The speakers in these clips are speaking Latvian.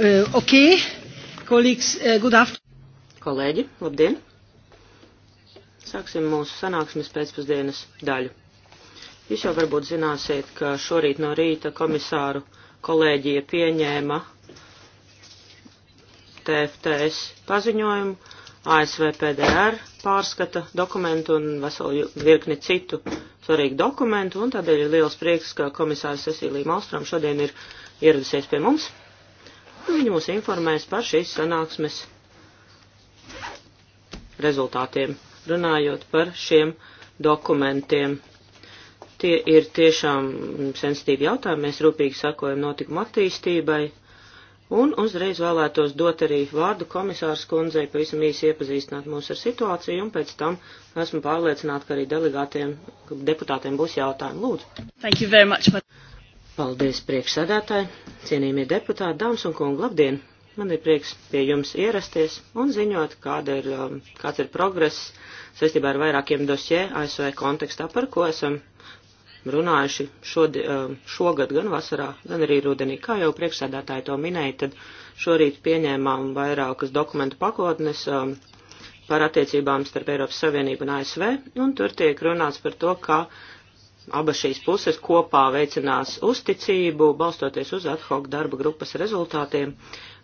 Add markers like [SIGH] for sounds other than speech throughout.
Uh, ok, kolīgs, uh, eh, good afternoon. Kolēģi, labdien! Sāksim mūsu sanāksmes pēcpusdienas daļu. Jūs jau varbūt zināsiet, ka šorīt no rīta komisāru kolēģija pieņēma TFTS paziņojumu, ASV PDR pārskata dokumentu un veselu virkni citu svarīgu dokumentu, un tādēļ ir liels prieks, ka komisārs Cecīlija Malstrom šodien ir ieradusies pie mums Viņi mūs informēs par šīs sanāksmes rezultātiem, runājot par šiem dokumentiem. Tie ir tiešām sensitīvi jautājumi, mēs rūpīgi sakojam notikuma attīstībai, un uzreiz vēlētos dot arī vārdu komisārs kundzei, pavisam īsi iepazīstināt mūs ar situāciju, un pēc tam esmu pārliecināta, ka arī delegātiem, deputātiem būs jautājumi. Lūdzu. Paldies, priekšsēdētāji, cienījamie deputāti, dāmas un kungi, labdien! Man ir prieks pie jums ierasties un ziņot, kāda ir, um, kāds ir progress saistībā ar vairākiem dosjē ASV kontekstā, par ko esam runājuši šodi, um, šogad gan vasarā, gan arī rudenī. Kā jau priekšsēdētāji to minēja, tad šorīt pieņēmām vairākas dokumentu pakotnes um, par attiecībām starp Eiropas Savienību un ASV, un tur tiek runāts par to, kā abas šīs puses kopā veicinās uzticību, balstoties uz ad hoc darba grupas rezultātiem,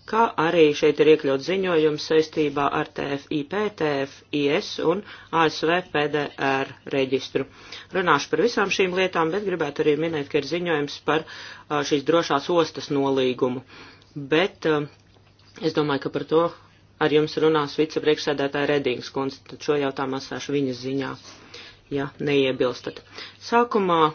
kā arī šeit ir iekļaut ziņojums saistībā ar TFIP, TFIS un ASV PDR reģistru. Runāšu par visām šīm lietām, bet gribētu arī minēt, ka ir ziņojums par šīs drošās ostas nolīgumu. Bet es domāju, ka par to ar jums runās vicepriekšsēdētāja Redings kundze, tad šo jautājumu atstāšu viņas ziņā ja neiebilstat. Sākumā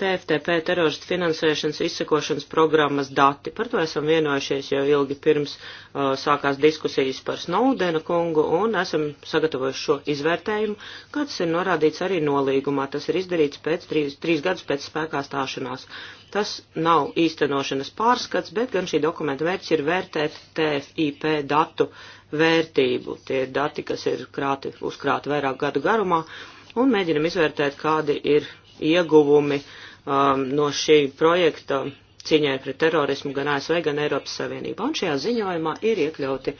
TFTP teroristu finansēšanas izsekošanas programmas dati. Par to esam vienojušies jau ilgi pirms uh, sākās diskusijas par Snowdena kungu un esam sagatavojuši šo izvērtējumu, kāds ir norādīts arī nolīgumā. Tas ir izdarīts pēc trīs, trīs gadus pēc spēkā stāšanās. Tas nav īstenošanas pārskats, bet gan šī dokumenta mērķis ir vērtēt TFIP datu vērtību. Tie ir dati, kas ir krāti, uzkrāti vairāk gadu garumā. Uh, un mēģinam izvērtēt, kādi ir ieguvumi um, no šī projekta cīņai pret terorismu gan ASV, gan Eiropas Savienībā. Un šajā ziņojumā ir iekļauti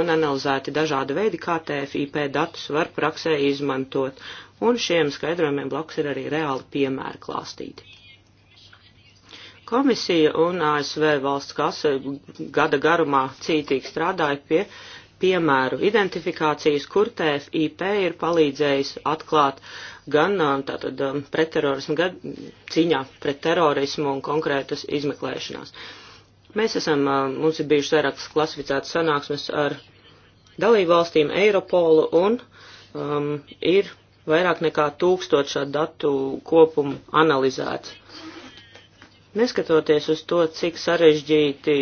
un analizēti dažādi veidi, kā TFIP datus var praksē izmantot. Un šiem skaidrojumiem blakus ir arī reāli piemēri klāstīti. Komisija un ASV valsts kasa gada garumā cītīgi strādāja pie piemēru identifikācijas, kur TFIP ir palīdzējis atklāt gan tātad pretterorismu, gan cīņā pret terorismu un konkrētas izmeklēšanās. Mēs esam, mums ir bijušas vairākas klasificētas sanāksmes ar dalību valstīm, Eiropolu un um, ir vairāk nekā tūkstot šādu datu kopumu analizēts. Neskatoties uz to, cik sarežģīti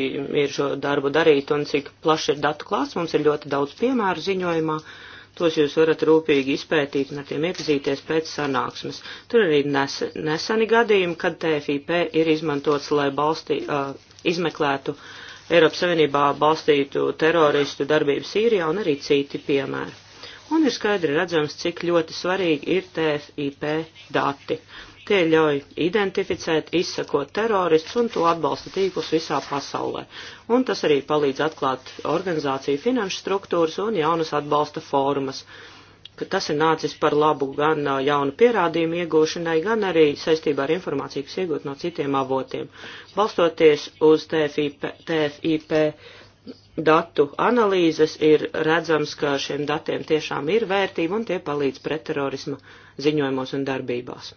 ir šo darbu darīt un cik plaši ir datu klāsts, mums ir ļoti daudz piemēru ziņojumā. Tos jūs varat rūpīgi izpētīt un ar tiem iepazīties pēc sanāksmes. Tur arī nes, nesani gadījumi, kad TFIP ir izmantots, lai balstī, uh, izmeklētu Eiropas Savienībā balstītu teroristu darbību Sīrijā un arī citi piemēri un ir skaidri redzams, cik ļoti svarīgi ir TFIP dati. Tie ļauj identificēt, izsakot terorists un to atbalsta tīklus visā pasaulē. Un tas arī palīdz atklāt organizāciju finanšu struktūras un jaunas atbalsta formas. Tas ir nācis par labu gan jaunu pierādījumu iegūšanai, gan arī saistībā ar informāciju, kas iegūt no citiem avotiem. Balstoties uz TFIP, TFIP datu analīzes ir redzams, ka šiem datiem tiešām ir vērtība un tie palīdz pretterorisma ziņojumos un darbībās.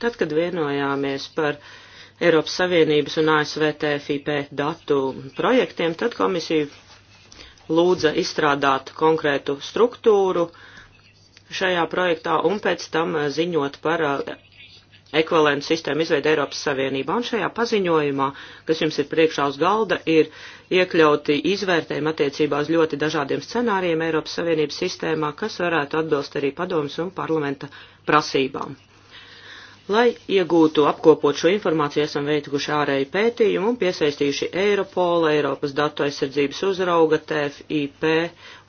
Tad, kad vienojāmies par Eiropas Savienības un ASV TFIP datu projektiem, tad komisija lūdza izstrādāt konkrētu struktūru šajā projektā un pēc tam ziņot par ekvivalentu sistēmu izveida Eiropas Savienībā. Un šajā paziņojumā, kas jums ir priekšā uz galda, ir iekļauti izvērtējumi attiecībā uz ļoti dažādiem scenārijiem Eiropas Savienības sistēmā, kas varētu atbilst arī padomus un parlamenta prasībām. Lai iegūtu apkopot šo informāciju, esam veikuši ārēju pētījumu un piesaistījuši Eiropola, Eiropas datu aizsardzības uzrauga, TFIP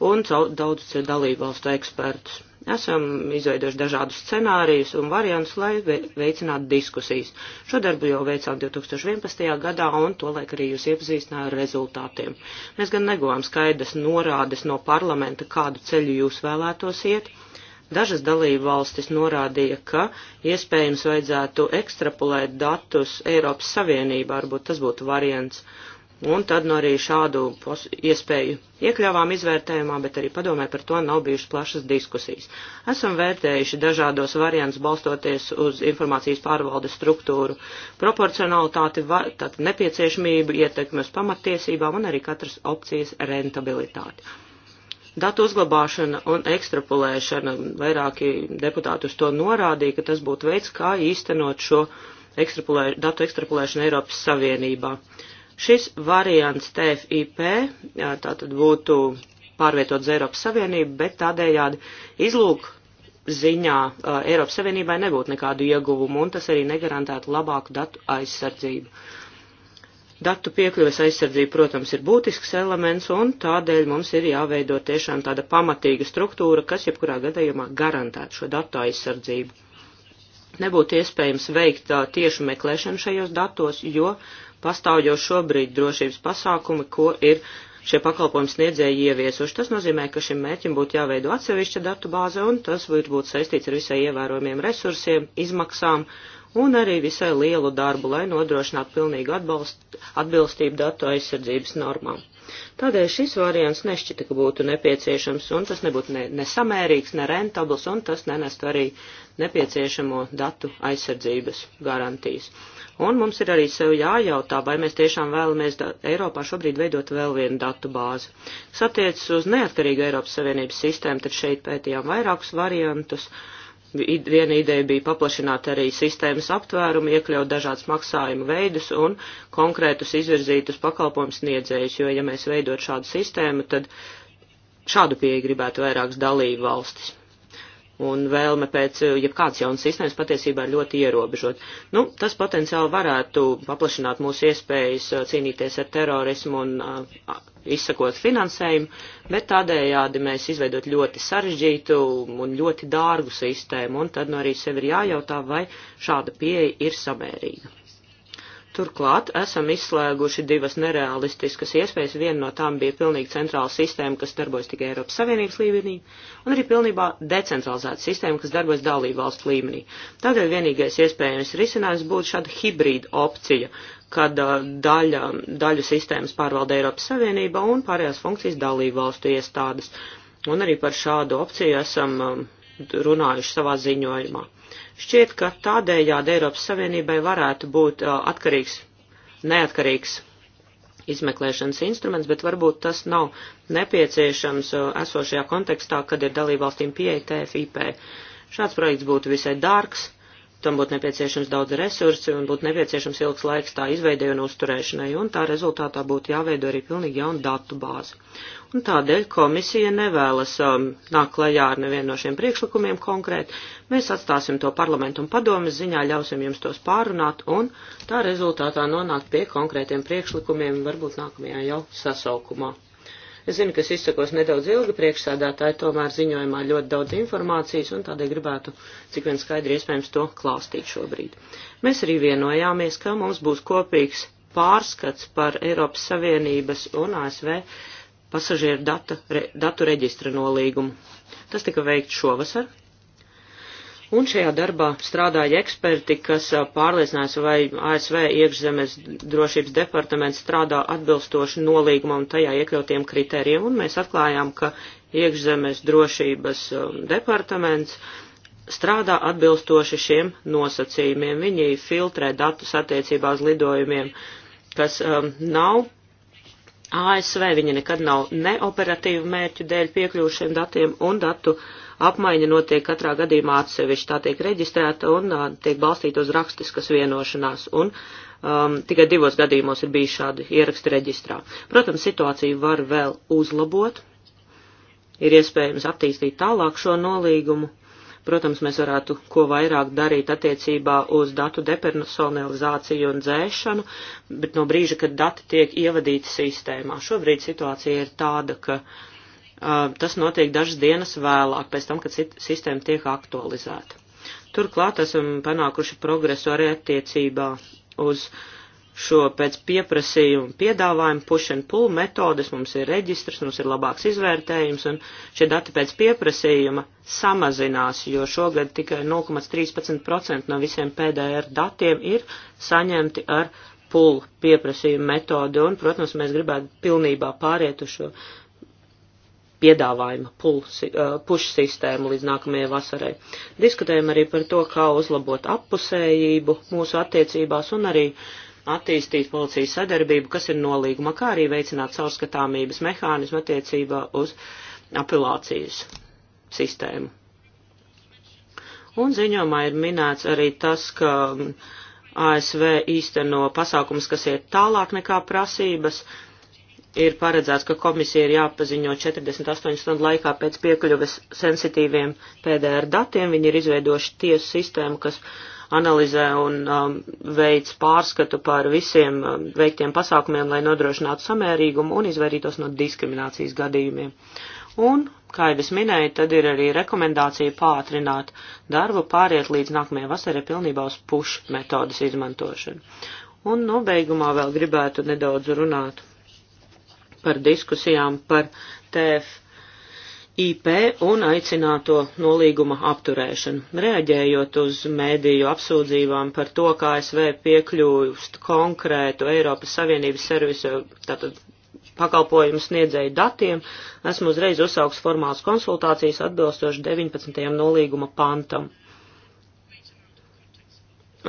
un daudzus dalībvalstu ekspertus. Esam izveidojuši dažādus scenārijus un variantus, lai veicinātu diskusijas. Šo darbu jau veicām 2011. gadā, un tolaik arī jūs iepazīstināja ar rezultātiem. Mēs gan neguvām skaidras norādes no parlamenta, kādu ceļu jūs vēlētos iet. Dažas dalību valstis norādīja, ka iespējams vajadzētu ekstrapolēt datus Eiropas Savienībā, varbūt tas būtu variants Un tad nu, arī šādu iespēju iekļāvām izvērtējumā, bet arī padomē par to nav bijušas plašas diskusijas. Esam vērtējuši dažādos variants balstoties uz informācijas pārvaldes struktūru, proporcionalitāti, tātad nepieciešamību, ietekmi uz pamattiesībām un arī katras opcijas rentabilitāti. Datu uzglabāšana un ekstrapolēšana, vairāki deputāti uz to norādīja, ka tas būtu veids, kā īstenot šo ekstrapulē, datu ekstrapolēšanu Eiropas Savienībā. Uh, Šis variants TFIP tātad būtu pārvietots Eiropas Savienību, bet tādējādi izlūk ziņā Eiropas Savienībai nebūtu nekādu ieguvumu, un tas arī negarantētu labāku datu aizsardzību. Datu piekļuves aizsardzība, protams, ir būtisks elements, un tādēļ mums ir jāveido tiešām tāda pamatīga struktūra, kas jebkurā gadījumā garantētu šo datu aizsardzību. Nebūtu iespējams veikt tiešu meklēšanu šajos datos, jo uh, pastāv jau šobrīd drošības pasākumi, ko ir šie pakalpojumi sniedzēji ieviesuši. Tas nozīmē, ka šim mērķim būtu jāveido atsevišķa datu bāze, un tas var būt saistīts ar visai ievērojumiem resursiem, izmaksām un arī visai lielu darbu, lai nodrošinātu pilnīgu atbalst, atbilstību datu aizsardzības normām. Tādēļ šis variants nešķita, ka būtu nepieciešams, un tas nebūtu ne, nesamērīgs, ne rentabls, un tas nenestu arī nepieciešamo datu aizsardzības garantijas. Un mums ir arī sev jājautā, vai mēs tiešām vēlamies Eiropā šobrīd veidot vēl vienu datu bāzi. Kas attiecas uz neatkarīgu Eiropas Savienības sistēmu, tad šeit pētījām vairākus variantus. Viena ideja bija paplašināt arī sistēmas aptvērumu, iekļaut dažādas maksājumu veidus un konkrētus izvirzītus pakalpojumu sniedzējus, jo, ja mēs veidot šādu sistēmu, tad šādu pieeju gribētu vairākas dalību valstis un vēlme pēc eh, jebkādas jaunas sistēmas patiesībā ir ļoti ierobežot. Nu, tas potenciāli varētu paplašināt mūsu iespējas eh, cīnīties ar terorismu un uh, izsakot finansējumu, bet tādējādi mēs izveidot ļoti sarežģītu un ļoti dārgu sistēmu, un tad nu arī sev ir jājautā, vai šāda pieeja ir samērīga. Turklāt esam izslēguši divas nereālistiskas iespējas. Viena no tām bija pilnīgi centrāla sistēma, kas darbojas tikai Eiropas Savienības līmenī, un arī pilnībā decentralizēta sistēma, kas darbojas dalību valstu līmenī. Tādēļ vienīgais iespējams risinājums būtu šāda hibrīda opcija, kad uh, daļa, daļu sistēmas pārvalda Eiropas Savienība un pārējās funkcijas dalību valstu iestādes. Un arī par šādu opciju esam um, runājuši savā ziņojumā. Šķiet, ka tādējādi Eiropas Savienībai varētu būt uh, atkarīgs, neatkarīgs izmeklēšanas instruments, bet varbūt tas nav nepieciešams uh, esošajā kontekstā, kad ir dalībvalstīm pieeja TFIP. Šāds projekts būtu visai dārgs, tam būtu nepieciešams daudz resursi un būtu nepieciešams ilgs laiks tā izveidē un uzturēšanai, un tā rezultātā būtu jāveido arī pilnīgi jauna datu bāze. Un tādēļ komisija nevēlas um, nākt klajā ar nevienu no šiem priekšlikumiem konkrēti. Mēs atstāsim to parlamentu un padomas ziņā, ļausim jums tos pārunāt, un tā rezultātā nonākt pie konkrētiem priekšlikumiem varbūt nākamajā jau sasaukumā. Es zinu, ka es izsakos nedaudz ilgi priekšsēdētāji, tomēr ziņojumā ļoti daudz informācijas, un tādēļ gribētu cik vien skaidri iespējams to klāstīt šobrīd. Mēs arī vienojāmies, ka mums būs kopīgs pārskats par Eiropas Savienības un ASV pasažieru data, re, datu reģistra nolīgumu. Tas tika veikts šovasar, Un šajā darbā strādāja eksperti, kas pārliecinās, vai ASV iekšzemes drošības departaments strādā atbilstoši nolīgumam tajā iekļautiem kritērijiem. Un mēs atklājām, ka iekšzemes drošības departaments strādā atbilstoši šiem nosacījumiem. Viņi filtrē datus attiecībā uz lidojumiem, kas um, nav ASV. Viņi nekad nav neoperatīvu mērķu dēļ piekļuvušiem datiem un datu uh, apmaiņa notiek katrā gadījumā atsevišķi, tā tiek reģistrēta un uh, tiek balstīta uz rakstiskas vienošanās, un um, tikai divos gadījumos ir bijis šādi ieraksti reģistrā. Protams, situāciju var vēl uzlabot, ir iespējams attīstīt tālāk šo nolīgumu. Protams, mēs varētu ko vairāk darīt attiecībā uz datu depersonalizāciju un dzēšanu, bet no brīža, kad dati tiek ievadīti sistēmā, šobrīd situācija ir tāda, ka uh, Uh, tas notiek dažas dienas vēlāk, pēc tam, kad sistēma tiek aktualizēta. Turklāt esam panākuši progresu arī attiecībā uz šo pēc pieprasījuma piedāvājumu push and pull metodes, mums ir reģistrs, mums ir labāks izvērtējums, un šie dati pēc pieprasījuma samazinās, jo šogad tikai 0,13% no visiem PDR datiem ir saņemti ar pull pieprasījuma metodi, un, protams, mēs gribētu pilnībā pāriet uz šo piedāvājuma pušu sistēmu līdz nākamajai vasarai. Diskutējam arī par to, kā uzlabot appusējību mūsu attiecībās un arī attīstīt policijas sadarbību, kas ir nolīguma, kā arī veicināt caurskatāmības mehānismu attiecībā uz apelācijas sistēmu. Un ziņojumā ir minēts arī tas, ka ASV īsteno pasākums, kas iet tālāk nekā prasības, uh, ir paredzēts, ka komisija ir jāpaziņo 48 stundu laikā pēc piekļuves sensitīviem PDR datiem. Viņi ir izveidojuši tiesu sistēmu, kas analizē un um, veids pārskatu par visiem um, veiktiem pasākumiem, lai nodrošinātu samērīgumu un izvairītos no diskriminācijas gadījumiem. Un, kā jau es minēju, tad ir arī rekomendācija pātrināt darbu, pāriet līdz nākamajai vasarai pilnībā uz push metodas izmantošanu. Un nobeigumā vēl gribētu nedaudz runāt par diskusijām par TFIP un aicināto nolīguma apturēšanu. Reaģējot uz mēdīju apsūdzībām par to, kā SV piekļūst konkrētu Eiropas Savienības servisu, tātad pakalpojumu sniedzēju datiem, esmu uzreiz uzsauks formāls konsultācijas atbilstoši 19. nolīguma pantam.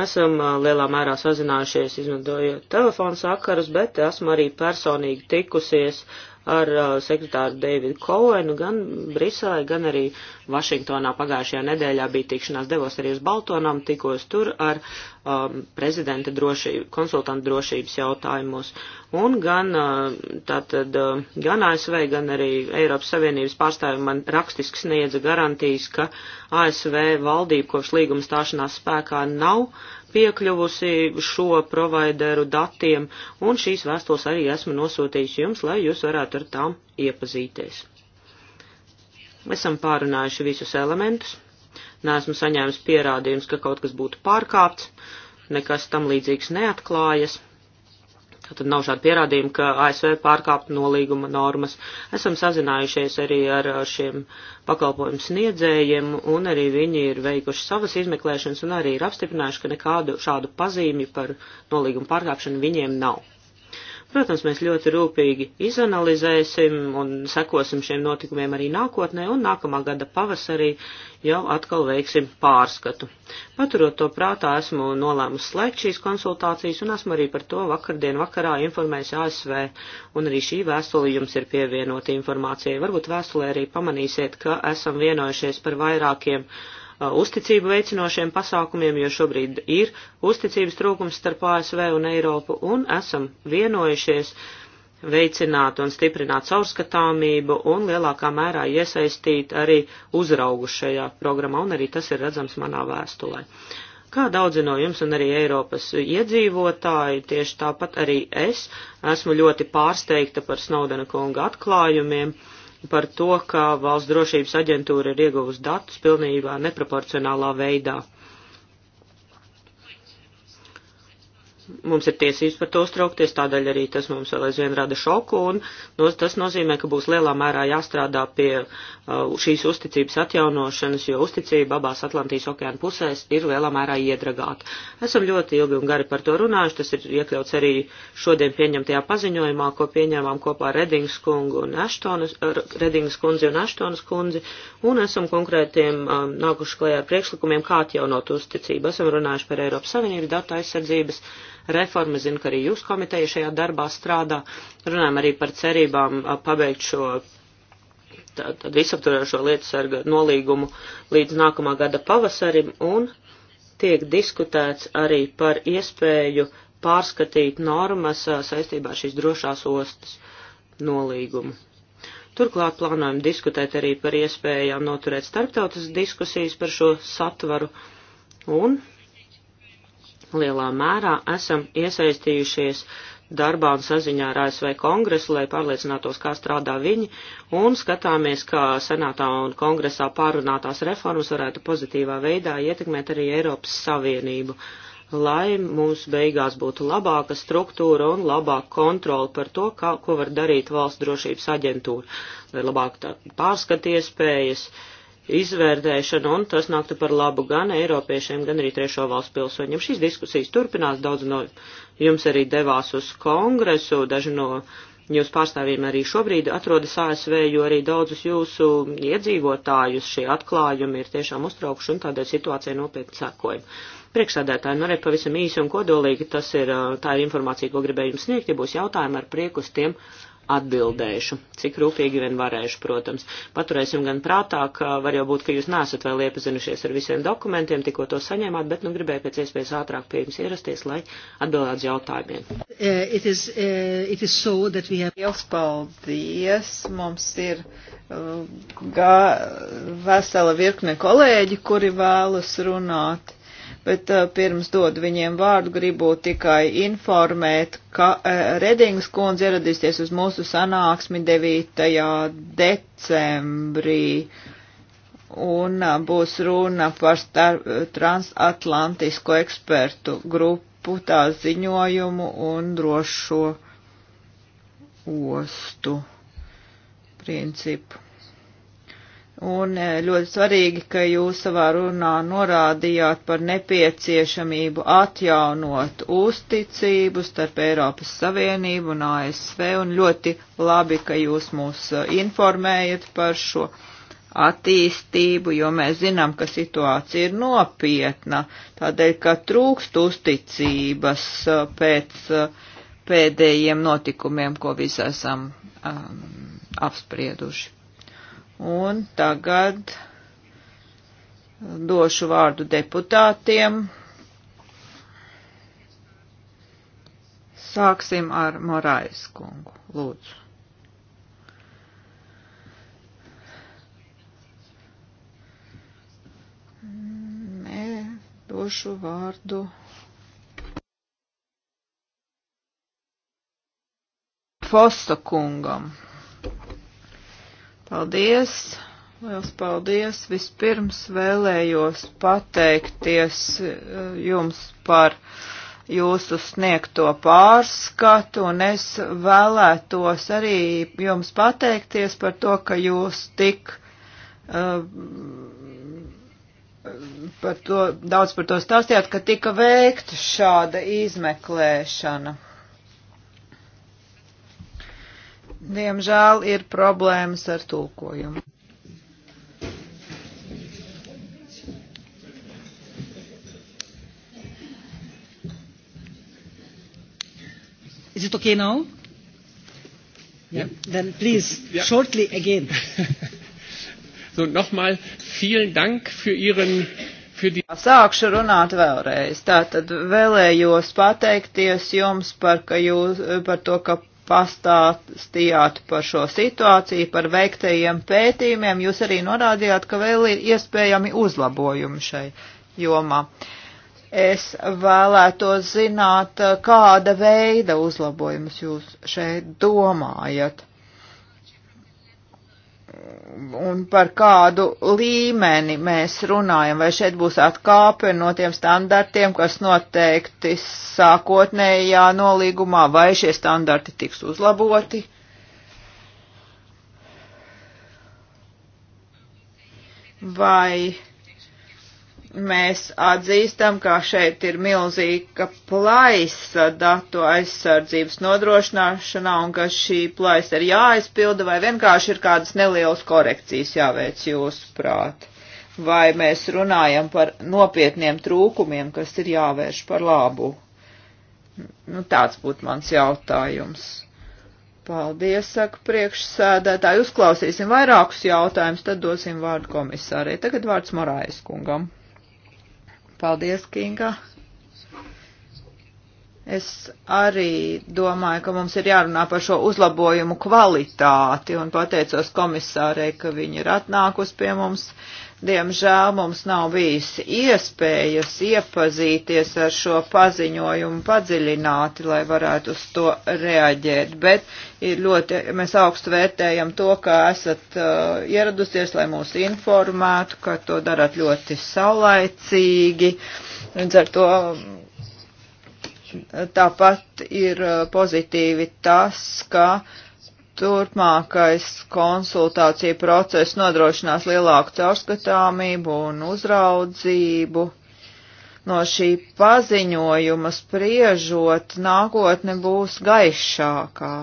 Esam lielā mērā sazinājušies, izmantojot telefonu sakarus, bet esmu arī personīgi tikusies ar uh, sekretāru Deividu Koenu gan Briselē, gan arī Vašingtonā pagājušajā nedēļā bija tikšanās, devos arī uz Baltonām, tikos tur ar um, prezidenta drošību, konsultanta drošības jautājumos. Un gan, uh, tātad, uh, gan ASV, gan arī Eiropas Savienības pārstāvjumi man rakstiski sniedza garantijas, ka ASV valdība kopš līguma stāšanās spēkā nav uh, piekļuvusi šo provideru datiem, un šīs vēstules arī esmu nosūtījis jums, lai jūs varētu ar tām iepazīties. Esam pārunājuši visus elementus, neesmu saņēmis pierādījums, ka kaut kas būtu pārkāpts, nekas tam līdzīgs neatklājas Tad nav šāda pierādījuma, ka ASV pārkāptu nolīguma normas. Esam sazinājušies arī ar šiem pakalpojumu sniedzējiem, un arī viņi ir veikuši savas izmeklēšanas un arī ir apstiprinājuši, ka nekādu šādu pazīmi par nolīguma pārkāpšanu viņiem nav. Protams, mēs ļoti rūpīgi izanalizēsim un sekosim šiem notikumiem arī nākotnē, un nākamā gada pavasarī jau atkal veiksim pārskatu. Paturot to prātā, esmu nolēmusi slēgt šīs konsultācijas, un esmu arī par to vakardien vakarā informējis ASV, un arī šī vēstule jums ir pievienota informācijai. Varbūt vēstulē arī pamanīsiet, ka esam vienojušies par vairākiem uh, Uh, uzticību veicinošiem pasākumiem, jo šobrīd ir uzticības trūkums starp ASV un Eiropu, un esam vienojušies veicināt un stiprināt caurskatāmību un lielākā mērā iesaistīt arī uzraugu šajā programmā, un arī tas ir redzams manā vēstulē. Kā daudzi no jums un arī Eiropas iedzīvotāji, tieši tāpat arī es esmu ļoti pārsteigta par Snaudena kunga atklājumiem. Uh, par to, ka valsts drošības aģentūra ir ieguvusi datus pilnībā neproporcionālā veidā. Mums ir tiesības par to uztraukties, tādēļ arī tas mums vēl aizvien rada šoku, un no, tas nozīmē, ka būs lielā mērā jāstrādā pie uh, šīs uzticības atjaunošanas, jo uzticība abās Atlantijas okeāna pusēs ir lielā mērā iedragāta. Esam ļoti ilgi un gari par to runājuši, tas ir iekļauts arī šodien pieņemtajā paziņojumā, ko pieņēmām kopā ar Redings, un Aštonas, Redings kundzi un Aštonas kundzi, un esam konkrētiem um, nākuši klajā ar priekšlikumiem, kā atjaunot uzticību. Esam runājuši par Eiropas Savienības datu aizsardzības reforma. Zinu, ka arī jūs komiteja šajā darbā strādā. Runājam arī par cerībām pabeigt šo tātad visaptvarošo lietu sarga nolīgumu līdz nākamā gada pavasarim un tiek diskutēts arī par iespēju pārskatīt normas saistībā ar šīs drošās ostas nolīgumu. Turklāt plānojam diskutēt arī par iespējām noturēt starptautas diskusijas par šo satvaru un lielā mērā esam iesaistījušies darbā un saziņā ar ASV kongresu, lai pārliecinātos, kā strādā viņi, un skatāmies, kā senātā un kongresā pārunātās reformas varētu pozitīvā veidā ietekmēt arī Eiropas Savienību, lai mums beigās būtu labāka struktūra un labāka kontrola par to, kā, ko var darīt valsts drošības aģentūra, lai labāk pārskatiespējas. iespējas izvērtēšanu, un tas nāktu par labu gan Eiropiešiem, gan arī trešo valstu pilsoņiem. Šīs diskusijas turpinās, daudz no jums arī devās uz kongresu, daži no jūs pārstāvjiem arī šobrīd atrodas ASV, jo arī daudzus jūsu iedzīvotājus šie atklājumi ir tiešām uztraukši, un tādēļ situācija nopietni sekoja. Priekšsādētāji, nu arī pavisam īsi un kodolīgi, tas ir, tā ir informācija, ko gribēju jums sniegt, ja būs jautājumi ar prieku uz tiem atbildēšu, cik rūpīgi vien varēšu, protams. Paturēsim gan prātā, ka var jau būt, ka jūs nesat vēl iepazinušies ar visiem dokumentiem, tikko to saņēmāt, bet nu gribēju pēc iespējas ātrāk pie jums ierasties, lai atbildētu uz jautājumiem. Uh, is, uh, so have... Jums paldies! Mums ir uh, vesela virkne kolēģi, kuri vēlas runāt bet uh, pirms dodu viņiem vārdu, gribu tikai informēt, ka uh, Redings kundze ieradīsies uz mūsu sanāksmi 9. decembrī un uh, būs runa par starp, transatlantisko ekspertu grupu, tā ziņojumu un drošo ostu principu. Un e, ļoti svarīgi, ka jūs savā runā norādījāt par nepieciešamību atjaunot uzticību starp Eiropas Savienību un ASV, un ļoti labi, ka jūs mūs e, informējat par šo attīstību, jo mēs zinām, ka situācija ir nopietna, tādēļ, ka trūkst uzticības e, pēc pēdējiem notikumiem, ko visi esam um, apsprieduši. Un tagad došu vārdu deputātiem. Sāksim ar Morais kungu. Lūdzu. Nē, došu vārdu. Fosta kungam. Paldies! Liels paldies! Vispirms vēlējos pateikties eh, jums par jūsu sniegto pārskatu, un es vēlētos arī jums pateikties par to, ka jūs tik uh, par to, daudz par to stāstījāt, ka tika veikta šāda izmeklēšana. Diemžēl ir problēmas ar tulkojumu. Is it okay now? Yeah. yeah. Then please, yeah. shortly again. [LAUGHS] so, nochmal vielen Dank für Ihren. Für die Sākšu runāt vēlreiz. Tātad vēlējos pateikties jums par, ka jūs, par to, ka pastāstījāt par šo situāciju, par veiktajiem pētījumiem. Jūs arī norādījāt, ka vēl ir iespējami uzlabojumi šai jomā. Es vēlētos zināt, kāda veida uzlabojumus jūs šeit domājat un par kādu līmeni mēs runājam, vai šeit būs atkāpe no tiem standartiem, kas noteikti sākotnējā nolīgumā, vai šie standarti tiks uzlaboti. Vai mēs atzīstam, ka šeit ir milzīga plaisa datu aizsardzības nodrošināšanā un ka šī plaisa ir jāaizpilda vai vienkārši ir kādas nelielas korekcijas jāveic jūsu prāt. Vai mēs runājam par nopietniem trūkumiem, kas ir jāvērš par labu? Nu, tāds būtu mans jautājums. Paldies, saka priekšsēdētāji. Uzklausīsim vairākus jautājumus, tad dosim vārdu komisārei. Tagad vārds Morājas kungam. Paldies, Kinga! Es arī domāju, ka mums ir jārunā par šo uzlabojumu kvalitāti un pateicos komisārei, ka viņa ir atnākus pie mums. Diemžēl mums nav bijis iespējas iepazīties ar šo paziņojumu padziļināti, lai varētu uz to reaģēt, bet ir ļoti, mēs augstu vērtējam to, ka esat uh, ieradusies, lai mūs informētu, ka to darat ļoti saulaicīgi. Līdz ar to um, Tāpat ir uh, pozitīvi tas, ka turpmākais konsultācija process nodrošinās lielāku caurskatāmību un uzraudzību. No šī paziņojuma spriežot, nākotne būs gaišākā.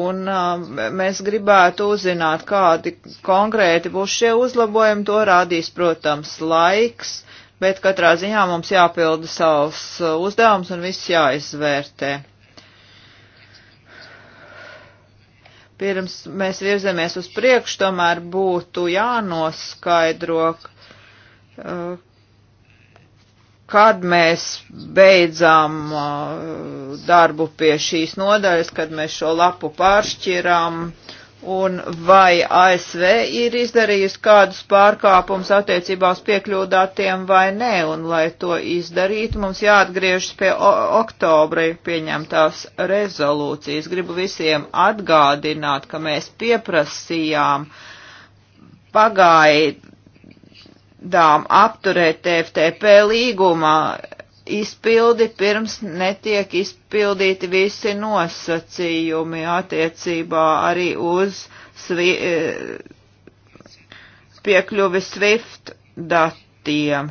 Un uh, mēs gribētu uzzināt, kādi konkrēti būs šie uzlabojumi, to rādīs, protams, laiks bet katrā ziņā mums jāpilda savs uh, uzdevums un viss jāizvērtē. Pirms mēs virzamies uz priekšu, tomēr būtu jānoskaidro, uh, kad mēs beidzām uh, darbu pie šīs nodaļas, kad mēs šo lapu pāršķirām, uh, un vai ASV ir izdarījusi kādus pārkāpumus attiecībā uz piekļūdātiem vai nē, un lai to izdarītu, mums jāatgriežas pie oktobra pieņemtās rezolūcijas. Gribu visiem atgādināt, ka mēs pieprasījām pagaidām apturēt TFTP līguma izpildi, pirms netiek izpildīti visi nosacījumi attiecībā arī uz svi, eh, piekļuvi SWIFT datiem.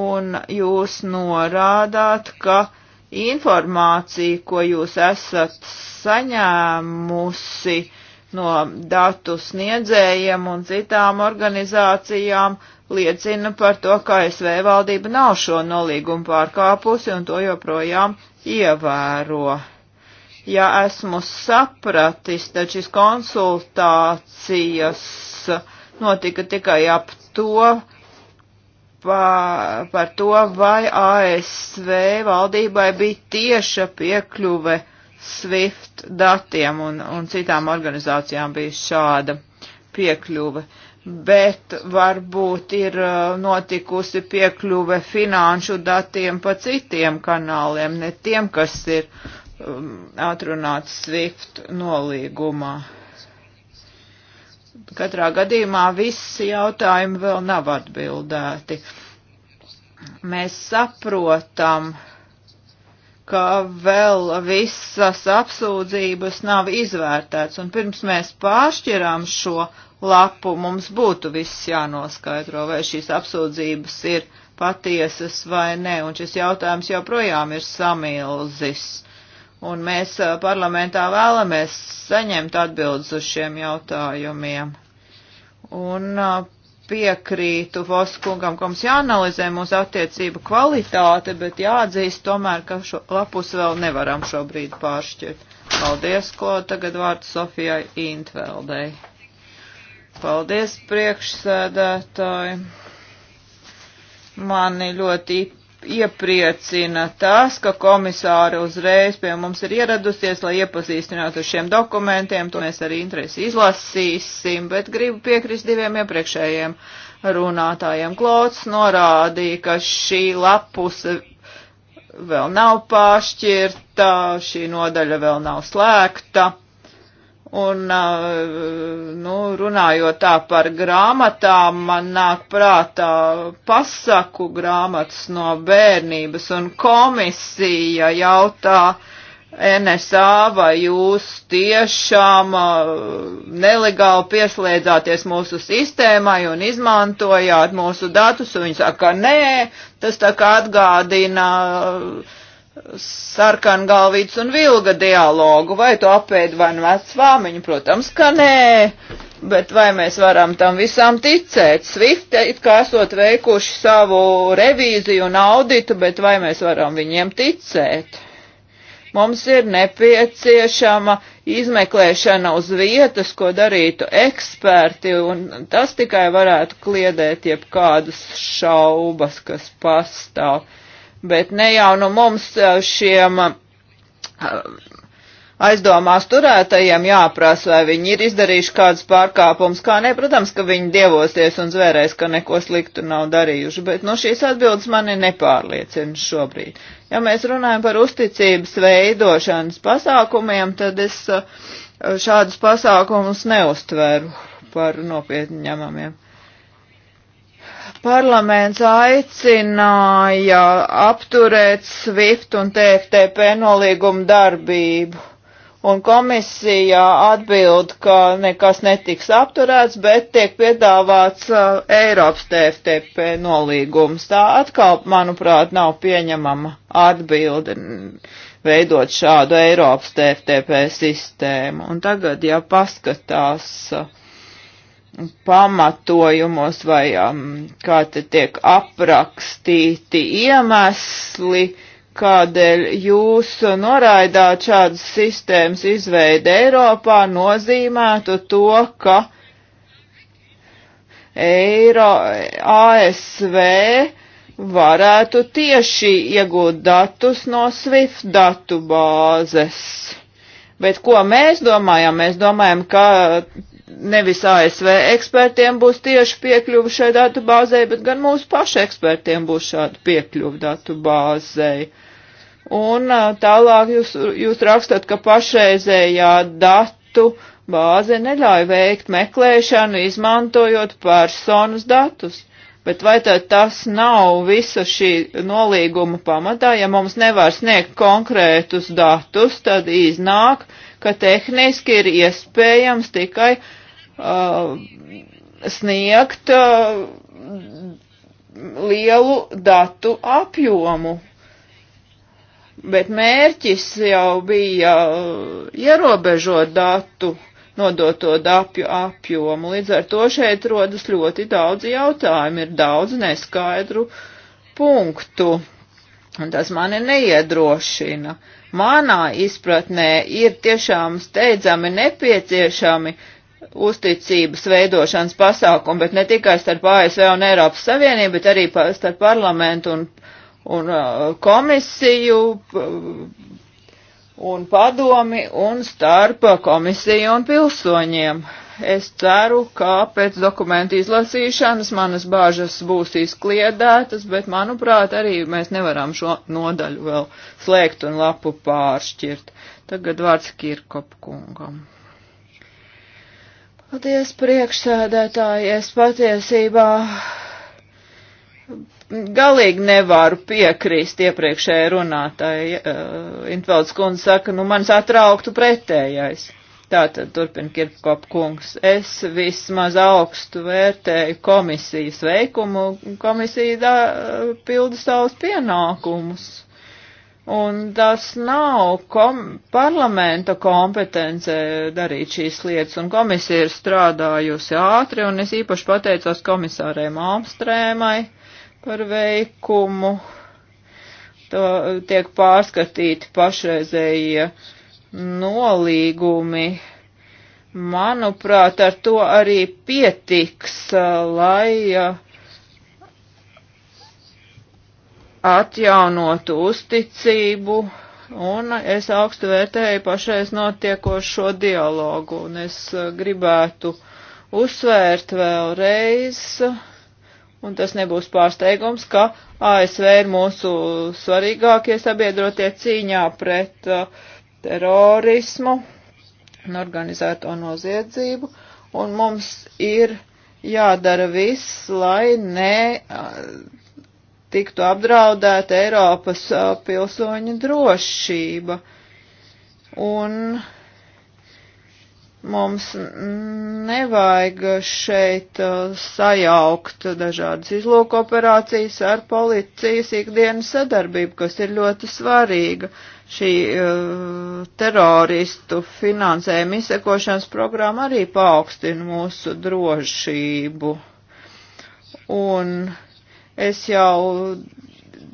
Un jūs norādāt, ka informācija, ko jūs esat saņēmusi no datu sniedzējiem un citām organizācijām, uh, liecina par to, ka ASV valdība nav šo nolīgumu pārkāpusi un to joprojām ievēro. Ja esmu sapratis, tad šis konsultācijas notika tikai ap to, pa, par to, vai ASV valdībai bija tieša piekļuve SWIFT datiem un, un citām organizācijām bija šāda piekļuve. Uh, bet varbūt ir uh, notikusi piekļuve finanšu datiem pa citiem kanāliem, ne tiem, kas ir um, atrunāts SWIFT nolīgumā. Katrā gadījumā visi jautājumi vēl nav atbildēti. Mēs saprotam, ka vēl visas apsūdzības nav izvērtēts, un pirms mēs pāršķirām šo lapu, mums būtu viss jānoskaidro, vai šīs apsūdzības ir patiesas vai nē, un šis jautājums joprojām ir samilzis. Un mēs parlamentā vēlamies saņemt atbildes uz šiem jautājumiem. Un piekrītu Voskungam, ka mums jāanalizē mūsu attiecību kvalitāte, bet jāatzīst tomēr, ka šo lapus vēl nevaram šobrīd pāršķirt. Paldies, Klo, tagad vārds Sofijai Intveldei. Paldies, priekšsēdētāji. Mani ļoti iepriecina tas, ka komisāri uzreiz pie mums ir ieradusies, lai iepazīstinātu ar šiem dokumentiem. To mēs arī interesi izlasīsim, bet gribu piekrist diviem iepriekšējiem runātājiem. Klots norādīja, ka šī lapuse vēl nav pāršķirta, šī nodaļa vēl nav slēgta Un, nu, runājot tā par grāmatām, man nāk prātā pasaku grāmatas no bērnības, un komisija jautā NSA, vai jūs tiešām nelegāli pieslēdzāties mūsu sistēmai un izmantojāt mūsu datus, un viņi saka, nē, tas tā kā atgādina. Uh, sarkangalvīts un vilga dialogu, vai tu apēdi vai nu vecu vāmiņu, protams, ka nē, bet vai mēs varam tam visam ticēt? Swift it kā esot veikuši savu revīziju un auditu, bet vai mēs varam viņiem ticēt? Mums ir nepieciešama izmeklēšana uz vietas, ko darītu eksperti, un tas tikai varētu kliedēt jebkādas šaubas, kas pastāv. Uh, bet ne jau nu mums šiem aizdomās turētajiem jāprasa, vai viņi ir izdarījuši kādas pārkāpumus, kā ne, protams, ka viņi dievosies un zvērēs, ka neko sliktu nav darījuši, bet nu šīs atbildes mani nepārliecina šobrīd. Ja mēs runājam par uzticības veidošanas pasākumiem, tad es šādus pasākumus neustveru par nopietni ņemamiem parlaments aicināja apturēt SWIFT un TFTP nolīgumu darbību. Un komisija atbild, ka nekas netiks apturēts, bet tiek piedāvāts uh, Eiropas TFTP nolīgums. Tā atkal, manuprāt, nav pieņemama atbilde veidot šādu Eiropas TFTP sistēmu. Un tagad, ja paskatās uh, pamatojumos vai um, kā te tiek aprakstīti iemesli, kādēļ jūs noraidāt šādas sistēmas izveidi Eiropā, nozīmētu to, ka Eiro, ASV varētu tieši iegūt datus no SWIFT datu bāzes. Bet ko mēs domājam? Mēs domājam, ka nevis ASV ekspertiem būs tieši piekļuva šai datu bāzei, bet gan mūsu pašu ekspertiem būs šāda piekļuva datu bāzei. Un tālāk jūs, jūs rakstat, ka pašreizējā datu bāze neļauj veikt meklēšanu, izmantojot personas datus. Bet vai tad tas nav visa šī nolīguma pamatā, ja mums nevar sniegt konkrētus datus, tad iznāk, ka tehniski ir iespējams tikai uh, uh, sniegt uh, lielu datu apjomu. Bet mērķis jau bija uh, ierobežot datu, nodoto datu apjomu. Līdz ar to šeit rodas ļoti daudz jautājumu, ir daudz neskaidru punktu. Un tas mani neiedrošina. Manā izpratnē ir tiešām steidzami nepieciešami uh, uzticības veidošanas pasākumu, bet ne tikai starp ASV un Eiropas Savienību, bet arī starp parlamentu un, un uh, komisiju un padomi un starp komisiju un pilsoņiem. Es ceru, ka pēc dokumentu izlasīšanas manas bāžas būs izkliedētas, bet, manuprāt, arī mēs nevaram šo nodaļu vēl slēgt un lapu pāršķirt. Tagad vārds Kirkopkungam. Paldies, priekšsēdētāji. Es patiesībā galīgi nevaru piekrīst iepriekšējai runātāji. Uh, eh, Intvelds kundze saka, nu man satrauktu pretējais. Tātad turpina Kirkop kungs. Es vismaz augstu vērtēju komisijas veikumu, komisija da, pilda savus pienākumus Un tas nav kom parlamenta kompetence darīt šīs lietas, un komisija ir strādājusi ātri, un es īpaši pateicos komisārē Malmstrēmai par veikumu. To tiek pārskatīti pašreizējie nolīgumi. Manuprāt, ar to arī pietiks, lai uh, atjaunot uzticību, un es augstu vērtēju pašreiz notiekošo dialogu, un es eh, gribētu uzsvērt vēlreiz, un tas nebūs pārsteigums, ka ASV ir mūsu svarīgākie sabiedrotie cīņā pret uh, terorismu un organizēto noziedzību, un mums ir jādara viss, lai ne. Uh, tiktu apdraudēta Eiropas pilsoņu drošība. Un mums nevajag šeit sajaukt dažādas izlūko operācijas ar policijas ikdienas sadarbību, kas ir ļoti svarīga. Šī uh, teroristu finansējuma izsekošanas programma arī paaugstina mūsu drošību. Un uh, Es jau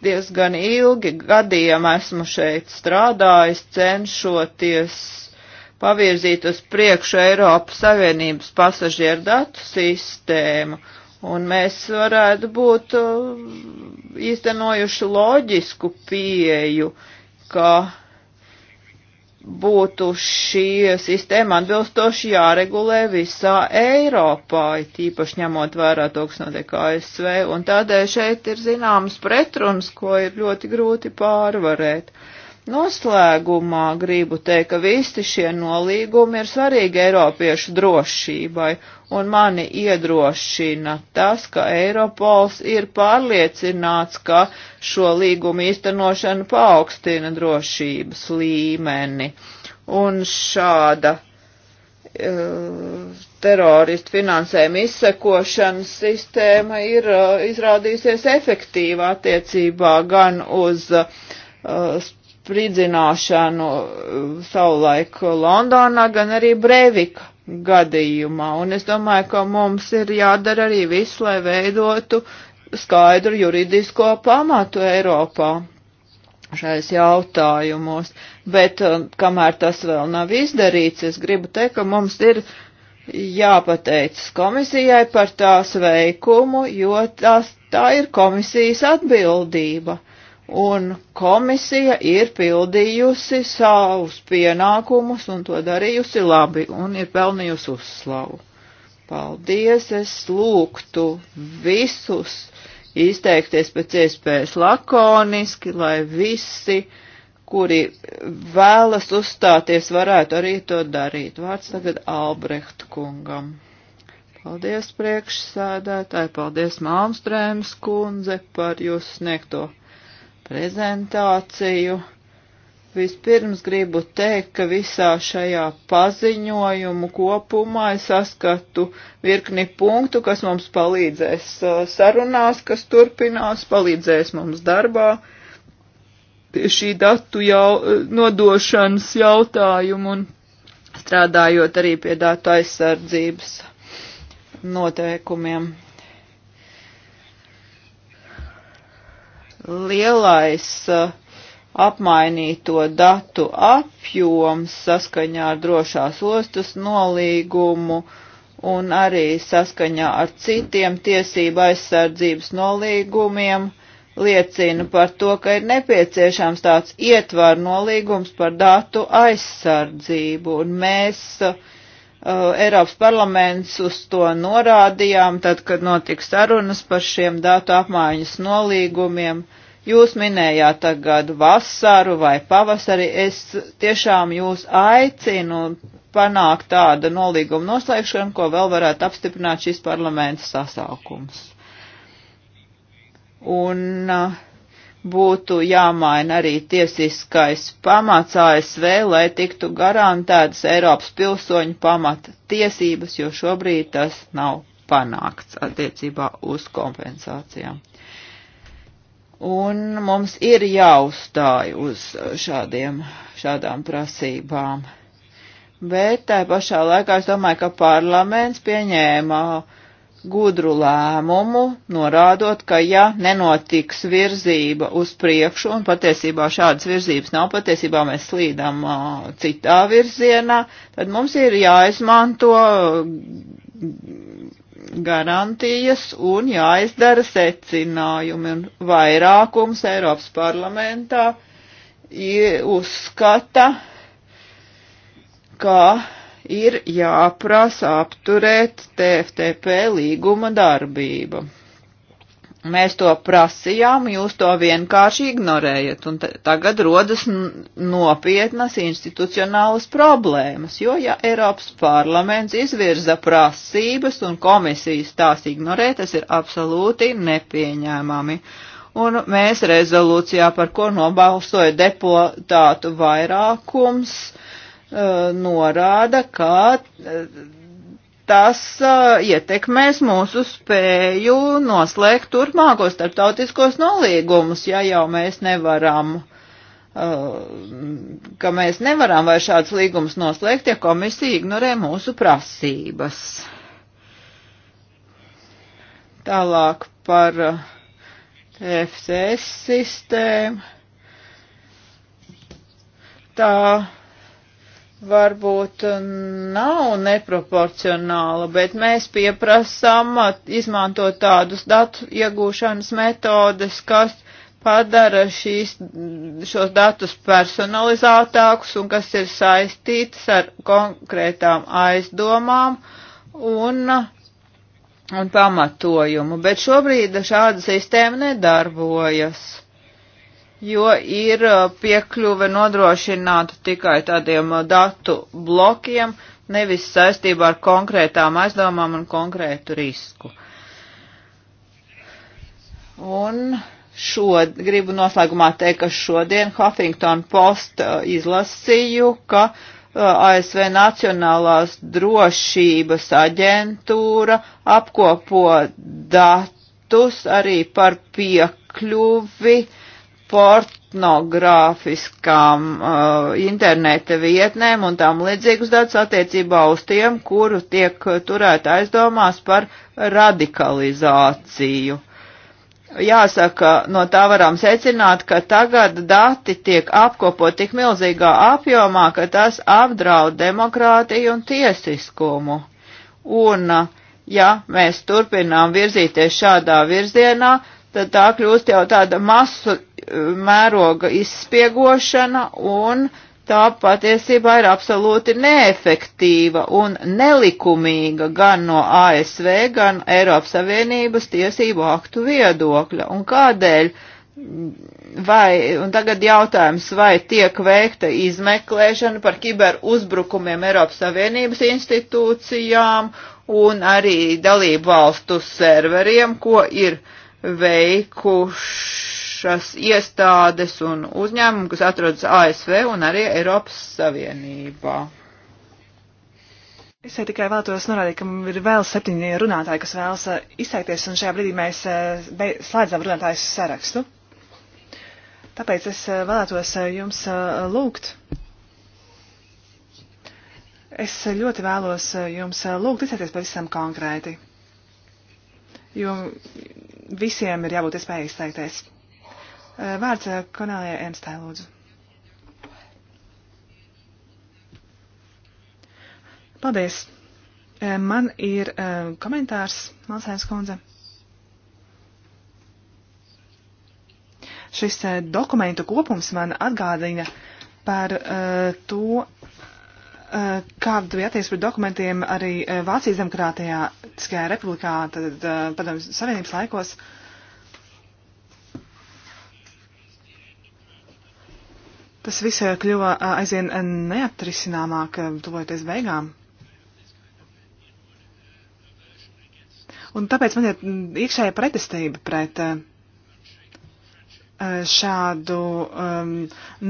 diezgan ilgi gadiem esmu šeit strādājis, cenšoties pavirzīt uz priekšu Eiropas Savienības pasažieru datu sistēmu. Un mēs varētu būt uh, īstenojuši loģisku pieju, ka būtu šī sistēma atbilstoši jāregulē visā Eiropā, tīpaši ņemot vērā to, kas notiek ASV, un tādēļ šeit ir zināmas pretrunas, ko ir ļoti grūti pārvarēt. Uh, Noslēgumā gribu teikt, ka visi šie nolīgumi ir svarīgi Eiropiešu drošībai, un mani iedrošina tas, ka Eiropols ir pārliecināts, ka šo līgumu īstenošana paaugstina drošības līmeni. Un šāda eh, teroristu finansējuma izsekošanas sistēma ir eh, izrādījusies efektīva attiecībā gan uz uh, spridzināšanu eh, savulaik Londonā, gan arī Breivika gadījumā. Un es domāju, ka mums ir jādara arī viss, lai veidotu skaidru juridisko pamatu Eiropā šais jautājumos. Bet eh, kamēr tas vēl nav izdarīts, es gribu teikt, ka mums ir jāpateicas komisijai par tās veikumu, jo tās, tā ir komisijas atbildība un komisija ir pildījusi savus pienākumus un to darījusi labi un ir pelnījusi uzslavu. Paldies, es lūgtu visus izteikties pēc iespējas lakoniski, lai visi, kuri vēlas uzstāties, varētu arī to darīt. Vārds tagad Albrecht kungam. Paldies priekšsēdētāji, paldies Malmstrēms kundze par jūsu sniegto prezentāciju. Vispirms gribu teikt, ka visā šajā paziņojumu kopumā es saskatu virkni punktu, kas mums palīdzēs uh, sarunās, kas turpinās, palīdzēs mums darbā pie šī datu jau, uh, nodošanas jautājumu un strādājot arī pie datu aizsardzības noteikumiem. lielais uh, apmainīto datu apjoms saskaņā ar drošās ostas nolīgumu un arī saskaņā ar citiem tiesību aizsardzības nolīgumiem liecina par to, ka ir nepieciešams tāds ietvaru nolīgums par datu aizsardzību, un mēs uh, Eiropas parlaments uz to norādījām, tad, kad notika sarunas par šiem datu apmaiņas nolīgumiem, uh, Jūs minējāt tagad vasaru vai pavasari. Es tiešām jūs aicinu panākt tādu nolīgumu noslēgšanu, ko vēl varētu apstiprināt šis parlamenta sasaukums. Un uh, būtu jāmaina arī tiesiskais pamats ASV, lai tiktu garantētas Eiropas pilsoņu pamata tiesības, jo šobrīd tas nav panākts attiecībā uz kompensācijām un mums ir jāuzstāj uz šādiem, šādām prasībām. Bet tā pašā laikā es domāju, ka parlaments pieņēma gudru lēmumu, norādot, ka ja nenotiks virzība uz priekšu, un patiesībā šādas virzības nav, patiesībā mēs slīdam uh, citā virzienā, tad mums ir jāizmanto garantijas un jāizdara secinājumi. Un vairākums Eiropas parlamentā uzskata, ka ir jāprasa apturēt TFTP līguma darbību. Mēs to prasījām, jūs to vienkārši ignorējat, un tagad rodas nopietnas institucionālas problēmas, jo ja Eiropas parlaments izvirza prasības un komisijas tās ignorē, tas ir absolūti nepieņēmami. Un mēs rezolūcijā, par ko nobalsoja deputātu vairākums, uh, norāda, ka uh, tas uh, ietekmēs mūsu spēju noslēgt turpmākos starptautiskos nolīgumus, ja jau mēs nevaram, uh, ka mēs nevaram vai šāds līgums noslēgt, ja komisija ignorē mūsu prasības. Tālāk par FCS sistēmu. Tā varbūt uh, nav neproporcionāla, bet mēs pieprasām uh, izmantot tādus datu iegūšanas metodes, kas padara šīs, šos datus personalizētākus un kas ir saistītas ar konkrētām aizdomām un, un pamatojumu. Bet šobrīd šāda sistēma nedarbojas jo ir uh, piekļuve nodrošināta tikai tādiem uh, datu blokiem, nevis saistībā ar konkrētām aizdomām un konkrētu risku. Un šo, gribu noslēgumā teikt, ka šodien Huffington Post uh, izlasīju, ka ASV Nacionālās drošības aģentūra apkopo datus arī par piekļuvi uh, pornogrāfiskām uh, interneta vietnēm un tām līdzīgus datus attiecībā uz tiem, kuru tiek turēta aizdomās par radikalizāciju. Jāsaka, no tā varam secināt, ka tagad dati tiek apkopot tik milzīgā apjomā, ka tas apdraud demokrātiju un tiesiskumu. Un, ja mēs turpinām virzīties šādā virzienā, tad tā kļūst jau tāda masu eh, mēroga izspiegošana un tā patiesībā ir absolūti neefektīva un nelikumīga gan no ASV, gan Eiropas Savienības tiesību aktu viedokļa. Un kādēļ? Mm, vai, un tagad jautājums, vai tiek veikta izmeklēšana par kiberuzbrukumiem Eiropas Savienības institūcijām un arī dalību valstu serveriem, ko ir uh, veikušas iestādes un uzņēmumi, kas atrodas ASV un arī Eiropas Savienībā. Es tikai vēlos norādīt, ka ir vēl septiņi runātāji, kas vēlas eh, izteikties, un šajā brīdī mēs eh, slēdzam runātājus sarakstu. Tāpēc es eh, vēlētos jums lūgt. Es ļoti vēlos jums lūgt izteikties pavisam konkrēti. Jo visiem ir jābūt iespēja izteikties. Eh, vārds eh, Konālija Ernstē, lūdzu. Paldies. Eh, man ir komentārs, Malsēns kundze. Šis dokumentu kopums man atgādina par to, Eh, kāda bija attieksme pret dokumentiem arī eh, Vācijas Demokrātiskajā republikā, tad eh, padomjas Savienības laikos? Tas viss kļuva aizvien neatrisināmāk, tuvojoties beigām. Un tāpēc man ir mm, iekšēja pretestība pret uh, E, šādu um,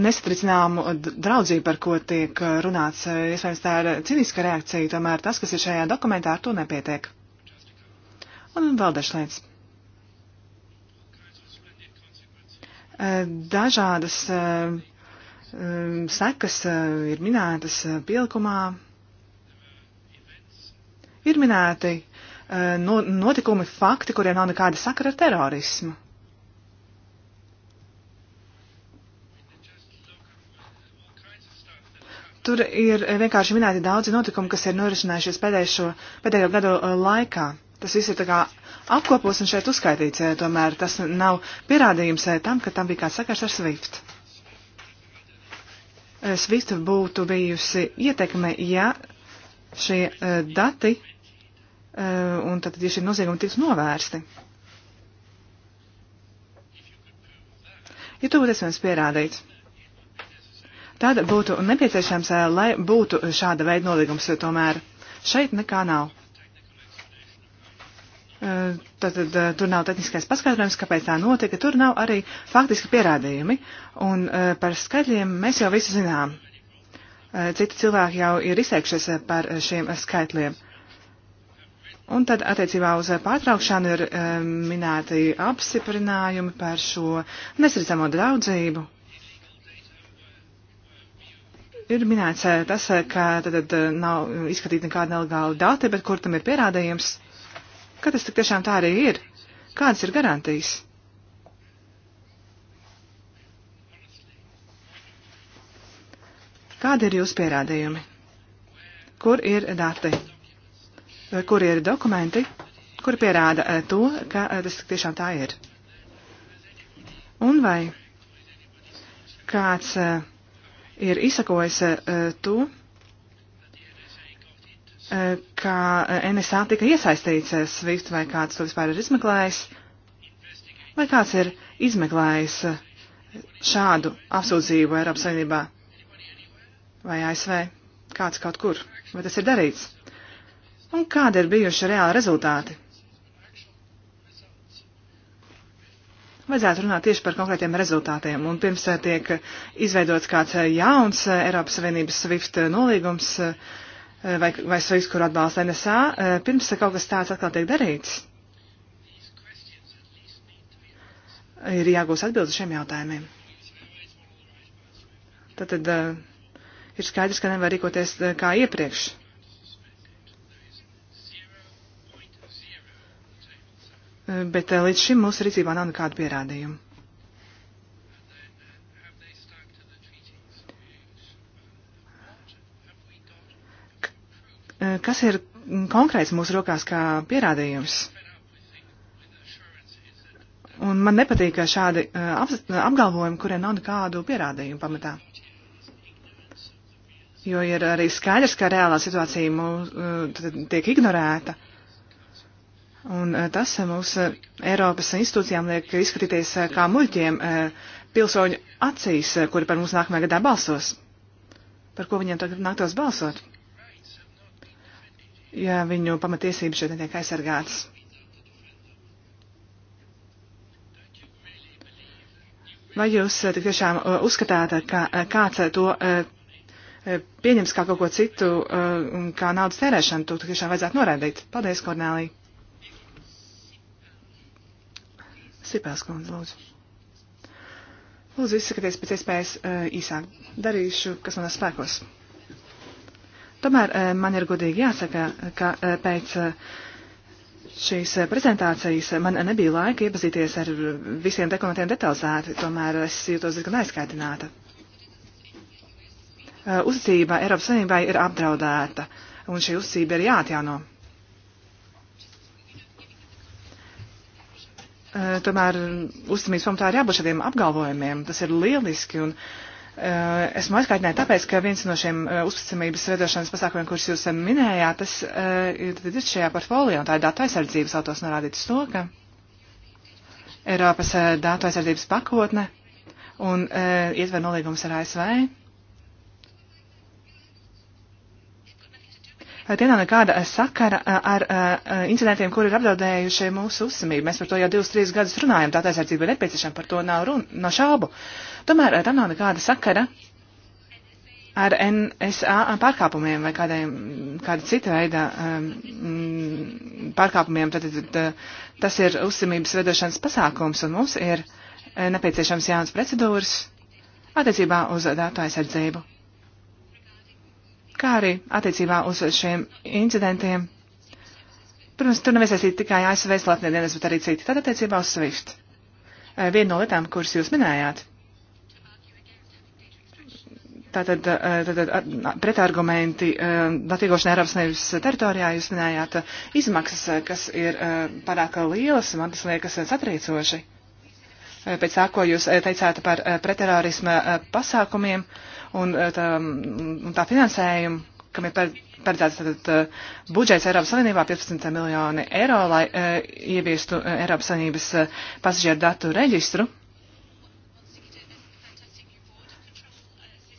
nesatricināmu draudzību, par ko tiek runāts. E, iespējams, tā ir cīniska reakcija, tomēr tas, kas ir šajā dokumentā, ar to nepietiek. Un vēl dažs lietas. E, dažādas um, sekas ir minētas pielikumā. Ir minēti no, notikumi, fakti, kuriem nav nekāda sakara ar terorismu. Tur ir vienkārši minēti daudzi notikumi, kas ir norisinājušies pēdējo, pēdējo gadu uh, laikā. Tas viss ir tā kā apkopos un šeit uzskaitīts, uh, tomēr tas nav pierādījums uh, tam, ka tam bija kāds sakars ar SWIFT. SWIFT būtu bijusi ietekme, ja šie dati un tad, ja šie noziegumi tiks novērsti. Ja to būtu iespējams pierādīt tad būtu nepieciešams, eh, lai būtu šāda veida nolīgums, jo tomēr šeit nekā nav. Tātad eh, eh, tur nav tehniskais paskaidrojums, kāpēc tā notika, tur nav arī faktiski pierādījumi, un par skaitļiem mēs jau visu zinām. Citi cilvēki jau ir izteikšies par šiem skaitļiem. Un tad attiecībā uz pārtraukšanu ir minēti apstiprinājumi par šo nesredzamo draudzību ir minēts eh, tas, eh, ka tad eh, nav izskatīta nekāda nelegāla dati, bet kur tam ir pierādījums, ka tas tiešām tā arī ir. Kādas ir garantijas? Kādi ir jūsu pierādījumi? Kur ir dati? Kur ir dokumenti, kur pierāda to, ka tas tiešām tā ir? Un vai kāds uh, ir izsakojis eh, to, eh, ka eh, NSA tika iesaistīts SWIFT vai kāds to vispār ir izmeklējis, vai kāds ir izmeklējis šādu apsūdzību Eiropas Savienībā vai ASV, kāds kaut kur, vai tas ir darīts, un kādi ir bijuši reāli rezultāti. vajadzētu runāt tieši par konkrētiem rezultātiem. Un pirms eh, tiek izveidots kāds eh, jauns eh, Eiropas Savienības SWIFT nolīgums vai, vai SWIFT, kur atbalsta NSA, pirms kaut kas tāds atkal tiek darīts, ir jāgūst atbildes šiem jautājumiem. Tātad ir skaidrs, ka nevar rīkoties kā iepriekš. Eh, bet eh, līdz šim mūsu rīcībā nav nekādu pierādījumu. Eh, kas ir konkrēts mūsu rokās kā pierādījums? Un man nepatīk šādi apgalvojumi, kuriem nav nekādu pierādījumu pamatā. Jo ir arī skaidrs, ka reālā situācija mūs, tiek ignorēta. Un eh, tas eh, mums eh, Eiropas institūcijām liek izskatīties kā muļķiem pilsoņu acīs, kuri par mums nākamajā gadā balsos. Par ko viņiem tagad nāktos balsot? Ja viņu pamatiesības šeit netiek aizsargātas. Vai jūs tik tiešām uzskatāt, ka kāds to pieņems kā kaut ko citu, kā naudas tērēšanu, to tiešām vajadzētu noraidīt? Paldies, Kornēlija! Sipēls kundze, lūdzu. Lūdzu, izsakieties pēc iespējas eh, īsāk. Darīšu, kas manas spēkos. Tomēr eh, man ir godīgi jāsaka, ka eh, pēc šīs prezentācijas man nebija laika iepazīties ar visiem dokumentiem detalizēti, tomēr es jūtos diezgan aizskaitināta. Uzticība Eiropas Savienībai ir apdraudēta, un šī uzticība ir jāatjauno. Eh, tomēr uzticamības pamatā ir jābūt šādiem apgalvojumiem. Tas ir lieliski. Un, eh, Esmu aizkaitināta tāpēc, ka viens no šiem eh, uzticamības veidošanas pasākumiem, kurus jūs minējāt, tas ir šajā portfolio, un tā ir datu aizsardzības autos norādīts to, ka Eiropas datu aizsardzības pakotne un ietver nolīgums ar ASV Tie nav nekāda sakara ar incidentiem, kuri ir apdraudējuši mūsu uzsamību. Mēs par to jau divus, trīs gadus runājam, tā aizsardzība ir nepieciešama, par to nav runa, no šaubu. Tomēr tam nav nekāda sakara ar NSA pārkāpumiem vai kādiem, kāda cita veida um, pārkāpumiem. Tad, tad, tas ir uzsamības vedošanas pasākums, un mums ir nepieciešams jauns procedūras attiecībā uz datu aizsardzību kā arī attiecībā uz šiem incidentiem. Protams, tur nav iesaistīti tikai ASV slēpnie dienas, bet arī citi. Tad attiecībā uz SWIFT. Eh, viena no lietām, kuras jūs minējāt, tātad, eh, tātad pretargumenti latīgošanai eh, Eiropas Savienības teritorijā, jūs minējāt izmaksas, kas ir pārāk lielas, man tas liekas satriecoši. Pēc tā, ko jūs teicāt par preterorisma pasākumiem, uh, un eh, tā, un tā finansējuma, kam ir paredzēts tātad, eh, budžets Eiropas Savienībā 15 miljoni eiro, lai eh, ieviestu Eiropas Savienības pasažieru datu reģistru.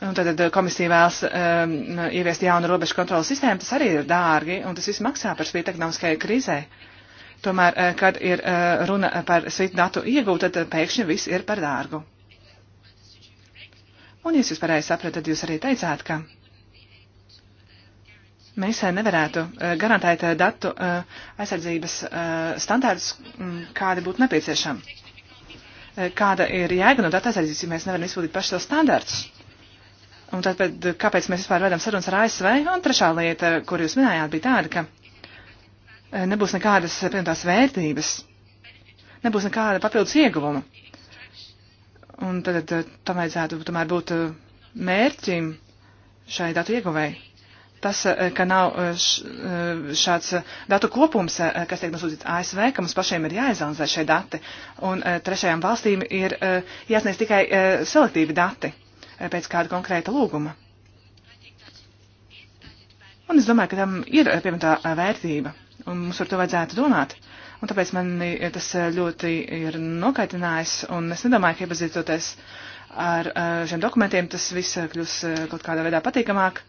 Un tad komisija vēlas um, ieviest jaunu robežu kontrolas sistēmu, tas arī ir dārgi, un tas viss maksā par spīti ekonomiskajai krīzē. Tomēr, kad ir runa par svītu datu iegūt, tad pēkšņi viss ir par dārgu. Un, ja jūs pareizi sapratat, jūs arī teicāt, ka mēs eh, nevarētu eh, garantēt eh, datu aizsardzības standārtus, mm, kādi būtu nepieciešami. Kāda ir jēga no datu aizsardzības, ja mēs nevaram izpildīt paši tos standārtus? Un tāpēc, kāpēc mēs vispār vedam sarunas ar ASV? Un trešā lieta, kur jūs minējāt, bija tāda, ka nebūs nekādas pievienotās vērtības, nebūs nekāda papildus ieguvuma. Un tad tam vajadzētu tomēr būt eh, mērķim šai datu ieguvēji. Tas, eh, ka nav eh, šāds datu kopums, kas tiek nosūtīts ASV, ka mums pašiem ir jāizanalizē šie dati, un trešajām valstīm ir jāsniedz tikai selektīvi dati pēc kāda konkrēta lūguma. Un es domāju, ka tam ir pievienotā vērtība, un mums par to vajadzētu domāt. Uh, Un tāpēc man tas eh, ļoti ir nokaitinājis, un es nedomāju, ka iepazīstoties ar eh, šiem dokumentiem, tas viss eh, kļūs kaut kādā veidā patīkamāk.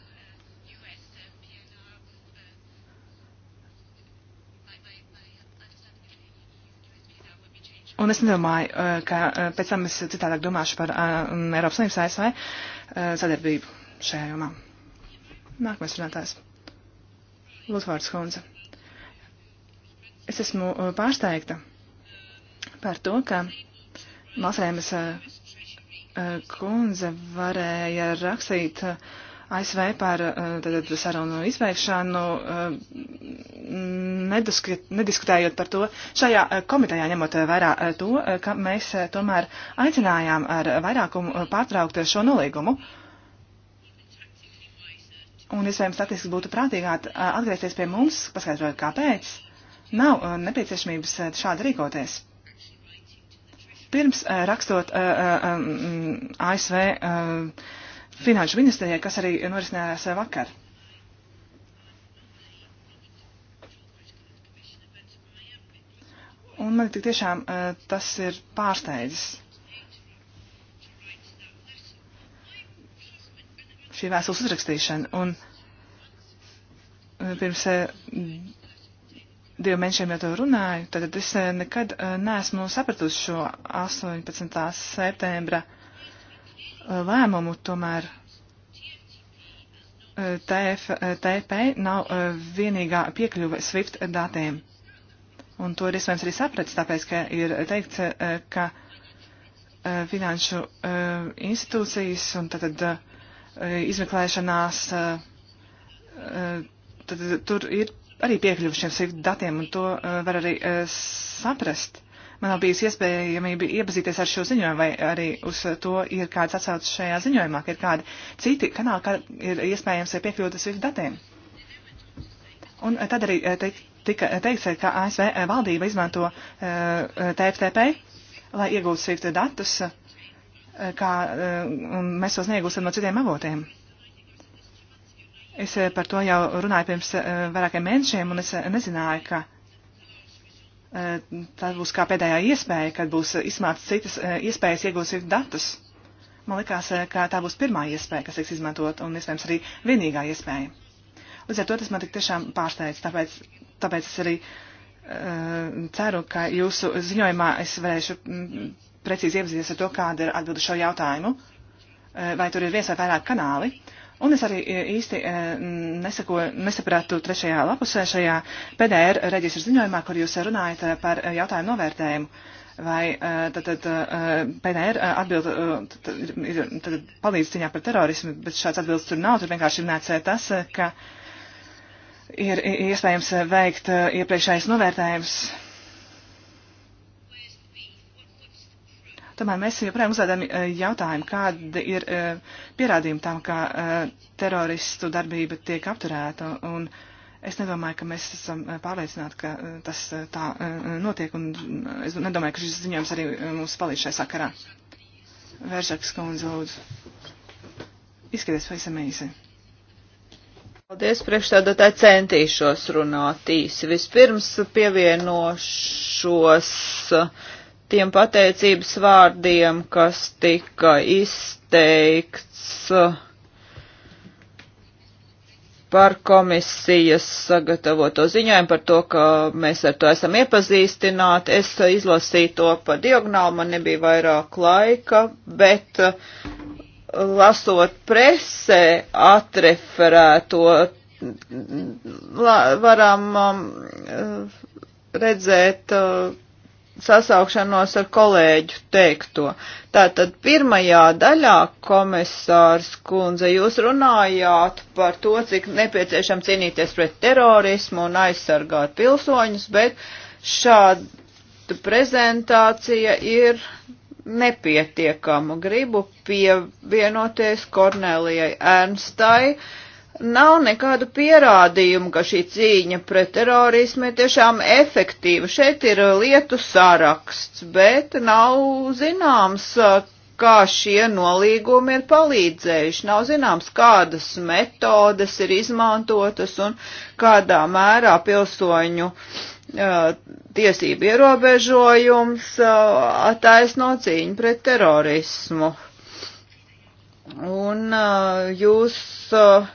Un es nedomāju, ka pēc tam es citādāk domāšu par Eiropas Savienības ASV sadarbību šajā jomā. Nākamais runātājs. Lūdzu, vārds Honza. Es esmu uh, pārsteigta par to, ka Masēmas uh, uh, kundze varēja rakstīt ASV par tad, sarunu izveikšanu, nediskutējot par to šajā komitejā, ņemot vērā to, ka mēs tomēr aicinājām ar vairākumu pārtraukt šo nolīgumu. Un, iespējams, statistiski būtu prātīgāk atgriezties pie mums, paskaidrojot, kāpēc. Uh, Nav uh, nepieciešamības uh, šādi rīkoties. Pirms uh, rakstot um, ASV finanšu ministrijai, kas arī norisinājās vakar. Un man tik tiešām tas ir pārsteidzis. Šī vēstules uzrakstīšana un pirms diviem mēnešiem jau to runāju, tad es eh, nekad eh, neesmu sapratusi šo 18. septembra eh, lēmumu, tomēr TF, TP nav vienīgā piekļuve SWIFT datiem. Un to ir iespējams arī sapratis, tāpēc, ka ir teikts, ka finanšu institūcijas un tātad izmeklēšanās, tad tur ir arī piekļuvu šiem SWIFT datiem, un to eh, var arī eh, saprast. Man nav bijusi iespējamība iepazīties ar šo ziņojumu, vai arī uz to ir kāds atsaucis šajā ziņojumā, ka ir kādi citi kanāli, kā ir iespējams piekļūt SWIFT datiem. Un eh, tad arī teik, tika teikts, ka ASV valdība izmanto uh, TFTP, lai iegūtu SWIFT datus, kā uh, mēs tos neiegūstam no citiem avotiem. Es eh, par to jau runāju pirms eh, vairākiem mēnešiem, un es eh, nezināju, ka tā būs kā pēdējā iespēja, kad būs izmācīts citas iespējas iegūt citus datus. Man likās, ka tā būs pirmā iespēja, kas tiks izmantot, un iespējams arī vienīgā iespēja. Līdz ar to tas man tik tiešām pārsteidz, tāpēc, tāpēc es arī uh, ceru, ka jūsu ziņojumā es varēšu m, mm, precīzi iepazīties ar to, kāda ir atbildi šo jautājumu, uh, vai tur ir viens vai vairāk kanāli, uh, Un es arī e, īsti e, nesako, nesapratu trešajā lapusē šajā PDR reģistra ziņojumā, kur jūs runājat e, par jautājumu novērtējumu. Vai tad, tad PNR atbild, tad, tad palīdz ciņā par terorismu, bet šāds atbildes tur nav, tur vienkārši ir nācē tas, ka ir iespējams veikt iepriekšējais novērtējums Tomēr mēs joprojām uzdodam eh, jautājumu, kāda ir eh, pierādījuma tam, ka eh, teroristu darbība tiek apturēta. Un es nedomāju, ka mēs esam pārliecināti, ka tas tā notiek, un es nedomāju, ka šis ziņojums arī mums palīdz šai sakarā. Vēržaks kundze, lūdzu. Izskaties pavisam īsi. Paldies, priekšstādātāji, centīšos runāt īsi. Vispirms pievienošos. Uh, tiem pateicības vārdiem, kas tika izteikts uh, par komisijas sagatavoto ziņojumu, par to, ka mēs ar to esam iepazīstināti. Es izlasīju to pa diagonāli, man nebija vairāk laika, bet uh, lasot presē atreferēto, varam um, redzēt uh, sasaukšanos ar kolēģu teikto. Tātad pirmajā daļā, komisārs kundze, jūs runājāt par to, cik nepieciešam cīnīties pret terorismu un aizsargāt pilsoņus, bet šāda prezentācija ir nepietiekama. Gribu pievienoties Kornelijai Ernstai, uh, Nav nekādu pierādījumu, ka šī cīņa pret terorismu ir tiešām efektīva. Šeit ir lietu saraksts, bet nav zināms, kā šie nolīgumi ir palīdzējuši. Nav zināms, kādas metodes ir izmantotas un kādā mērā pilsoņu uh, tiesību ierobežojums uh, attaisno cīņu pret terorismu. Un uh, jūs uh,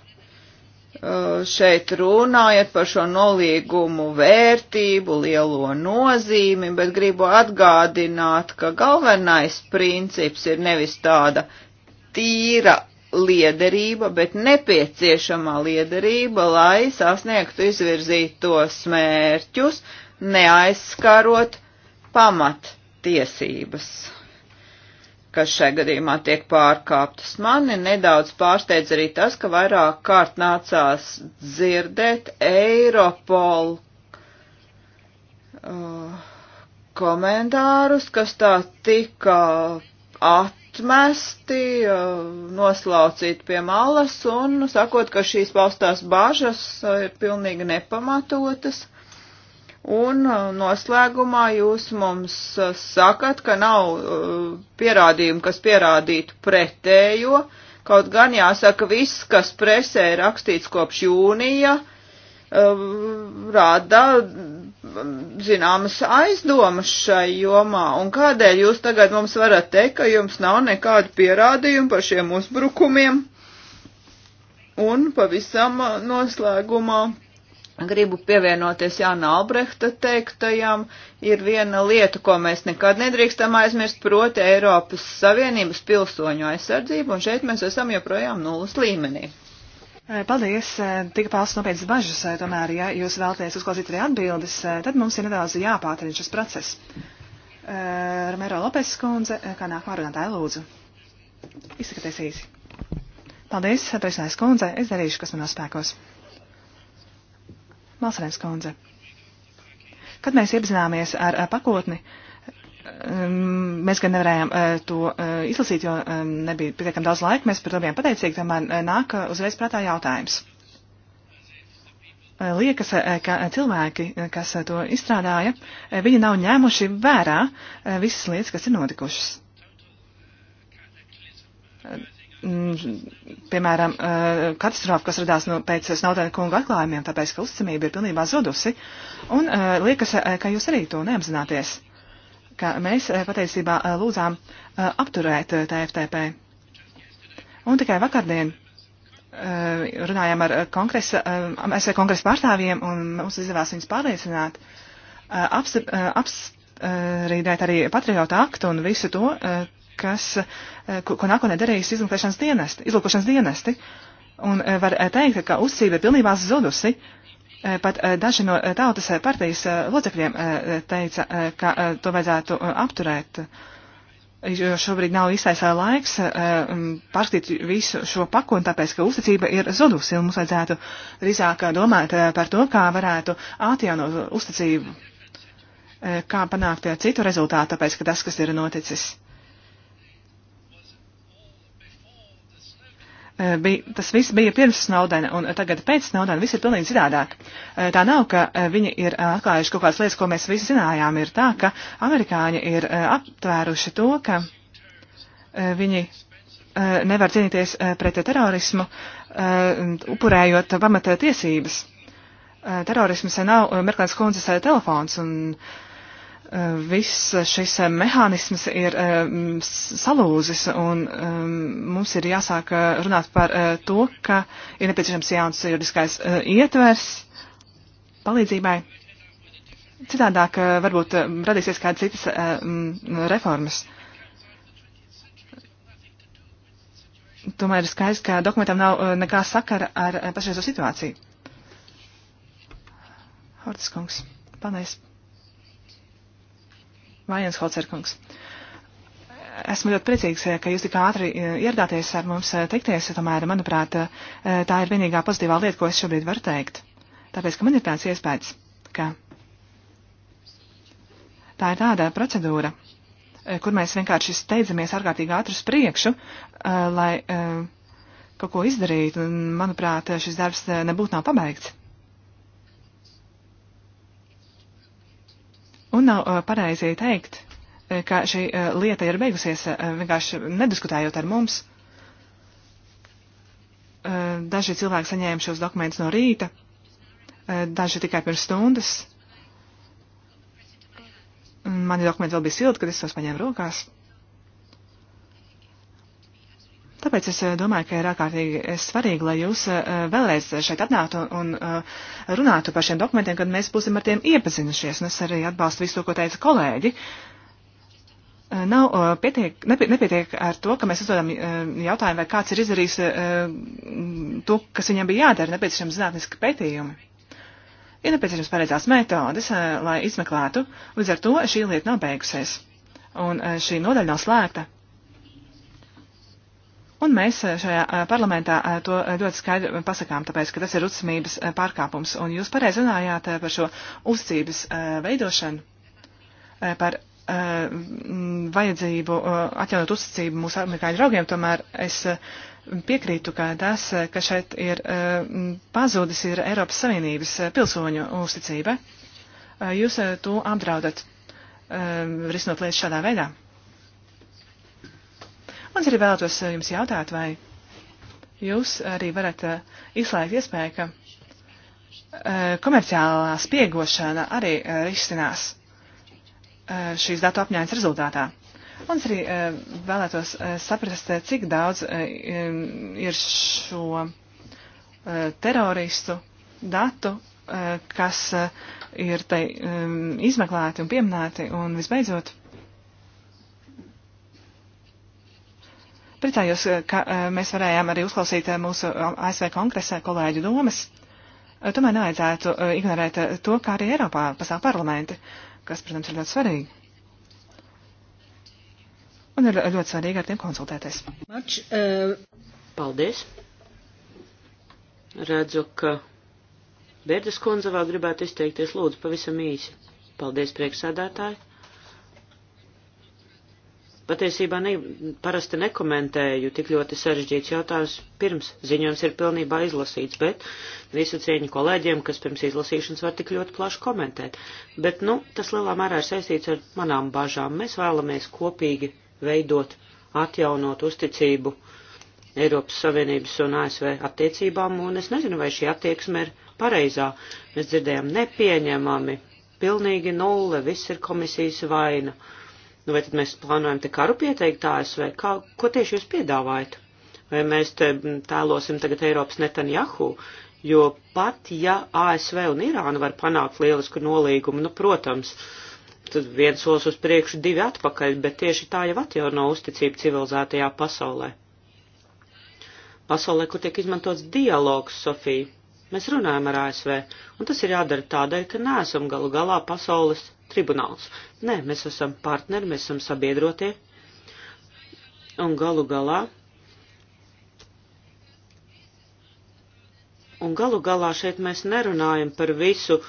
Eh, šeit runājat par šo nolīgumu vērtību, lielo nozīmi, bet gribu atgādināt, ka galvenais princips ir nevis tāda tīra liederība, bet nepieciešamā liederība, lai sasniegtu izvirzītos mērķus, neaizskarot pamattiesības kas šai gadījumā tiek pārkāptas. Mani nedaudz pārsteidz arī tas, ka vairāk kārt nācās dzirdēt Eiropol uh, komentārus, kas tā tika atmesti, uh, noslaucīti pie malas un nu, sakot, ka šīs paustās bažas uh, ir pilnīgi nepamatotas Un uh, noslēgumā jūs mums uh, sakat, ka nav uh, pierādījumu, kas pierādītu pretējo. Kaut gan jāsaka, viss, kas presē ir rakstīts kopš jūnija, uh, rada um, zināmas aizdomas šai jomā. Un kādēļ jūs tagad mums varat teikt, ka jums nav nekādu pierādījumu par šiem uzbrukumiem? Un pavisam uh, noslēgumā Gribu pievienoties Jāna Albrehta teiktajam, ir viena lieta, ko mēs nekad nedrīkstam aizmirst, proti Eiropas Savienības pilsoņu aizsardzību, un šeit mēs esam joprojām nulles līmenī. Eh, paldies, eh, tika pāris nopietnas bažas, eh, tomēr, ja jūs vēlaties uzklausīt arī atbildes, tad mums ir nedaudz jāpātrina šis process. Romero Lopes skundze, kā nākamā runātāja lūdzu. Izsakaties īsi. Paldies, priekšnājas skundze, es darīšu, kas manos spēkos. Malsarēns kundze. Kad mēs iepazināmies ar pakotni, mēs gan nevarējām to izlasīt, jo nebija pietiekam daudz laika, mēs par to bijām pateicīgi, tomēr nāk uzreiz prātā jautājums. Liekas, ka cilvēki, kas to izstrādāja, viņi nav ņēmuši vērā visas lietas, kas ir notikušas Mm, piemēram, eh, katastrofa, kas radās no, pēc Snowdena kunga atklājumiem, tāpēc, ka uzticamība ir pilnībā zudusi, un eh, liekas, eh, ka jūs arī to neapzināties, ka mēs patiesībā lūdzām apturēt TFTP. Un tikai vakardien runājām ar kongresa, ASV kongresa pārstāvjiem, un mums izdevās viņus pārliecināt, apstrīdēt arī patriota aktu un visu to kas, eh, ko, ko nākotnē darīs izlūkošanas dienesti, izlūkošanas dienesti. Un eh, var eh, teikt, ka uzticība ir pilnībā zudusi. Pat daži no tautas partijas locekļiem teica, ka to vajadzētu apturēt, jo šobrīd nav īstais laiks pārskatīt visu šo pakoni, tāpēc, ka uzticība ir zudusi un mums vajadzētu drīzāk domāt par to, kā varētu atjaunot uzticību, kā panākt citu rezultātu, tāpēc, ka tas, kas ir noticis Eh, bija, tas viss bija pirms Snowdena, un tagad pēc Snowdena viss ir pilnīgi citādāk. Eh, tā nav, ka eh, viņi ir atklājuši kaut kādas lietas, ko mēs visi zinājām, ir tā, ka amerikāņi ir aptvēruši to, ka viņi nevar cīnīties pret terorismu, upurējot pamata tiesības. Terorisms nav Merklēns kundzes telefons, un Eh, viss šis eh, mehānisms ir um, salūzis, un um, mums ir jāsāk runāt par uh, to, ka ir nepieciešams jauns juridiskais uh, ietvers palīdzībai. Citādāk uh, varbūt uh, radīsies kādas citas uh, um, reformas. Tomēr ir skaidrs, ka dokumentam nav uh, nekā sakara ar uh, pašreizo situāciju. Hortis kungs, paldies! Vājens Holcerkungs. Esmu ļoti priecīgs, eh, ka jūs tik ātri eh, ieradāties ar mums eh, tikties, tomēr, manuprāt, tā ir vienīgā pozitīvā lieta, ko es šobrīd varu teikt. Tāpēc, ka man ir tāds iespējas, ka tā ir tāda procedūra, kur mēs vienkārši steidzamies ārkārtīgi ātri uz priekšu, lai kaut ko izdarītu, un, manuprāt, šis darbs nebūtu nav pabeigts. Un nav pareizi teikt, ka šī lieta ir beigusies vienkārši nediskutējot ar mums. Daži cilvēki saņēma šos dokumentus no rīta, daži tikai pirms stundas. Mani dokumenti vēl bija silti, kad es tos paņēmu rokās. Tāpēc es eh, domāju, ka ir ārkārtīgi eh, svarīgi, lai jūs eh, vēlreiz šeit atnātu un runātu par šiem dokumentiem, kad mēs būsim ar tiem iepazinušies. Un es arī atbalstu visu to, ko teica kolēģi. Nav pietiek, nepietiek ar to, ka mēs uzdodam jautājumu, vai kāds ir izdarījis to, kas viņam bija jādara, nepieciešams zinātniski pētījumi. Ir nepieciešams pareizās metodes, lai izmeklētu, līdz ar to šī lieta nav beigusies. Un šī nodaļa nav slēgta Un mēs eh, šajā eh, parlamentā eh, to ļoti skaidri pasakām, tāpēc, ka tas ir uzticamības pārkāpums. Un jūs pareizi runājāt par šo uzticības veidošanu, par vajadzību atjaunot uzticību mūsu amerikāņu draugiem. Tomēr es piekrītu, ka tas, ka šeit ir pazudis, ir Eiropas Savienības pilsoņu uzticība. Jūs to apdraudat, risinot lietas šādā veidā. Un es arī vēlētos eh, jums jautāt, vai jūs arī varat eh, izslēgt iespēju, ka eh, komerciālā spiegošana arī risinās šīs datu apņēmas rezultātā. Un es arī vēlētos saprast, cik daudz ir šo teroristu datu, kas ir te izmeklēti un pieminēti. Un visbeidzot, Priecājos, eh, ka eh, mēs varējām arī uzklausīt eh, mūsu ASV kongresē kolēģu domas. Tomēr nevajadzētu ignorēt to, kā arī Eiropā pastāv parlamenti, kas, protams, ir ļoti svarīgi. Un ir ļoti svarīgi ar tiem konsultēties. Much, uh... Paldies. Redzu, ka Bērdas kundze vēl gribētu izteikties lūdzu pavisam īsi. Paldies, priekšsādātāji patiesībā ne, parasti nekomentēju tik ļoti sarežģīts jautājums pirms ziņojums ir pilnībā izlasīts, bet visu cieņu kolēģiem, kas pirms izlasīšanas var tik ļoti plaši komentēt. Bet, nu, tas lielā mērā ir saistīts ar manām bažām. Mēs vēlamies kopīgi veidot, atjaunot uzticību Eiropas Savienības un ASV attiecībām, un es nezinu, vai šī attieksme ir pareizā. Mēs dzirdējām nepieņemami, pilnīgi nulle, viss ir komisijas vaina. Uh, Nu, vai tad mēs plānojam te karu pieteikt ASV? Kā, ko tieši jūs piedāvājat? Vai mēs te tēlosim tagad Eiropas Netanjahu? Jo pat ja ASV un Irāna var panākt lielisku nolīgumu, nu, protams, tad viens solis uz priekšu, divi atpakaļ, bet tieši tā jau atjauno uzticību civilizētajā pasaulē. Pasaulē, kur tiek izmantots dialogs, Sofija, mēs runājam ar ASV, un tas ir jādara tādēļ, ka neesam galu galā pasaules tribunāls. Nē, mēs esam partneri, mēs esam sabiedrotie. Un galu galā. Un galu galā šeit mēs nerunājam par visu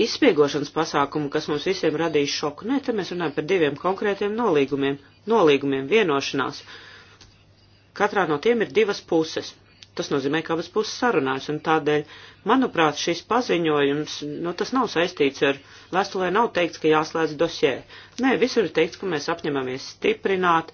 izspiegošanas pasākumu, kas mums visiem radīs šoku. Nē, te mēs runājam par diviem konkrētiem nolīgumiem, nolīgumiem, vienošanās. Katrā no tiem ir divas puses. Tas nozīmē, ka abas puses sarunājas, un tādēļ, manuprāt, šis paziņojums, nu, tas nav saistīts ar vēstulē, nav teikts, ka jāslēdz dosjē. Nē, visur ir teikts, ka mēs apņemamies stiprināt,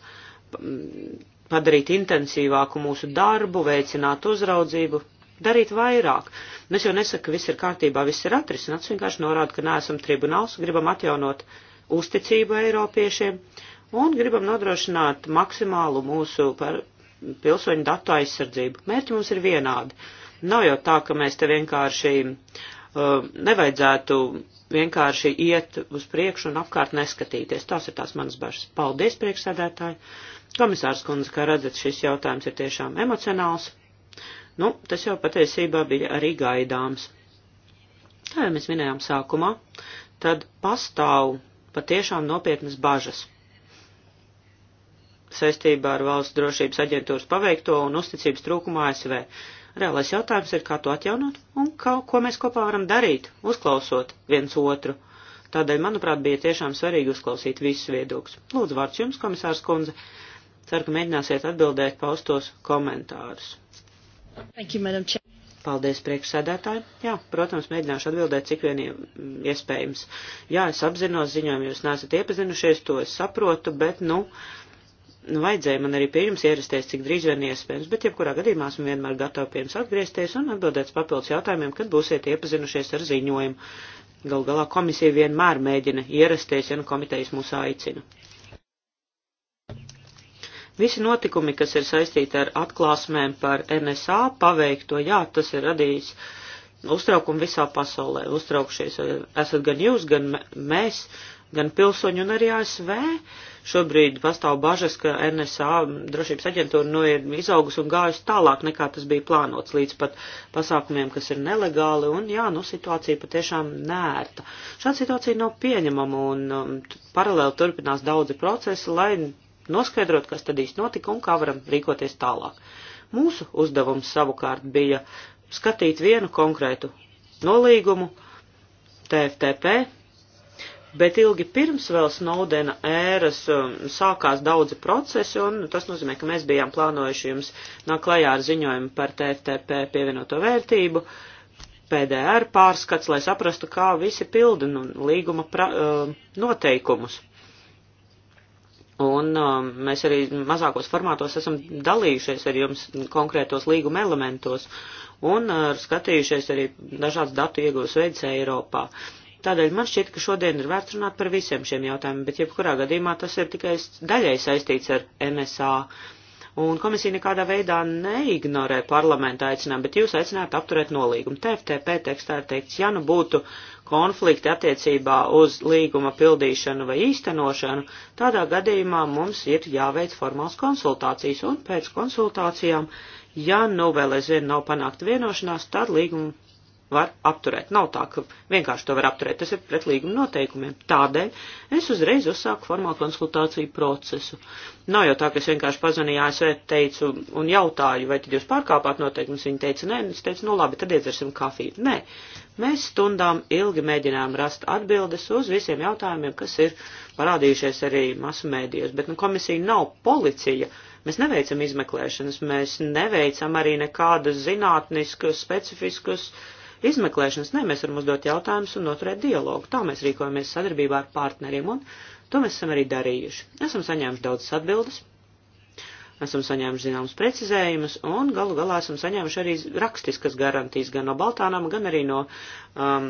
mm, padarīt intensīvāku mūsu darbu, veicināt uzraudzību, darīt vairāk. Un es jau nesaku, ka viss ir kārtībā, viss ir atrisināts, vienkārši norāda, ka neesam tribunāls, gribam atjaunot uzticību Eiropiešiem un gribam nodrošināt maksimālu mūsu par pilsoņu datu aizsardzību. Mērķi mums ir vienādi. Nav jau tā, ka mēs te vienkārši uh, nevajadzētu vienkārši iet uz priekšu un apkārt neskatīties. Tās ir tās manas bažas. Paldies, priekšsēdētāji. Komisārs kundze, kā redzat, šis jautājums ir tiešām emocionāls. Nu, tas jau patiesībā bija arī gaidāms. Kā jau mēs minējām sākumā, tad pastāv patiešām nopietnas bažas saistībā ar valsts drošības aģentūras paveikto un uzticības trūkumu ASV. Reālais jautājums ir, kā to atjaunot un kā, ko mēs kopā varam darīt, uzklausot viens otru. Tādēļ, manuprāt, bija tiešām svarīgi uzklausīt visus viedokļus. Lūdzu, vārds jums, komisārs Kunze. Ceru, ka mēģināsiet atbildēt paustos komentārus. You, Paldies, priekšsēdētāji. Jā, protams, mēģināšu atbildēt, cik vien iespējams. Jā, es apzinos ziņojumu, jūs neesat iepazinušies, to es saprotu, bet, nu, uh, nu, vajadzēja man arī pie jums ierasties, cik drīz vien iespējams, bet jebkurā gadījumā esmu vienmēr gatava pie jums atgriezties un atbildēt papildus jautājumiem, kad būsiet iepazinušies ar ziņojumu. Gal galā komisija vienmēr mēģina ierasties, ja nu komitejas mūs aicina. Visi notikumi, kas ir saistīti ar atklāsmēm par NSA paveikto, jā, tas ir radījis uztraukumu visā pasaulē. Uztraukšies esat gan jūs, gan mēs, gan pilsoņi un arī ASV. Uh, Šobrīd pastāv bažas, ka NSA drošības aģentūra nu ir izaugus un gājusi tālāk nekā tas bija plānots, līdz pat pasākumiem, kas ir nelegāli, un jā, nu situācija patiešām nērta. Šāda situācija nav pieņemama, un um, paralēli turpinās daudzi procesi, lai noskaidrot, kas tad īsti notika un kā varam rīkoties tālāk. Mūsu uzdevums savukārt bija skatīt vienu konkrētu nolīgumu, TFTP, bet ilgi pirms vēl Snowdena ēras um, sākās daudzi procesi, un tas nozīmē, ka mēs bijām plānojuši jums nāk klajā ar ziņojumu par TFTP pievienoto vērtību, PDR pārskats, lai saprastu, kā visi pilda nu, līguma pra, um, noteikumus. Un um, mēs arī mazākos formātos esam dalījušies ar jums konkrētos līguma elementos un uh, skatījušies arī dažādas datu ieguvas veids Eiropā. Uh, Tādēļ man šķiet, ka šodien ir vērts runāt par visiem šiem jautājumiem, bet jebkurā gadījumā tas ir tikai daļai saistīts ar NSA. Un komisija nekādā veidā neignorē parlamenta aicinājumu, bet jūs aicināt apturēt nolīgumu. TFTP tekstā ir teikts, ja nu būtu konflikti attiecībā uz līguma pildīšanu vai īstenošanu, tādā gadījumā mums ir jāveic formāls konsultācijas, un pēc konsultācijām, ja nu vēl aizvien nav panākt vienošanās, tad līguma var apturēt. Nav tā, ka vienkārši to var apturēt. Tas ir pret līguma noteikumiem. Tādēļ es uzreiz uzsāku formālu konsultāciju procesu. Nav jau tā, ka es vienkārši pazvanīju ASV, teicu un jautāju, vai tad jūs pārkāpāt noteikumus. Viņi teica, nē, es teicu, nu labi, tad iedzersim kafiju. Nē, mēs stundām ilgi mēģinām rast atbildes uz visiem jautājumiem, kas ir parādījušies arī masu mēdījos. Bet nu, komisija nav policija. Mēs neveicam izmeklēšanas, mēs neveicam arī nekādas zinātniskas, specifiskas uh, izmeklēšanas. Nē, mēs varam uzdot jautājumus un noturēt dialogu. Tā mēs rīkojamies sadarbībā ar partneriem, un to mēs esam arī darījuši. Esam saņēmuši daudzas atbildes, esam saņēmuši zināmas precizējumus un galu galā esam saņēmuši arī rakstiskas garantijas gan no Baltānām, gan arī no um,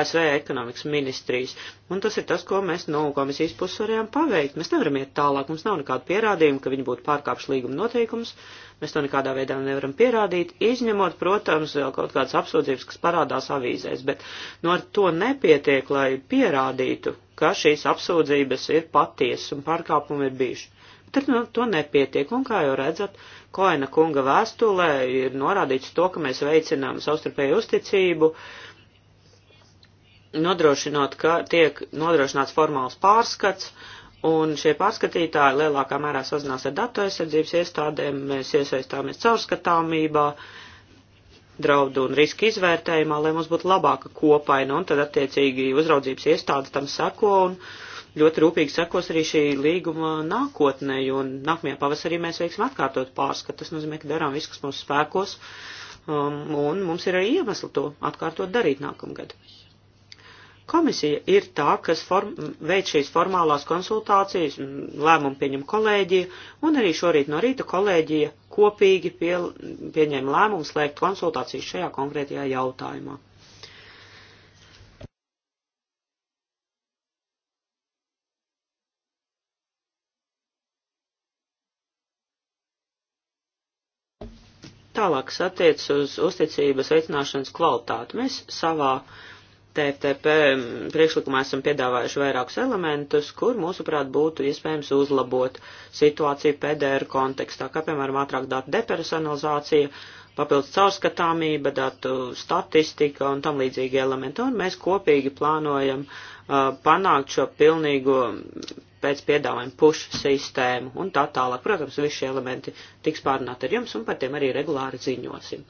ASV ekonomikas ministrijas. Un tas ir tas, ko mēs no komisijas puses varējām paveikt. Mēs nevaram iet tālāk, mums nav nekādu pierādījumu, ka viņi būtu pārkāpuši līguma noteikumus. Mēs to nekādā veidā nevaram pierādīt, izņemot, protams, vēl kaut kādas apsūdzības, kas parādās avīzēs, bet no ar to nepietiek, lai pierādītu, ka šīs apsūdzības ir patiesas un pārkāpumi ir bijuši. Tad nu, to nepietiek, un kā jau redzat, Koena kunga vēstulē ir norādīts to, ka mēs veicinām savstarpēju uzticību, nodrošinot, ka tiek nodrošināts formāls pārskats, un šie pārskatītāji lielākā mērā sazinās ar datu aizsardzības iestādēm, mēs iesaistāmies caurskatāmībā, draudu un riska izvērtējumā, lai mums būtu labāka kopaina, un tad attiecīgi uzraudzības iestāde tam seko, un ļoti rūpīgi sekos arī šī līguma nākotnē, jo nākamajā pavasarī mēs veiksim atkārtot pārskatu. Tas nozīmē, ka darām visu, kas mūsu spēkos, um, un mums ir arī iemesli to atkārtot darīt nākamgad. Komisija ir tā, kas form, veic šīs formālās konsultācijas, lēmumu pieņem kolēģija, un arī šorīt no rīta kolēģija kopīgi pie, pieņēma lēmumu slēgt konsultācijas šajā konkrētajā jautājumā. Tālāk, kas attiec uz uzticības veicināšanas kvalitāti, mēs savā TFTP mm, priekšlikumā esam piedāvājuši vairākus elementus, kur, mūsuprāt, būtu iespējams uzlabot situāciju PDR kontekstā, kā, piemēram, ātrāk datu depersonalizācija, papildus caurskatāmība, datu statistika un tam līdzīgi elementi, un mēs kopīgi plānojam uh, panākt šo pilnīgo pēc piedāvājuma pušu sistēmu un tā tālāk. Protams, visi šie elementi tiks pārunāti ar jums un par tiem arī regulāri ziņosim.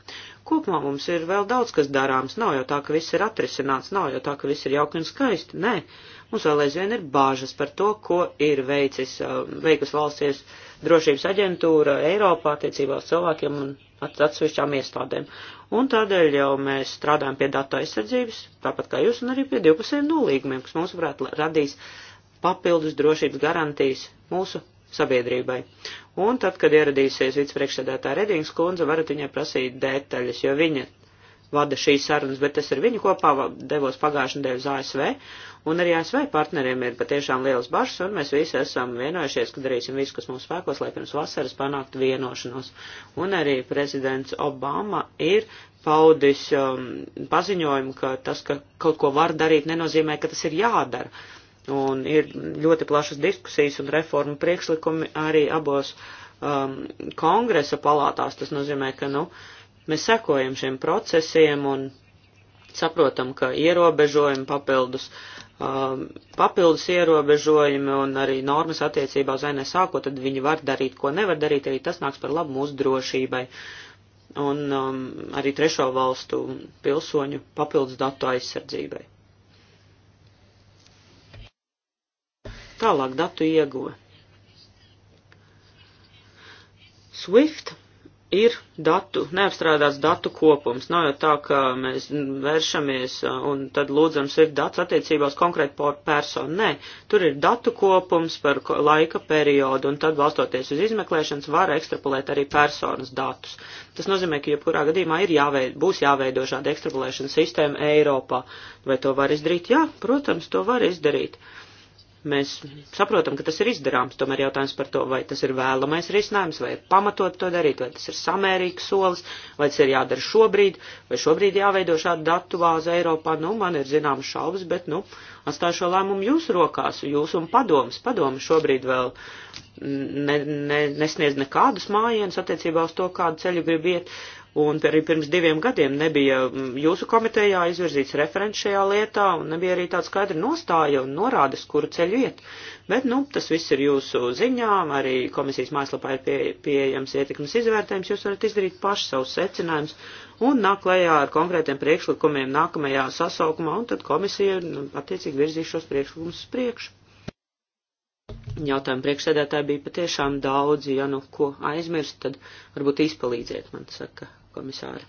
Kopumā mums ir vēl daudz, kas darāms. Nav jau tā, ka viss ir atrisināts, nav jau tā, ka viss ir jauki un skaisti. Nē, mums vēl aizvien ir bāžas par to, ko ir veicis, uh, veikus valsties drošības aģentūra Eiropā attiecībā uz cilvēkiem un atsevišķām iestādēm. Un tādēļ jau mēs strādājam pie datu aizsardzības, tāpat kā jūs, un arī pie divpusējiem nolīgumiem, kas mums varētu radīs papildus drošības garantijas mūsu sabiedrībai. Un tad, kad ieradīsies vicepriekšsēdētā Redings kundze, varat viņai prasīt detaļas, jo viņa vada šīs sarunas, bet es ar viņu kopā devos pagājušajā nedēļā uz ASV, un arī ASV partneriem ir patiešām liels bažas, un mēs visi esam vienojušies, ka darīsim visu, kas mums spēkos, lai pirms vasaras panāktu vienošanos. Un arī prezidents Obama ir paudis um, paziņojumu, ka tas, ka kaut ko var darīt, nenozīmē, ka tas ir jādara. Un ir ļoti plašas diskusijas un reformu priekšlikumi arī abos um, kongresa palātās. Tas nozīmē, ka nu, mēs sekojam šiem procesiem un saprotam, ka ierobežojumi papildus, um, papildus ierobežojumi un arī normas attiecībā uz NSA, ko tad viņi var darīt, ko nevar darīt, arī tas nāks par labu mūsu drošībai un um, arī trešo valstu pilsoņu papildus datu aizsardzībai. Tālāk datu ieguve. Swift ir datu, neapstrādāts datu kopums. Nav jau tā, ka mēs vēršamies uh, un tad lūdzam Swift datus attiecībā uz konkrētu personu. Nē, tur ir datu kopums par laika periodu un tad balstoties uz izmeklēšanas var ekstrapolēt arī personas datus. Tas nozīmē, ka jebkurā gadījumā ir jāveid, būs jāveido šāda ekstrapolēšanas sistēma Eiropā. Vai to var izdarīt? Jā, protams, to var izdarīt. Uh, Mēs saprotam, ka tas ir izdarāms, tomēr jautājums par to, vai tas ir vēlamais risinājums, vai ir pamatot to darīt, vai tas ir samērīgs solis, vai tas ir jādara šobrīd, vai šobrīd jāveido šāda datu vāze Eiropā. Nu, man ir zināmas šaubas, bet, nu, atstāju šo lēmumu jūsu rokās, jūs un padomas. Padoma šobrīd vēl ne, ne, nesniedz nekādus mājienus attiecībā uz to, kādu ceļu grib iet. Uh, Un arī pirms diviem gadiem nebija mm, jūsu komitejā izvirzīts referents šajā lietā, un nebija arī tāda skaidra nostāja un norādes, kuru ceļu iet. Bet, nu, tas viss ir jūsu ziņā, arī komisijas mājaslapā ir pie, pieejams ietekmes izvērtējums, jūs varat izdarīt paši savus secinājumus un nāk klajā ar konkrētiem priekšlikumiem nākamajā sasaukumā, un tad komisija, nu, attiecīgi virzīs šos priekšlikumus uz priekšu. Jautājumu priekšsēdētāji bija patiešām daudzi, ja nu ko aizmirst, tad varbūt izpalīdziet man, saka komisāri.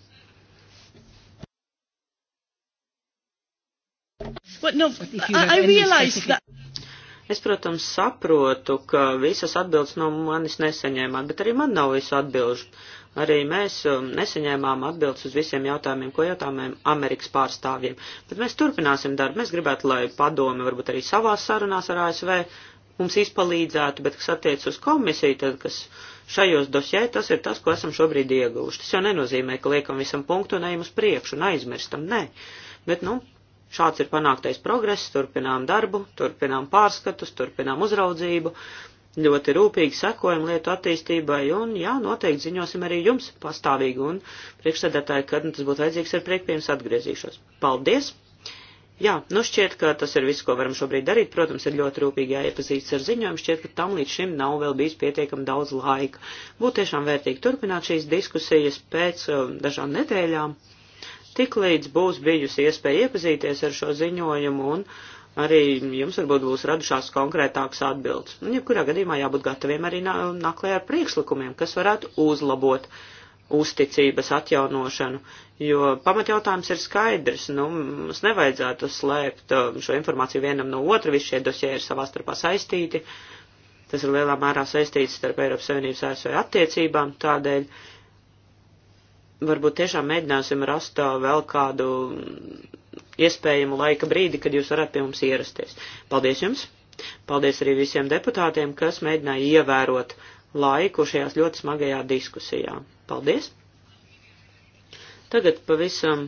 No, es, protams, saprotu, ka visas atbildes no manis nesaņēmāt, bet arī man nav visu atbilžu. Arī mēs um, nesaņēmām atbildes uz visiem jautājumiem, ko jautājumiem Amerikas pārstāvjiem. Bet mēs turpināsim darbu. Mēs gribētu, lai padomi varbūt arī savās sarunās ar ASV mums izpalīdzētu, bet kas attiec uz komisiju, tad kas. Uh, šajos dosjē tas ir tas, ko esam šobrīd ieguvuši. Tas jau nenozīmē, ka liekam visam punktu un ejam uz priekšu un aizmirstam, nē. Bet, nu, šāds ir panāktais progress, turpinām darbu, turpinām pārskatus, turpinām uzraudzību, ļoti rūpīgi sekojam lietu attīstībai un, jā, noteikti ziņosim arī jums pastāvīgi un priekšsēdētāji, kad tas būtu vajadzīgs ar priekpienas atgriezīšos. Paldies! Jā, nu šķiet, ka tas ir viss, ko varam šobrīd darīt. Protams, ir ļoti rūpīgi jāiepazīstas ar ziņojumu. Šķiet, ka tam līdz šim nav vēl bijis pietiekami daudz laika. Būtu tiešām vērtīgi turpināt šīs diskusijas pēc uh, dažām nedēļām. Tiklīdz būs bijusi iespēja iepazīties ar šo ziņojumu un arī jums varbūt būs radušās konkrētākas atbildes. Un jebkurā gadījumā jābūt gataviem arī naklē ar priekšlikumiem, kas varētu uzlabot uzticības atjaunošanu, jo pamatjautājums ir skaidrs. Nu, mums nevajadzētu slēpt um, šo informāciju vienam no otra, visi šie dosie ir savā starpā saistīti. Tas ir lielā mērā saistīts starp Eiropas Savienības ASV attiecībām, tādēļ varbūt tiešām mēģināsim rast uh, vēl kādu iespējamu laika brīdi, kad jūs varat pie mums ierasties. Paldies jums! Paldies arī visiem deputātiem, kas mēģināja ievērot laiku šajās ļoti smagajā diskusijā. Paldies! Tagad pavisam,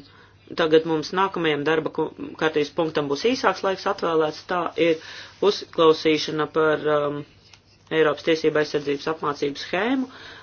tagad mums nākamajam darba kārtības punktam būs īsāks laiks atvēlēts, tā ir uzklausīšana par um, Eiropas tiesība aizsardzības apmācības schēmu. Uh,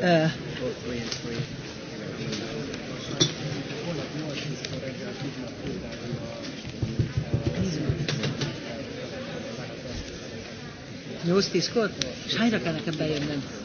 Uh, Nyolc-tízkor? És hányra kell nekem bejönnöm?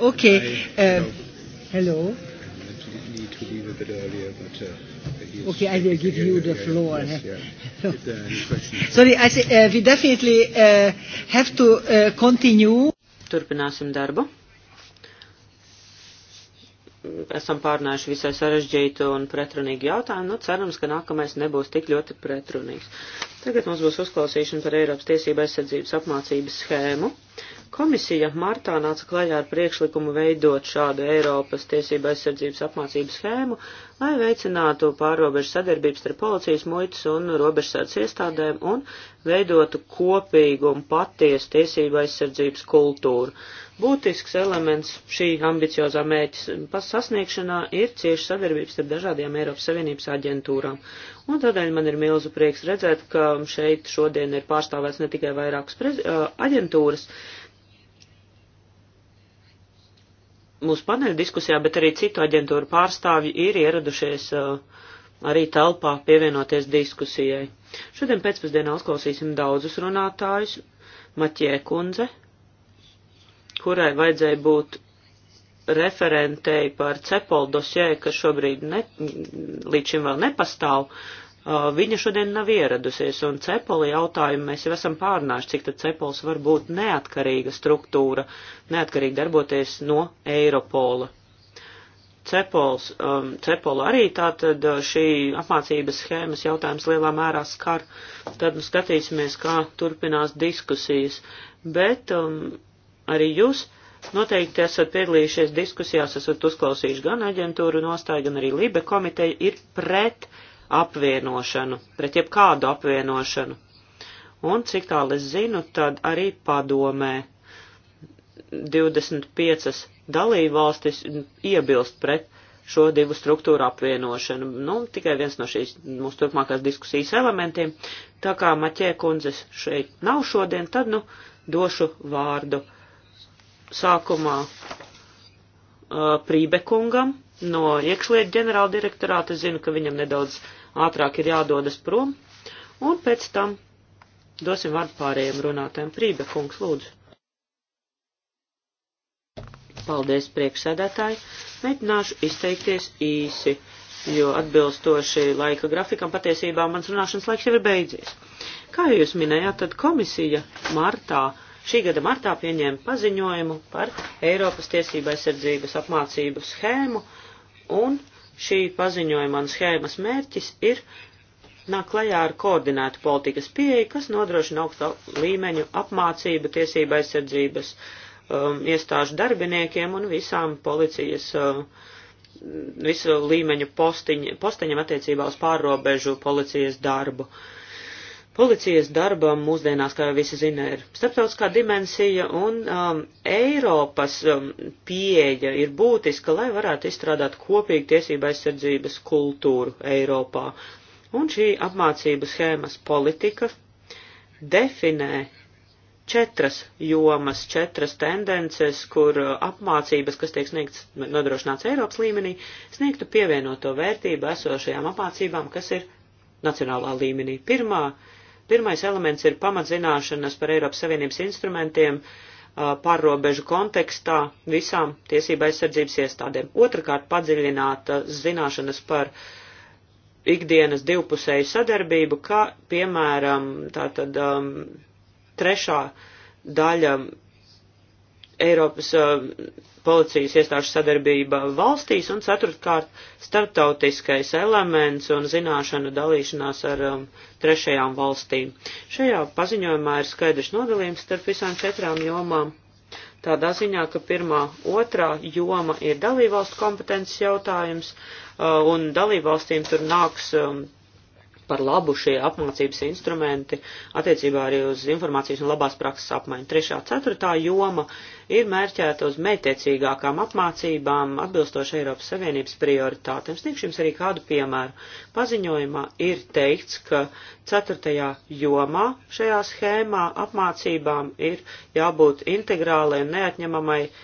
okay. I, um, hello. hello. I need to leave a bit earlier, but. Uh, Okay, I will give you the floor. Yes, yeah. if [LAUGHS] there are any questions. Sorry, I say, uh, we definitely uh, have to uh, continue. Turpināsim darbu. Esam pārnājuši visai sarežģītu un pretrunīgu jautājumu. Nu, cerams, ka nākamais nebūs tik ļoti pretrunīgs. Tagad mums būs uzklausīšana par Eiropas tiesību aizsardzības apmācības schēmu. Komisija martā nāca klajā ar priekšlikumu veidot šādu Eiropas tiesība aizsardzības apmācības schēmu, lai veicinātu pārobežu sadarbības starp policijas, muitas un robežsardas iestādēm un veidotu kopīgu un patiesu tiesība aizsardzības kultūru. Būtisks elements šī ambiciozā mērķa sasniegšanā ir cieši sadarbības starp dažādiem Eiropas Savienības aģentūrām. Un tādēļ man ir milzu prieks redzēt, ka šeit šodien ir pārstāvēts ne tikai vairākas aģentūras, mūsu paneļa diskusijā, bet arī citu aģentūru pārstāvji ir ieradušies uh, arī telpā pievienoties diskusijai. Šodien pēcpusdienā uzklausīsim daudzus runātājus. Maķē kundze, kurai vajadzēja būt referentei par cepol dosē, kas šobrīd ne, līdz šim vēl nepastāv, Uh, viņa šodien nav ieradusies, un cepoli jautājumu mēs jau esam pārnāši, cik tad cepols var būt neatkarīga struktūra, neatkarīgi darboties no Eiropola. Cepols, um, cepola arī tātad uh, šī apmācības schēmas jautājums lielā mērā skar, tad nu skatīsimies, kā turpinās diskusijas, bet um, arī jūs Noteikti esat piedalījušies diskusijās, esat uzklausījuši gan aģentūru nostāju, gan arī Libe komiteja ir pret apvienošanu, pret jebkādu apvienošanu. Un cik tālu es zinu, tad arī padomē 25 dalībvalstis iebilst pret šo divu struktūru apvienošanu. Nu, tikai viens no šīs mūsu turpmākās diskusijas elementiem. Tā kā Maķē kundzes šeit nav šodien, tad, nu, došu vārdu sākumā uh, Prībekungam no iekšlietu ģenerāla direktorāta. Zinu, ka viņam nedaudz ātrāk ir jādodas prom, un pēc tam dosim vārdu pārējiem runātājiem. Prība kungs, lūdzu. Paldies, priekšsēdētāji. Mēģināšu izteikties īsi, jo atbilstoši laika grafikam patiesībā mans runāšanas laiks jau ir beidzies. Kā jūs minējāt, tad komisija martā šī gada martā pieņēma paziņojumu par Eiropas tiesība aizsardzības apmācību schēmu un šī paziņojuma un schēmas mērķis ir nāk klajā ar koordinētu politikas pieeju, kas nodrošina augsta līmeņu apmācību tiesība aizsardzības um, iestāžu darbiniekiem un visām policijas uh, visu līmeņu postiņ, postiņam attiecībā uz pārrobežu policijas darbu. Uh, Policijas darbam mūsdienās, kā jau visi zina, ir starptautiskā dimensija, un um, Eiropas um, pieeja ir būtiska, lai varētu izstrādāt kopīgu tiesību aizsardzības kultūru Eiropā. Un šī apmācību schēmas politika definē četras jomas, četras tendences, kur uh, apmācības, kas tiek sniegts nodrošināts Eiropas līmenī, sniegtu pievienoto vērtību esošajām apmācībām, kas ir nacionālā līmenī. Pirmā Pirmais elements ir pamatzināšanas par Eiropas Savienības instrumentiem uh, pārrobežu kontekstā visām tiesība aizsardzības iestādēm. Otrakārt, padziļināta uh, zināšanas par ikdienas divpusēju sadarbību, kā piemēram tātad um, trešā daļa Eiropas uh, policijas iestāžu sadarbība valstīs un ceturtkārt starptautiskais elements un zināšanu dalīšanās ar um, trešajām valstīm. Šajā paziņojumā ir skaidrs nodalījums starp visām četrām jomām. Tādā ziņā, ka pirmā, otrā joma ir dalībvalstu kompetences jautājums, uh, un dalībvalstīm tur nāks um, par labu šie apmācības instrumenti attiecībā arī uz informācijas un labās prakses apmaiņu. Trešā, ceturtā joma ir mērķēta uz mētiecīgākām apmācībām atbilstoši Eiropas Savienības prioritātēm. Sniegšu jums arī kādu piemēru. Paziņojumā ir teikts, ka ceturtajā jomā šajā schēmā apmācībām ir jābūt integrālai un neatņemamai uh,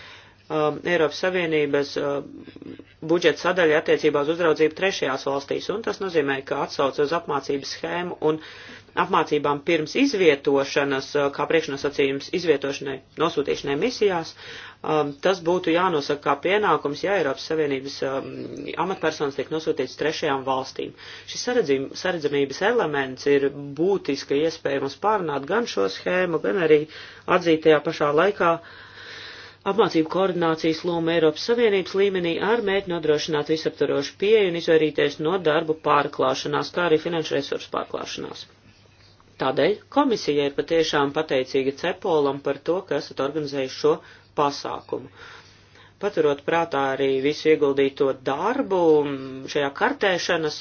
um, Eiropas Savienības um, budžeta sadaļa attiecībā uz uzraudzību trešajās valstīs, un tas nozīmē, ka atsauc uz apmācības schēmu un apmācībām pirms izvietošanas, uh, kā priekšnosacījums izvietošanai, nosūtīšanai misijās, um, tas būtu jānosaka kā pienākums, ja Eiropas Savienības um, amatpersonas tiek nosūtīts trešajām valstīm. Šis saredzim, saredzamības elements ir būtiski iespējams pārnāt gan šo schēmu, gan arī atzīt tajā pašā laikā uh, apmācību koordinācijas loma Eiropas Savienības līmenī ar mēģi nodrošināt visaptarošu pieeju un izvairīties no darbu pārklāšanās, kā arī finanšu resursu pārklāšanās. Tādēļ komisija ir patiešām pateicīga Cepolam par to, ka esat organizējuši šo pasākumu. Paturot prātā arī visu ieguldīto darbu šajā kartēšanas,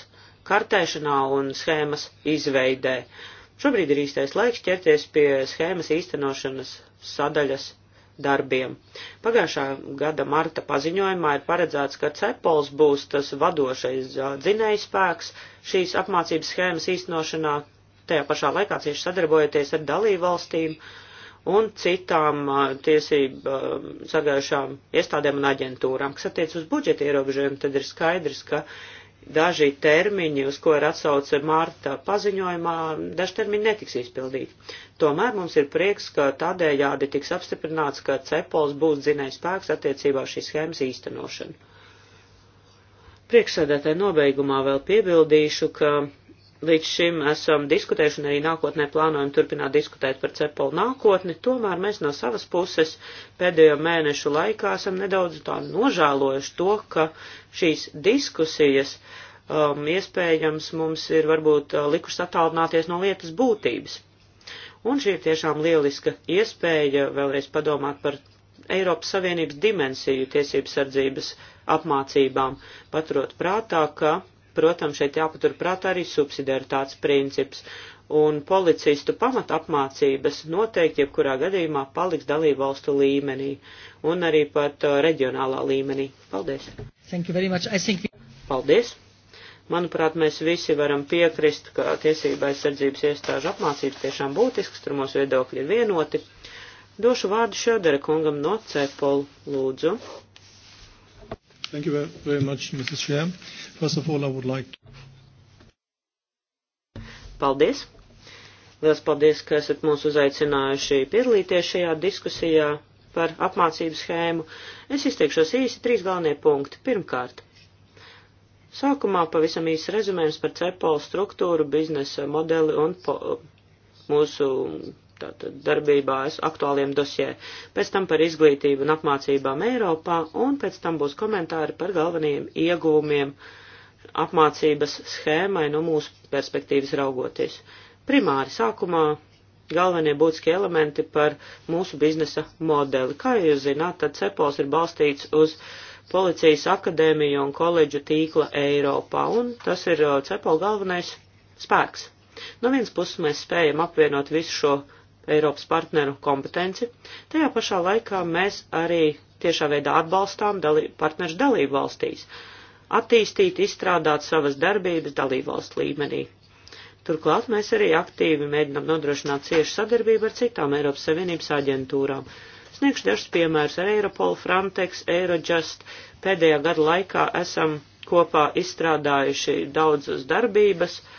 kartēšanā un schēmas izveidē. Šobrīd ir īstais laiks ķerties pie schēmas īstenošanas sadaļas darbiem. Pagājušā gada marta paziņojumā ir paredzēts, ka CEPOLS būs tas vadošais dzinējs spēks šīs apmācības schēmas īstenošanā, tajā pašā laikā cieši sadarbojoties ar dalību valstīm un citām tiesību sagājušām iestādēm un aģentūrām. Kas attiec uz budžeta ierobežojumu, tad ir skaidrs, ka daži termiņi, uz ko ir atsauce Marta paziņojumā, daži termiņi netiks izpildīti. Tomēr mums ir prieks, ka tādējādi tiks apstiprināts, ka cepols būs dzinējs spēks attiecībā šīs schēmas īstenošanu. Priekšsēdētāji nobeigumā vēl piebildīšu, ka līdz šim esam diskutējuši un arī nākotnē plānojam turpināt diskutēt par cepolu nākotni, tomēr mēs no savas puses pēdējo mēnešu laikā esam nedaudz tā nožēlojuši to, ka šīs diskusijas um, iespējams mums ir varbūt uh, likušas attālināties no lietas būtības. Un šī ir tiešām lieliska iespēja vēlreiz padomāt par Eiropas Savienības dimensiju tiesības sardzības apmācībām, paturot prātā, ka protams, šeit jāpatur prātā arī subsidiaritātes princips, un policistu pamatapmācības noteikti jebkurā gadījumā paliks dalību valstu līmenī, un arī pat uh, reģionālā līmenī. Paldies! Thank you very much. I think we... Paldies! Manuprāt, mēs visi varam piekrist, ka tiesība aizsardzības iestāžu apmācības tiešām būtisks, tur mūsu viedokļi ir vienoti. Došu vārdu Šodera kungam no Cepolu, lūdzu. Thank you very much, Mrs. Chair. First of all, I would like to... Paldies! Liels paldies, ka esat mūs uzaicinājuši piedalīties šajā diskusijā par apmācību schēmu. Es izteikšos īsi trīs galvenie punkti. Pirmkārt, sākumā pavisam īsi rezumējums par CEPOL struktūru, biznesa modeli un po, mūsu tātad darbībā aktuāliem dosjē, pēc tam par izglītību un apmācībām Eiropā, un pēc tam būs komentāri par galvenajiem iegūmiem apmācības schēmai no mūsu perspektīvas raugoties. Primāri sākumā galvenie būtiski elementi par mūsu biznesa modeli. Kā jūs zināt, tad CEPOLS ir balstīts uz Policijas akadēmiju un koledžu tīkla Eiropā, un tas ir uh, CEPOL galvenais spēks. No vienas puses mēs spējam apvienot visu šo Eiropas partneru kompetenci. Tajā pašā laikā mēs arī tiešā veidā atbalstām dalī, partnerus dalību valstīs, attīstīt, izstrādāt savas darbības dalību valstu līmenī. Turklāt mēs arī aktīvi mēģinām nodrošināt ciešu sadarbību ar citām Eiropas Savienības aģentūrām. Sniegšu dažus piemērus ar Eiropolu, Frontex, Eurojust. Pēdējā gada laikā esam kopā izstrādājuši daudzas darbības, uh,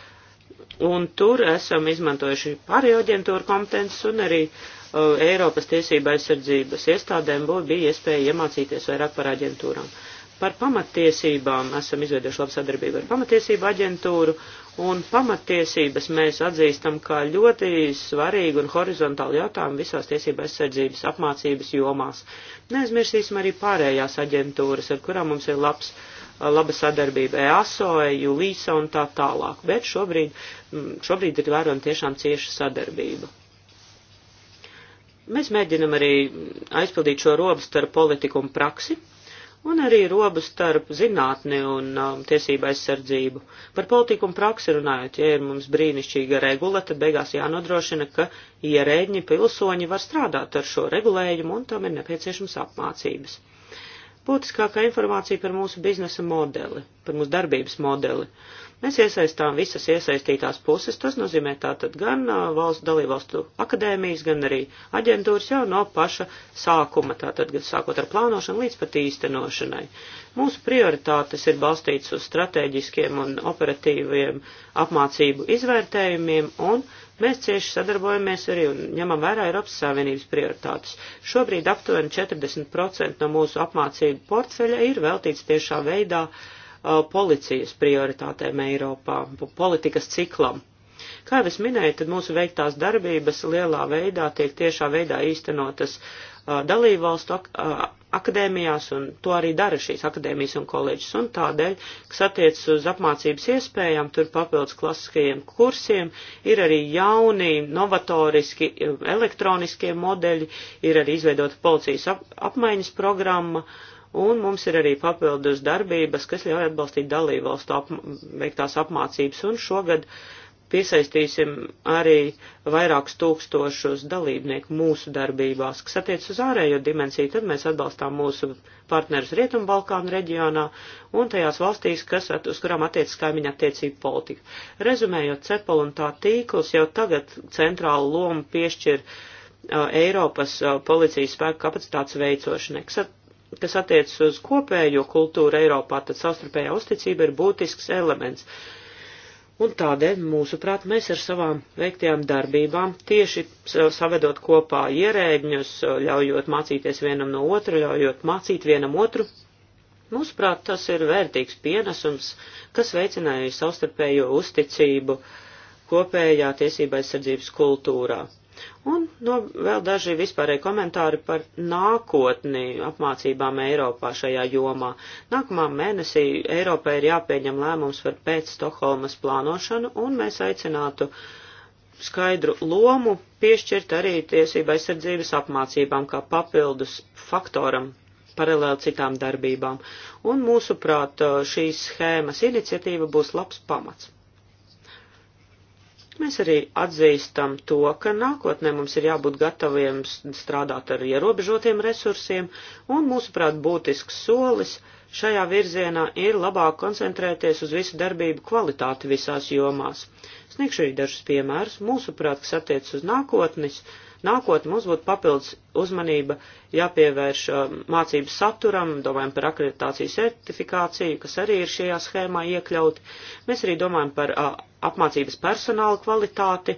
Un tur esam izmantojuši pārējo aģentūru kompetences un arī uh, Eiropas tiesība aizsardzības iestādēm bija iespēja iemācīties vairāk par aģentūrām. Par pamatiesībām esam izveidojuši labu sadarbību ar pamatiesību aģentūru, un pamatiesības mēs atzīstam kā ļoti svarīgu un horizontālu jautājumu visās tiesība aizsardzības apmācības jomās. Neaizmirsīsim arī pārējās aģentūras, ar kurām mums ir labs uh, laba sadarbība EASO, EULISA un tā tālāk, bet šobrīd, šobrīd ir vērojama tiešām cieša sadarbība. Mēs mēģinam arī aizpildīt šo robu starp politiku un praksi, un arī robu starp zinātni un um, tiesību aizsardzību. Par politiku un praksi runājot, ja ir mums brīnišķīga regula, tad beigās jānodrošina, ka ierēģi pilsoņi var strādāt ar šo regulējumu un tam ir nepieciešams apmācības būtiskākā informācija par mūsu biznesa modeli, par mūsu darbības modeli. Mēs iesaistām visas iesaistītās puses, tas nozīmē tātad gan valsts dalībvalstu akadēmijas, gan arī aģentūras jau no paša sākuma, tātad gan sākot ar plānošanu līdz pat īstenošanai. Mūsu prioritātes ir balstītas uz strateģiskiem un operatīviem apmācību izvērtējumiem un Mēs cieši sadarbojamies arī un ņemam vērā Eiropas Savienības prioritātes. Šobrīd aptuveni 40% no mūsu apmācību portfeļa ir veltīts tiešā veidā uh, policijas prioritātēm Eiropā, politikas ciklam. Kā jau es minēju, tad mūsu veiktās darbības lielā veidā tiek tiešā veidā īstenotas dalībvalstu ak akadēmijās, un to arī dara šīs akadēmijas un koledžas, un tādēļ, kas attiecas uz apmācības iespējām, tur papildus klasiskajiem kursiem, ir arī jauni, novatoriski, elektroniskie modeļi, ir arī izveidota policijas ap apmaiņas programma, un mums ir arī papildus darbības, kas ļauj atbalstīt dalībvalstu ap veiktās apmācības, un šogad uh, piesaistīsim arī vairākus tūkstošus dalībnieku mūsu darbībās, kas attiec uz ārējo dimensiju, tad mēs atbalstām mūsu partnerus Rietumbalkānu reģionā un tajās valstīs, kas, at, uz kurām attiecas kaimiņa attiecību politika. Rezumējot, Cepol un tā tīkls jau tagad centrālu lomu piešķir uh, Eiropas uh, policijas spēku kapacitātes veicošanai, kas at, kas attiecas uz kopējo kultūru Eiropā, tad savstarpējā uzticība ir būtisks elements. Uh, Un tādēļ, mūsuprāt, mēs ar savām veiktajām darbībām tieši savedot kopā ierēģņus, ļaujot mācīties vienam no otra, ļaujot mācīt vienam otru, mūsuprāt, tas ir vērtīgs pienesums, kas veicināja savstarpējo uzticību kopējā tiesība aizsardzības kultūrā. Un no, vēl daži vispārēji komentāri par nākotni apmācībām Eiropā šajā jomā. Nākamā mēnesī Eiropai ir jāpieņem lēmums par pēc Stokholmas plānošanu, un mēs aicinātu skaidru lomu piešķirt arī tiesība aizsardzības apmācībām kā papildus faktoram paralēli citām darbībām. Un mūsuprāt, šīs schēmas iniciatīva būs labs pamats. Mēs arī atzīstam to, ka nākotnē mums ir jābūt gataviem strādāt ar ierobežotiem resursiem, un mūsuprāt būtisks solis šajā virzienā ir labāk koncentrēties uz visu darbību kvalitāti visās jomās. Sniegšu arī dažus piemērus, mūsuprāt, kas attiec uz nākotnes Nākotnē mums būtu papildus uzmanība jāpievērš uh, mācību saturam, domājam par akreditāciju certifikāciju, kas arī ir šajā schēmā iekļaut. Mēs arī domājam par uh, apmācības personāla kvalitāti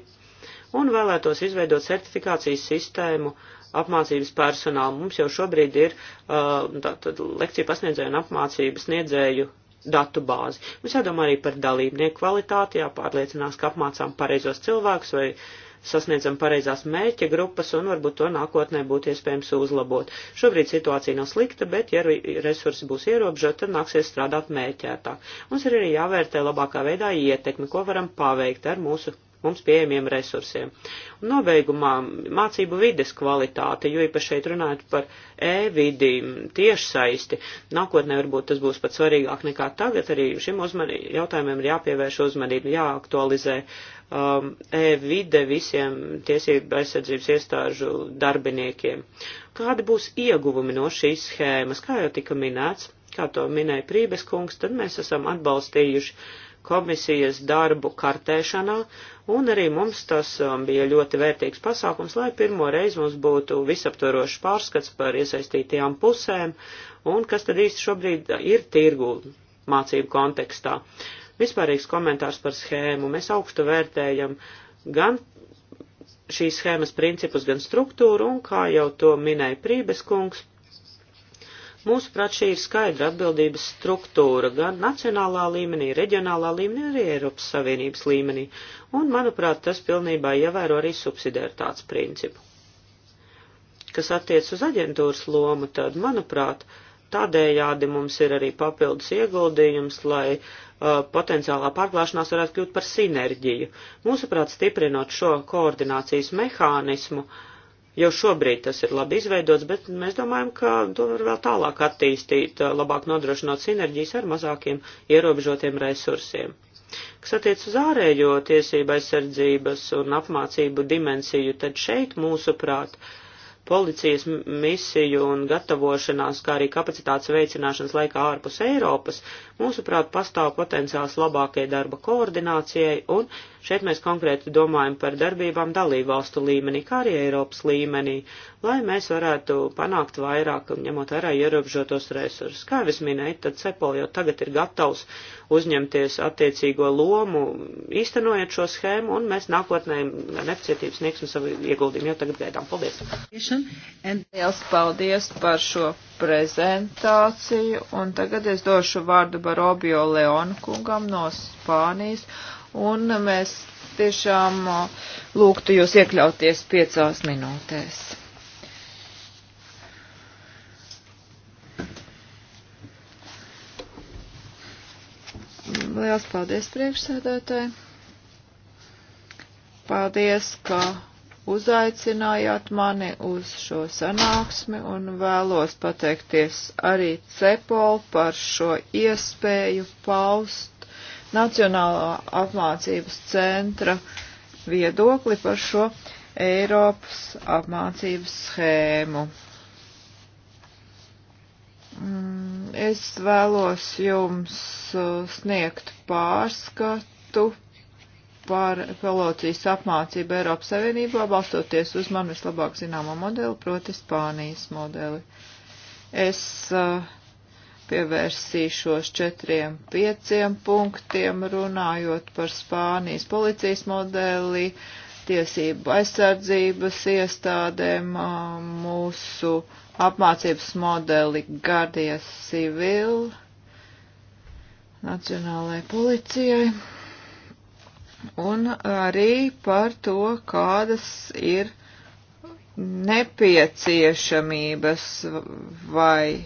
un vēlētos izveidot certifikācijas sistēmu apmācības personālu. Mums jau šobrīd ir uh, tātad, lekciju pasniedzēju un apmācības sniedzēju datu bāzi. Mums jādomā arī par dalībnieku kvalitāti, jāpārliecinās, ka apmācām pareizos cilvēkus vai uh, sasniedzam pareizās mērķa grupas un varbūt to nākotnē būtu iespējams uzlabot. Šobrīd situācija nav slikta, bet ja resursi būs ierobežoti, tad nāksies strādāt mērķētāk. Mums ir arī jāvērtē labākā veidā ietekmi, ko varam paveikt ar mūsu mums pieejamiem resursiem. Un nobeigumā mācību vides kvalitāte, jo īpaši šeit runājot par e-vidi, tiešsaisti, nākotnē varbūt tas būs pat svarīgāk nekā tagad, arī šim uzmanī, jautājumiem ir jāpievērš uzmanība, jāaktualizē um, e-vide visiem tiesību aizsardzības iestāžu darbiniekiem. Kādi būs ieguvumi no šīs schēmas? Kā jau tika minēts, kā to minēja Prības kungs, tad mēs esam atbalstījuši komisijas darbu kartēšanā, un arī mums tas um, bija ļoti vērtīgs pasākums, lai pirmo reizi mums būtu visaptvarošs pārskats par iesaistītajām pusēm, un kas tad īsti šobrīd ir tirgu mācību kontekstā. Uh, Vispārīgs komentārs par schēmu. Mēs augstu vērtējam gan šīs schēmas principus, gan struktūru, un, kā jau to minēja Prības kungs, mūsuprāt, šī ir skaidra atbildības struktūra gan nacionālā līmenī, reģionālā līmenī, arī Eiropas Savienības līmenī, un, manuprāt, tas pilnībā ievēro arī subsidiaritātes principu. Kas attiec uz aģentūras lomu, tad, manuprāt, tādējādi mums ir arī papildus ieguldījums, lai uh, Uh, potenciālā pārklāšanās varētu kļūt par sinerģiju. Mūsuprāt, stiprinot šo koordinācijas mehānismu, jau šobrīd tas ir labi izveidots, bet mēs domājam, ka to var vēl tālāk attīstīt, uh, labāk nodrošinot sinerģijas ar mazākiem ierobežotiem resursiem. Kas attiec uz ārējo tiesību aizsardzības un apmācību dimensiju, tad šeit, mūsuprāt, policijas misiju un gatavošanās, kā arī kapacitātes veicināšanas laikā ārpus Eiropas, Mūsuprāt, pastāv potenciāls labākai darba koordinācijai, un šeit mēs konkrēti domājam par darbībām dalībvalstu līmenī, kā arī Eiropas līmenī, lai mēs varētu panākt vairāk, ņemot vērā ierobežotos resursus. Kā jau es minēju, tad Cepol jau tagad ir gatavs uzņemties attiecīgo lomu, īstenojot šo schēmu, un mēs nākotnē nepacietību sniegsim savu ieguldījumu jau tagad gaidām. Paldies! Liels paldies par šo prezentāciju, un tagad es došu vārdu. Robio Leonu kungam no Spānijas, un mēs tiešām lūgtu jūs iekļauties piecās minūtēs. Liels paldies priekšsēdētāji! Paldies, ka uzaicinājāt mani uz šo sanāksmi un vēlos pateikties arī CEPOL par šo iespēju paust Nacionālā apmācības centra viedokli par šo Eiropas apmācības schēmu. Mm, es vēlos jums uh, sniegt pārskatu par pilotijas apmācību Eiropas Savienībā, balstoties uz man vislabāk zināmo modeli, proti Spānijas modeli. Es uh, pievērsīšos četriem pieciem punktiem, runājot par Spānijas policijas modeli, tiesību aizsardzības iestādēm, uh, mūsu apmācības modeli Gardijas Civil Nacionālajai policijai un arī par to, kādas ir nepieciešamības vai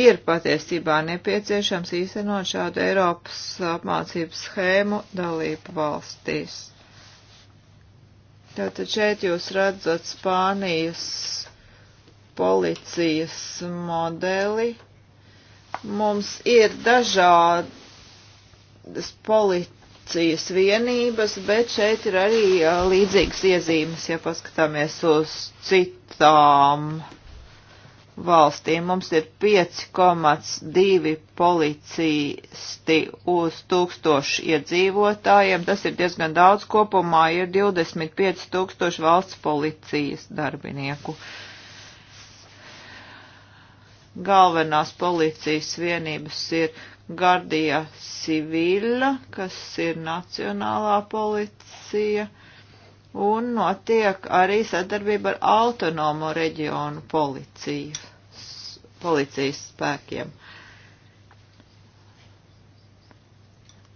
ir patiesībā nepieciešams īstenot šādu Eiropas apmācības schēmu dalību valstīs. Tātad šeit jūs redzat Spānijas policijas modeli. Mums ir dažādas policijas policijas vienības, bet šeit ir arī līdzīgas iezīmes, ja paskatāmies uz citām valstīm. Mums ir 5,2 policisti uz tūkstošu iedzīvotājiem. Tas ir diezgan daudz. Kopumā ir 25 tūkstoši valsts policijas darbinieku galvenās policijas vienības ir Gardija Civila, kas ir nacionālā policija, un notiek arī sadarbība ar autonomo reģionu policiju, policijas spēkiem.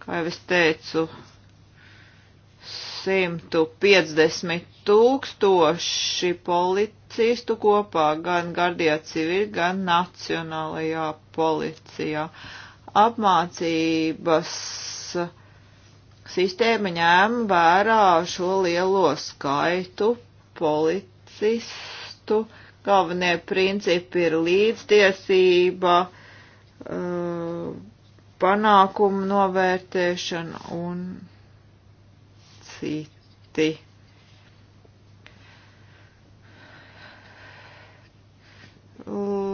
Kā jau es teicu, 150 tūkstoši policistu kopā gan Gardijā civili, gan Nacionālajā policijā. Uh, apmācības sistēma ņēma vērā šo lielo skaitu policistu. Galvenie principi ir līdztiesība, eh, panākumu novērtēšana un citi. L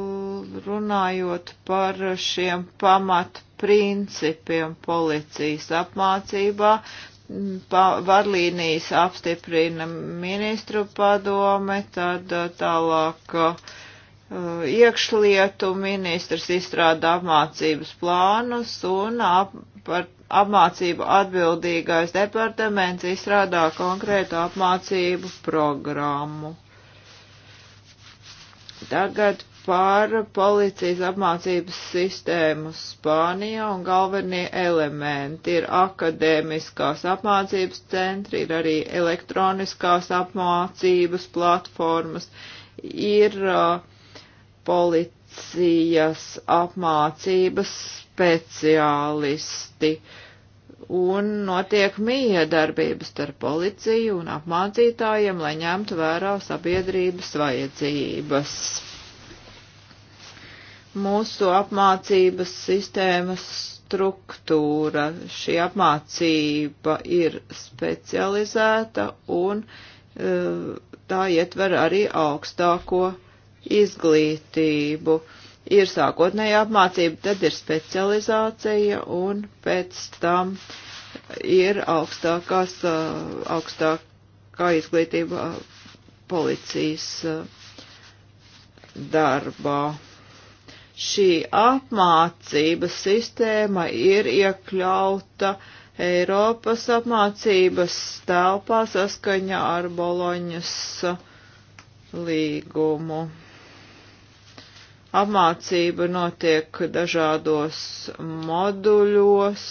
runājot par šiem pamat principiem policijas apmācībā, pa, vadlīnijas apstiprina ministru padome, tad uh, tālāk uh, iekšlietu ministrs izstrāda apmācības plānus un ap, par apmācību atbildīgais departaments izstrādā konkrētu apmācību programmu. Tagad par policijas apmācības sistēmu Spānijā un galvenie elementi ir akadēmiskās apmācības centri, ir arī elektroniskās apmācības platformas, ir uh, policijas apmācības speciālisti un notiek miedarbības starp policiju un apmācītājiem, lai ņemtu vērā sabiedrības vajadzības mūsu apmācības sistēmas struktūra. Šī apmācība ir specializēta un eh, tā ietver arī augstāko izglītību. Ir sākotnēja apmācība, tad ir specializācija un pēc tam ir augstākās, eh, augstākā izglītība policijas eh, darbā šī apmācības sistēma ir iekļauta Eiropas apmācības telpā saskaņā ar Boloņas līgumu. Apmācība notiek dažādos moduļos.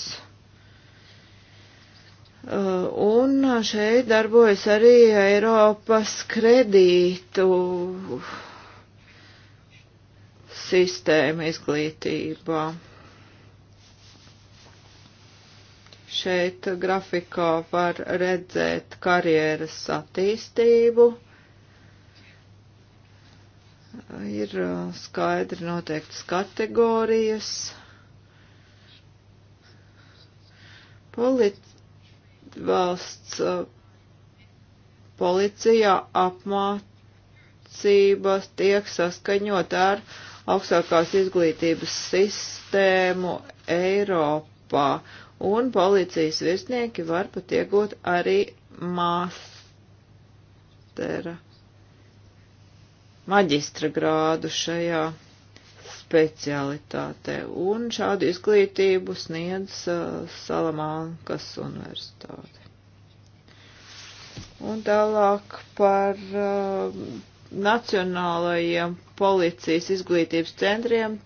Uh, un šeit darbojas arī Eiropas kredītu sistēma izglītībā. Šeit grafikā var redzēt karjeras attīstību. Ir uh, skaidri noteiktas kategorijas. Polit valsts uh, policijā apmācības tiek saskaņot ar uh, augstākās izglītības sistēmu Eiropā, un policijas virsnieki var pat iegūt arī māstera, maģistra grādu šajā specialitātē, un šādu izglītību sniedz uh, Salamankas universitāte. Un tālāk par uh, nacionālajiem policijas izglītības centriem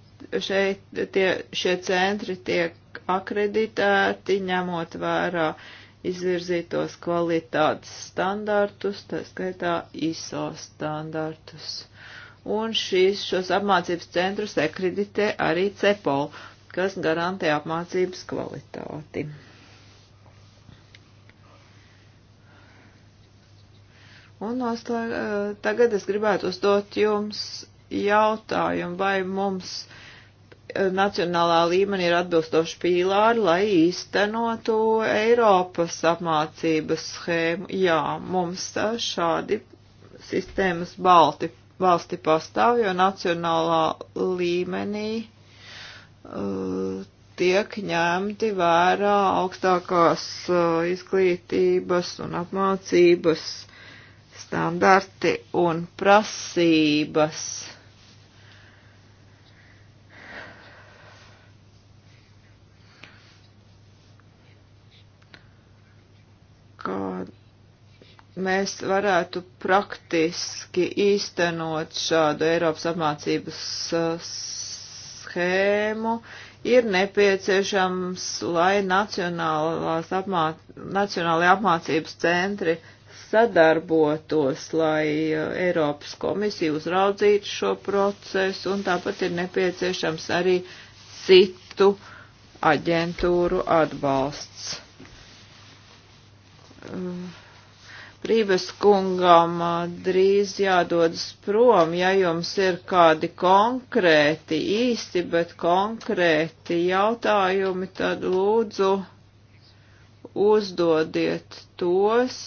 šeit, tie, šie centri tiek akreditēti, ņemot vērā izvirzītos kvalitātes standartus, tā skaitā ISO standartus. Un šīs, šos apmācības centrus akreditē arī CEPOL, kas garantē apmācības kvalitāti. Un noslēg, eh, tagad es gribētu uzdot jums jautājumu, vai mums eh, nacionālā līmenī ir atbilstoši pīlāri, lai īstenotu Eiropas apmācības schēmu. Jā, mums eh, šādi sistēmas balti, valsti pastāv, jo nacionālā līmenī uh, tiek ņemti vērā augstākās uh, izglītības un apmācības standarti un prasības. Kā mēs varētu praktiski īstenot šādu Eiropas apmācības uh, schēmu, ir nepieciešams, lai nacionālās apmā... nacionālajā apmācības centri uh, sadarbotos, lai uh, Eiropas komisija uzraudzītu šo procesu, un tāpat ir nepieciešams arī citu aģentūru atbalsts. Uh, Brības kungam uh, drīz jādodas prom, ja jums ir kādi konkrēti, īsti, bet konkrēti jautājumi, tad lūdzu uzdodiet tos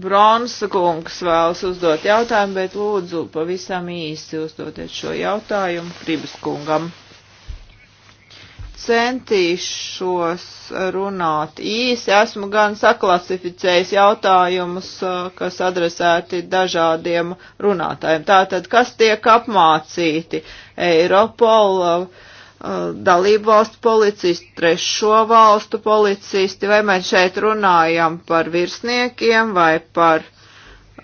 Bronsa kungs vēlas uzdot jautājumu, bet lūdzu pavisam īsi uzdotiet šo jautājumu Kribas kungam. Centīšos runāt īsi. Esmu gan saklasificējis jautājumus, kas adresēti dažādiem runātājiem. Tātad, kas tiek apmācīti? Eiropola Uh, dalību valstu policisti, trešo valstu policisti, vai mēs šeit runājam par virsniekiem vai par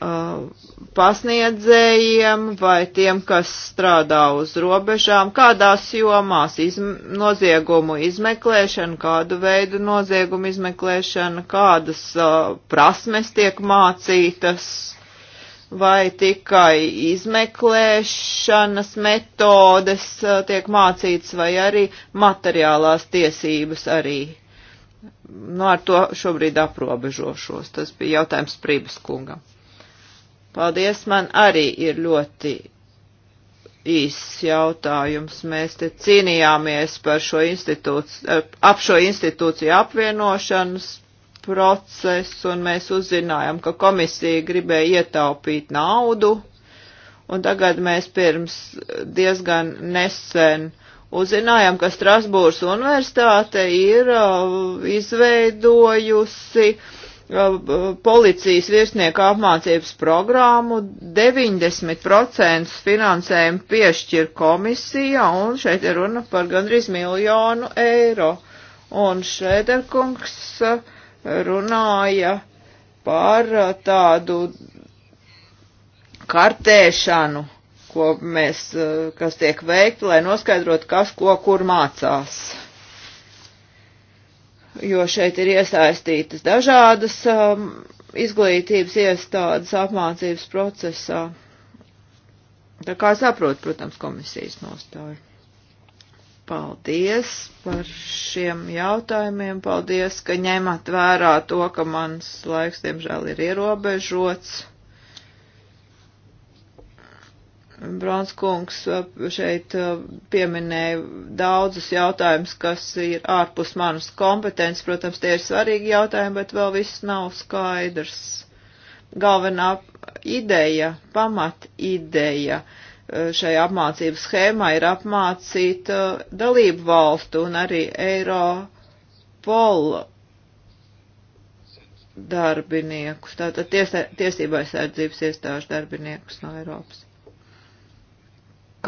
uh, pasniedzējiem vai tiem, kas strādā uz robežām, kādās jomās izm noziegumu izmeklēšana, kādu veidu noziegumu izmeklēšana, kādas uh, prasmes tiek mācītas vai tikai izmeklēšanas metodes uh, tiek mācīts, vai arī materiālās tiesības arī. Nu, ar to šobrīd aprobežošos. Tas bija jautājums Prības kungam. Paldies, man arī ir ļoti īss jautājums. Mēs te cīnījāmies par šo institūciju, ap šo institūciju apvienošanas procesu, un mēs uzzinājām, ka komisija gribēja ietaupīt naudu, un tagad mēs pirms diezgan nesen uzzinājām, ka Strasbūras universitāte ir uh, izveidojusi uh, policijas virsnieku apmācības programmu, 90% finansējumu piešķir komisija, un šeit ir runa par gandrīz miljonu eiro. Un Šēderkungs uh, runāja par uh, tādu kartēšanu, ko mēs, uh, kas tiek veikta, lai noskaidrotu, kas ko kur mācās. Jo šeit ir iesaistītas dažādas um, izglītības iestādes apmācības procesā. Tā kā saprot, protams, komisijas nostāju. Paldies par šiem jautājumiem. Paldies, ka ņemat vērā to, ka mans laiks, diemžēl, ir ierobežots. Bronskungs uh, šeit uh, pieminēja daudzus jautājumus, kas ir ārpus manas kompetences. Protams, tie ir svarīgi jautājumi, bet vēl viss nav skaidrs. Galvenā ideja, pamat ideja Eh, šai apmācības schēmai ir apmācīt eh, dalību valstu un arī Eiropol darbiniekus, tātad tiesē, tiesībai sārdzības iestāžu darbiniekus no Eiropas.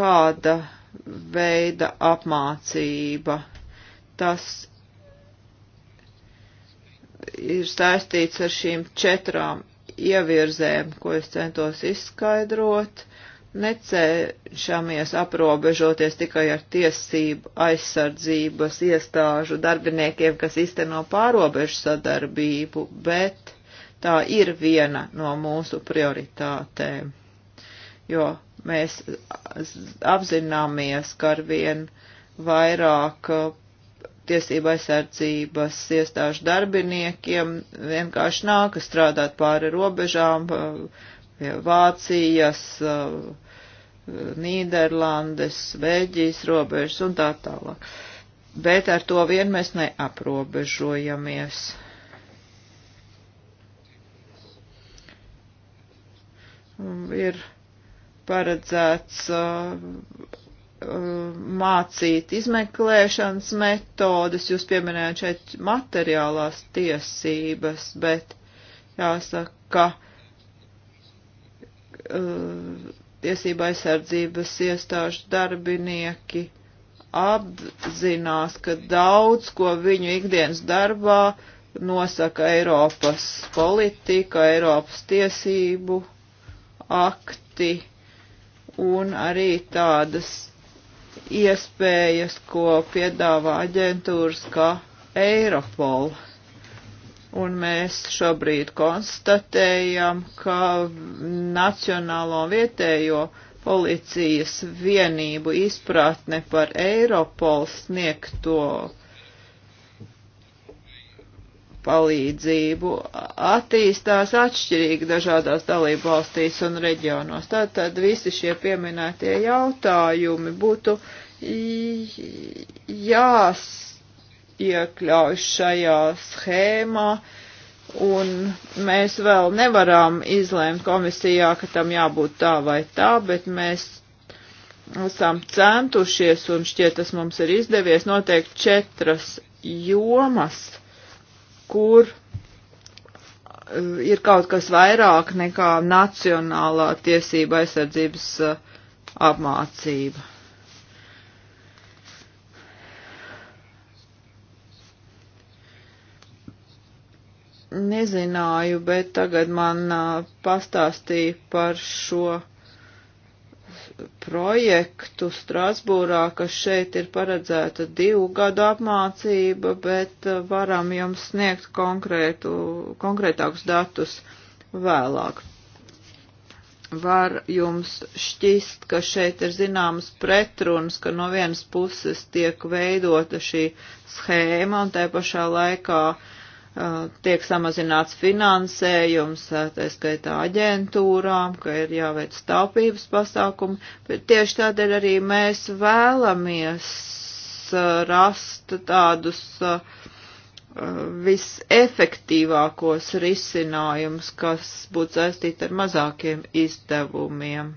Kāda veida apmācība tas ir saistīts ar šīm četrām ievirzēm, ko es centos izskaidrot. Uh, necēšamies aprobežoties tikai ar tiesību aizsardzības iestāžu darbiniekiem, kas izteno pārobežu sadarbību, bet tā ir viena no mūsu prioritātēm, jo mēs apzināmies, ka arvien vairāk tiesība aizsardzības iestāžu darbiniekiem vienkārši nāk strādāt pāri robežām, pie Vācijas, uh, Nīderlandes, Beļģijas robežas un tā tālāk. Bet ar to vien mēs neaprobežojamies. Ir paredzēts uh, uh mācīt izmeklēšanas metodas, jūs pieminējāt šeit materiālās tiesības, bet jāsaka, ka uh, tiesība aizsardzības iestāžu darbinieki apzinās, ka daudz ko viņu ikdienas darbā nosaka Eiropas politika, Eiropas tiesību akti un arī tādas iespējas, ko piedāvā aģentūras kā Eiropola. Un mēs šobrīd konstatējam, ka nacionālo un vietējo policijas vienību izpratne par Eiropol sniegto palīdzību attīstās atšķirīgi dažādās dalību valstīs un reģionos. Tātad visi šie pieminētie jautājumi būtu jās iekļauj šajā schēmā. Un mēs vēl nevaram izlēmt komisijā, ka tam jābūt tā vai tā, bet mēs esam centušies un šķiet tas mums ir izdevies noteikt četras jomas, kur eh, ir kaut kas vairāk nekā nacionālā tiesība aizsardzības eh, apmācība. nezināju, bet tagad man uh, pastāstīja par šo projektu Strasbūrā, ka šeit ir paredzēta divu gadu apmācība, bet uh, varam jums sniegt konkrētu, konkrētākus datus vēlāk. Var jums šķist, ka šeit ir zināmas pretrunas, ka no vienas puses tiek veidota šī schēma un tā pašā laikā uh, Eh, tiek samazināts finansējums, eh, tā skaitā aģentūrām, ka ir jāveic taupības pasākumi, bet tieši tādēļ arī mēs vēlamies eh, rast tādus visefektīvākos risinājumus, kas būtu saistīti ar mazākiem izdevumiem.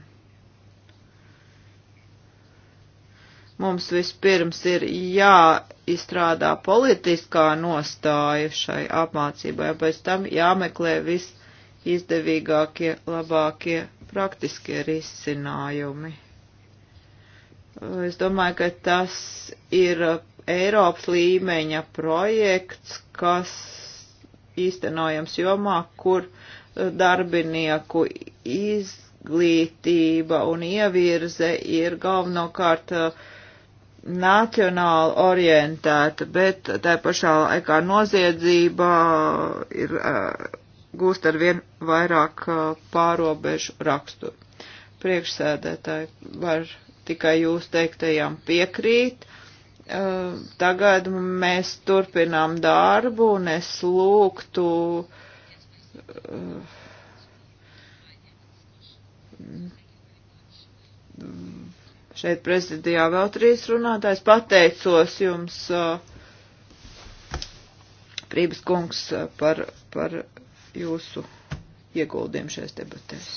Mums vispirms ir jāizstrādā politiskā nostāja šai apmācībai, pēc tam jāmeklē visizdevīgākie, labākie praktiskie risinājumi. Es domāju, ka tas ir Eiropas līmeņa projekts, kas īstenojams jomā, kur darbinieku izglītība un ievirze ir galvenokārt uh, nacionāli orientēta, bet tā pašā laikā noziedzība ir uh, gūst ar vien vairāk uh, pārobežu raksturu. Priekšsēdētāji var tikai jūs teiktajām piekrīt. Uh, tagad mēs turpinām darbu un es lūgtu uh, šeit prezidijā vēl trīs runātājs. Pateicos jums, Prības kungs, par, par jūsu ieguldījumu šajās debatēs.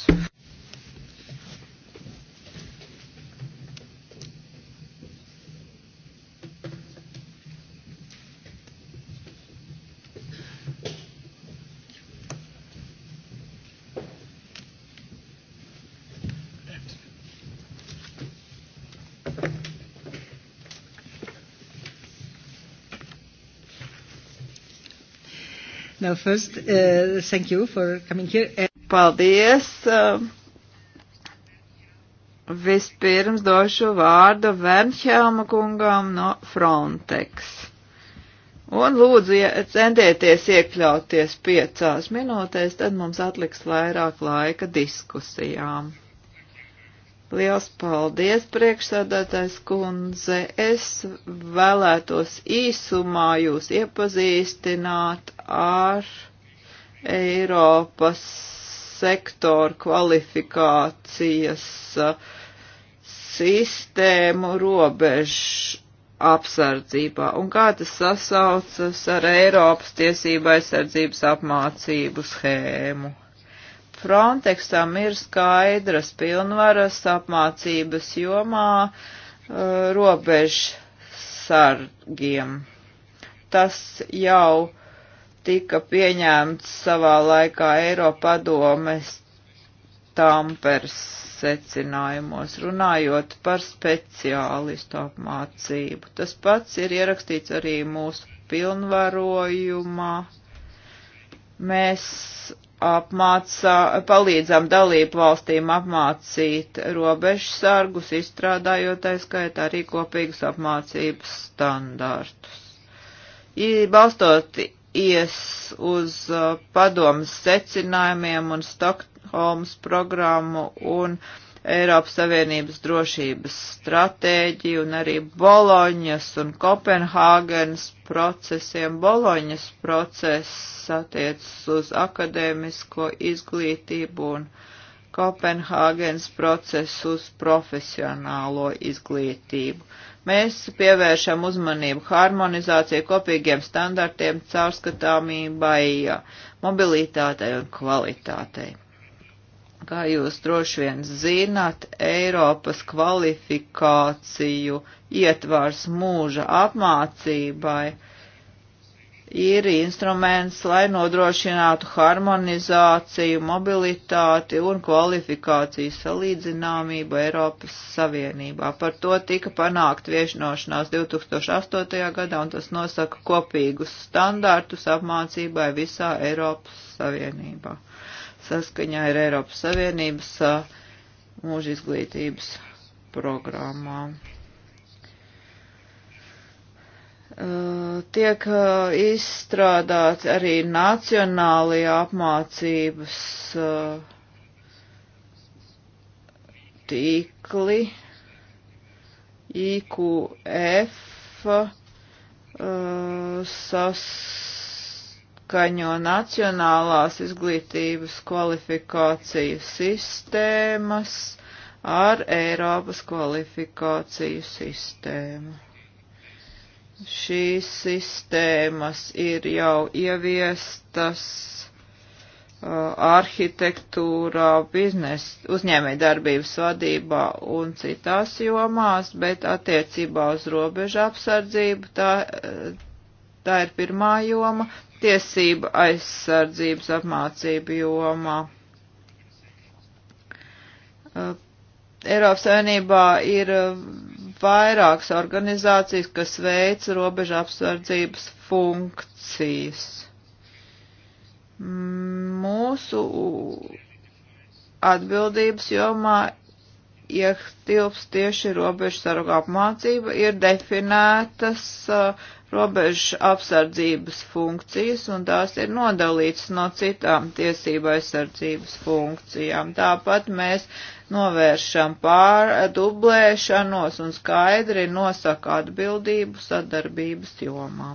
Now first, uh, thank you for coming here. Paldies. Uh, vispirms došu vārdu Vernhelma kungam no Frontex. Un lūdzu, ja centieties iekļauties piecās minūtēs, tad mums atliks vairāk laika diskusijām. Liels paldies, priekšsēdētājs kundze. Es vēlētos īsumā jūs iepazīstināt ar Eiropas sektoru kvalifikācijas uh, sistēmu robežu apsardzībā un kā tas sasaucas ar Eiropas tiesība aizsardzības apmācību schēmu. Frontexam ir skaidras pilnvaras apmācības jomā uh, robežsargiem. Tas jau tika pieņemts savā laikā Eiropadomes Tampers secinājumos, runājot par speciālistu apmācību. Tas pats ir ierakstīts arī mūsu pilnvarojumā. Mēs apmāca, palīdzam dalību valstīm apmācīt robežsargus, izstrādājot aizskaitā arī kopīgus apmācības standārtus. Balstoties uz uh, padomas secinājumiem un Stokholmas programmu un uh, Eiropas Savienības drošības stratēģiju un arī Boloņas un Kopenhāgenes procesiem. Boloņas process attiecas uz akadēmisko izglītību un Kopenhāgenes process uz profesionālo izglītību. Mēs pievēršam uzmanību harmonizācijai, kopīgiem standartiem, caurskatāmībai, mobilitātei un kvalitātei. Kā jūs droši vien zināt, Eiropas kvalifikāciju ietvars mūža apmācībai ir instruments, lai nodrošinātu harmonizāciju, mobilitāti un kvalifikāciju salīdzināmību Eiropas Savienībā. Par to tika panākt viešanošanās 2008. gadā, un tas nosaka kopīgus standārtus apmācībai visā Eiropas Savienībā saskaņā ar Eiropas Savienības mūža izglītības programmām. Tiek izstrādāti arī nacionālajie apmācības tīkli, IQF, sas jāsaskaņo nacionālās izglītības kvalifikāciju sistēmas ar Eiropas kvalifikāciju sistēmu. Šīs sistēmas ir jau ieviestas uh, arhitektūrā, biznesa, uzņēmējdarbības vadībā un citās jomās, bet attiecībā uz robežu apsardzību tā Tā ir pirmā joma - tiesība aizsardzības apmācība jomā. Uh, Eiropas Savienībā ir uh, vairākas organizācijas, kas veic robežu apsardzības funkcijas. Mūsu atbildības jomā ietilps tieši robežu sargu apmācība, ir definētas uh, robežu apsardzības funkcijas, un tās ir nodalītas no citām tiesību aizsardzības funkcijām. Tāpat mēs novēršam pārdublēšanos un skaidri nosaka atbildību sadarbības jomā.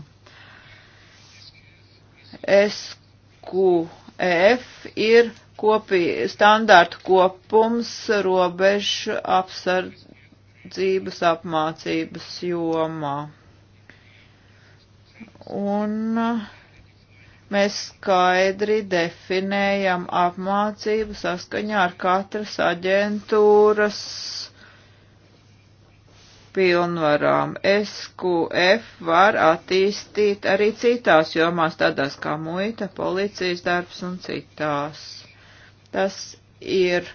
SQF e ir kopī, standārtu kopums robežu apsardzības apmācības jomā un eh, mēs skaidri definējam apmācību saskaņā ar katras aģentūras pilnvarām. SQF var attīstīt arī citās jomās, tādās kā muita, policijas darbs un citās. Tas ir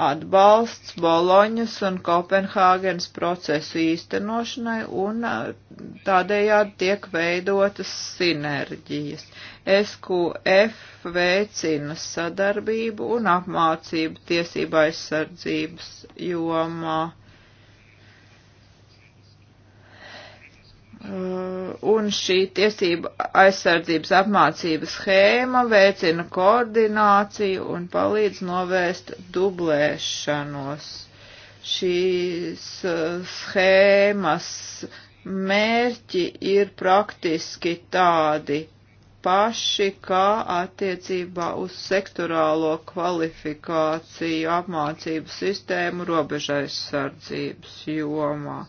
atbalsts Boloņas un Kopenhāgenes procesu īstenošanai un tādējādi tiek veidotas sinerģijas. SQF veicina sadarbību un apmācību tiesībā aizsardzības jomā. Uh, un šī tiesība aizsardzības apmācības schēma veicina koordināciju un palīdz novērst dublēšanos. Šīs uh, schēmas mērķi ir praktiski tādi paši kā attiecībā uz sektorālo kvalifikāciju apmācības sistēmu robežaizsardzības jomā. Jo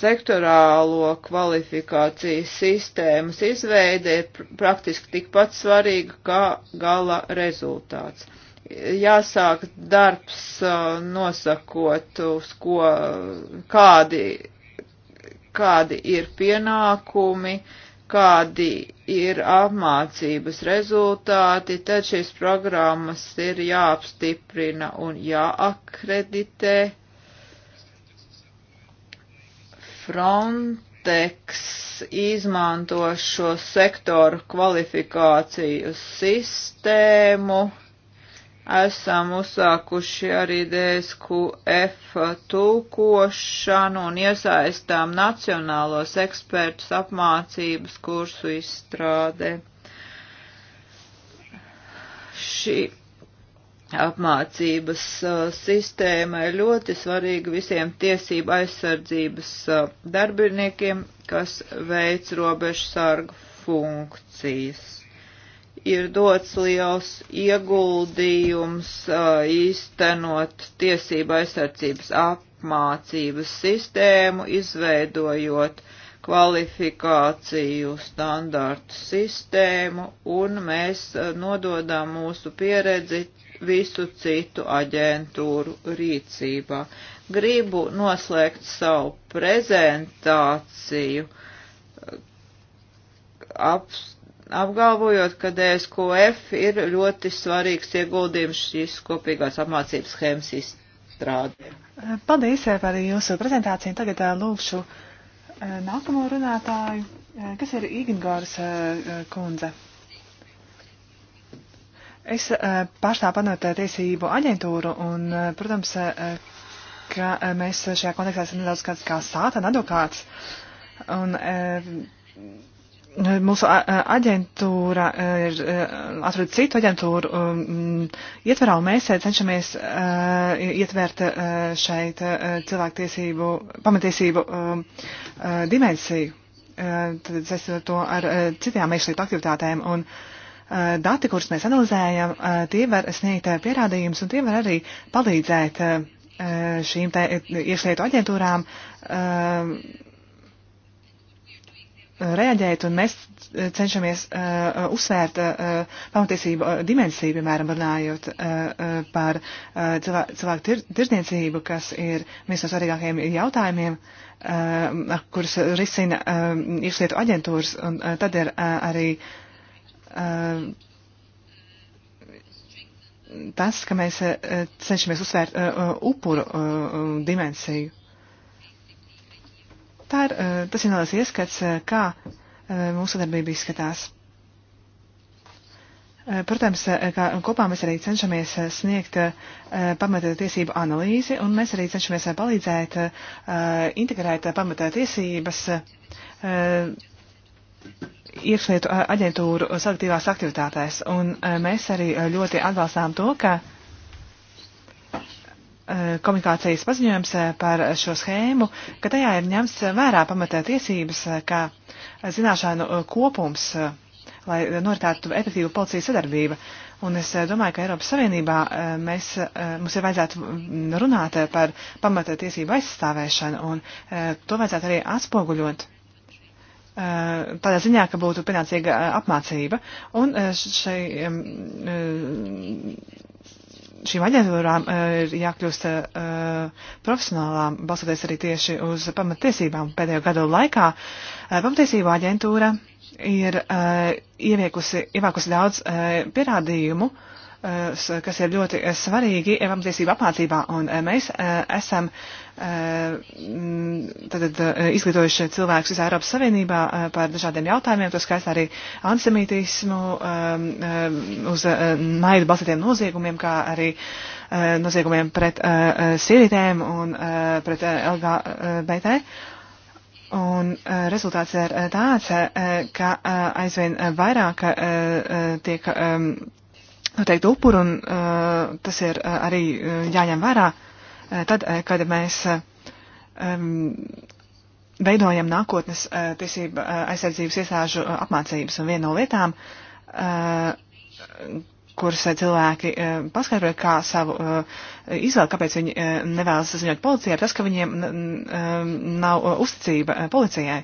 sektorālo kvalifikācijas sistēmas izveide ir praktiski tikpat svarīga kā gala rezultāts. Jāsāk darbs nosakot, uz ko, kādi, kādi ir pienākumi, kādi ir apmācības rezultāti, tad šīs programmas ir jāapstiprina un jāakreditē Frontex izmanto šo sektoru kvalifikāciju sistēmu. Esam uzsākuši arī DSQF tūkošanu un iesaistām nacionālos ekspertus apmācības kursu izstrādē. Šī apmācības uh, sistēma ir ļoti svarīga visiem tiesību aizsardzības uh, darbiniekiem, kas veic robežsargu funkcijas. Ir dots liels ieguldījums uh, īstenot tiesību aizsardzības apmācības sistēmu, izveidojot kvalifikāciju standārtu sistēmu, un mēs nododam mūsu pieredzi visu citu aģentūru rīcībā. Gribu noslēgt savu prezentāciju, ap, apgalvojot, ka DSQF ir ļoti svarīgs ieguldījums šīs kopīgās apmācības schēmas izstrādē. Paldies par jūsu prezentāciju. Tagad lūkšu nākamo runātāju, kas ir Igngors kundze. Es eh, pārstāvu panotē tiesību aģentūru un, eh, protams, eh, ka mēs šajā kontekstā esam nedaudz kāds kā sātana advokāts. Un, mūsu aģentūra ir atrod citu aģentūru um, ietverā, un mēs cenšamies ietvērt šeit cilvēktiesību, pamatiesību um, dimensiju. Tad es to ar citām iekšlietu aktivitātēm. Un, Eh, dati, kurus mēs analizējam, eh, tie var sniegt eh, pierādījumus un tie var arī palīdzēt šīm iekšlietu aģentūrām reaģēt, un mēs cenšamies uh, uzsvērt uh, pamatiesību dimensiju, piemēram, runājot uh, par uh, cilvēku, cilvēku tir, tirdzniecību, kas ir viens no svarīgākajiem jautājumiem, uh, kurus risina uh, iekšlietu aģentūras, un uh, tad ir uh, arī uh, Ehm, tas, ka mēs eh, cenšamies uzsvērt eh, eh, upuru dimensiju. Tā ir, tas ir neliels ieskats, kā mūsu sadarbība izskatās. Protams, kā kopā mēs arī cenšamies sniegt pamatiesību analīzi, un mēs arī cenšamies palīdzēt integrēt pamatiesības iekšlietu aģentūru selektīvās aktivitātēs. Un mēs arī ļoti atbalstām to, ka komunikācijas paziņojums par šo schēmu, ka tajā ir ņemts vērā pamatē tiesības, kā zināšanu kopums, lai noritētu efektīvu policijas sadarbība. Un es domāju, ka Eiropas Savienībā mēs, mums ir vajadzētu runāt par pamatē tiesību aizstāvēšanu, un to vajadzētu arī atspoguļot Eh, tādā ziņā, ka būtu pienācīga eh, apmācība. Un eh, šai, šīm aģentūrām ir jākļūst profesionālām, balstoties arī tieši uz pamatiesībām. Pēdējo gadu laikā pamatiesību aģentūra ir ieviekusi, ievākusi daudz pierādījumu, uh, kas ir ļoti svarīgi pamatiesību apmācībā, un eh, mēs eh, esam tātad eh, izglītojuši cilvēkus visā Eiropas Savienībā par dažādiem jautājumiem, to skaistā arī antisemītismu, uz naidu balstītiem noziegumiem, kā arī noziegumiem pret sievietēm un pret LGBT. Un rezultāts ir tāds, ka aizvien vairāk tiek noteikti upuru, un uh, tas ir uh, arī uh, jāņem vērā, uh, tad, uh, kad mēs uh, um, veidojam nākotnes uh, tiesība uh, aizsardzības iestāžu uh, apmācības. Un viena no lietām, uh, kuras uh, cilvēki uh, paskaidroja kā savu uh, izvēli, kāpēc viņi uh, nevēlas ziņot policijai, ir tas, ka viņiem uh, nav uh, uzticība uh, policijai.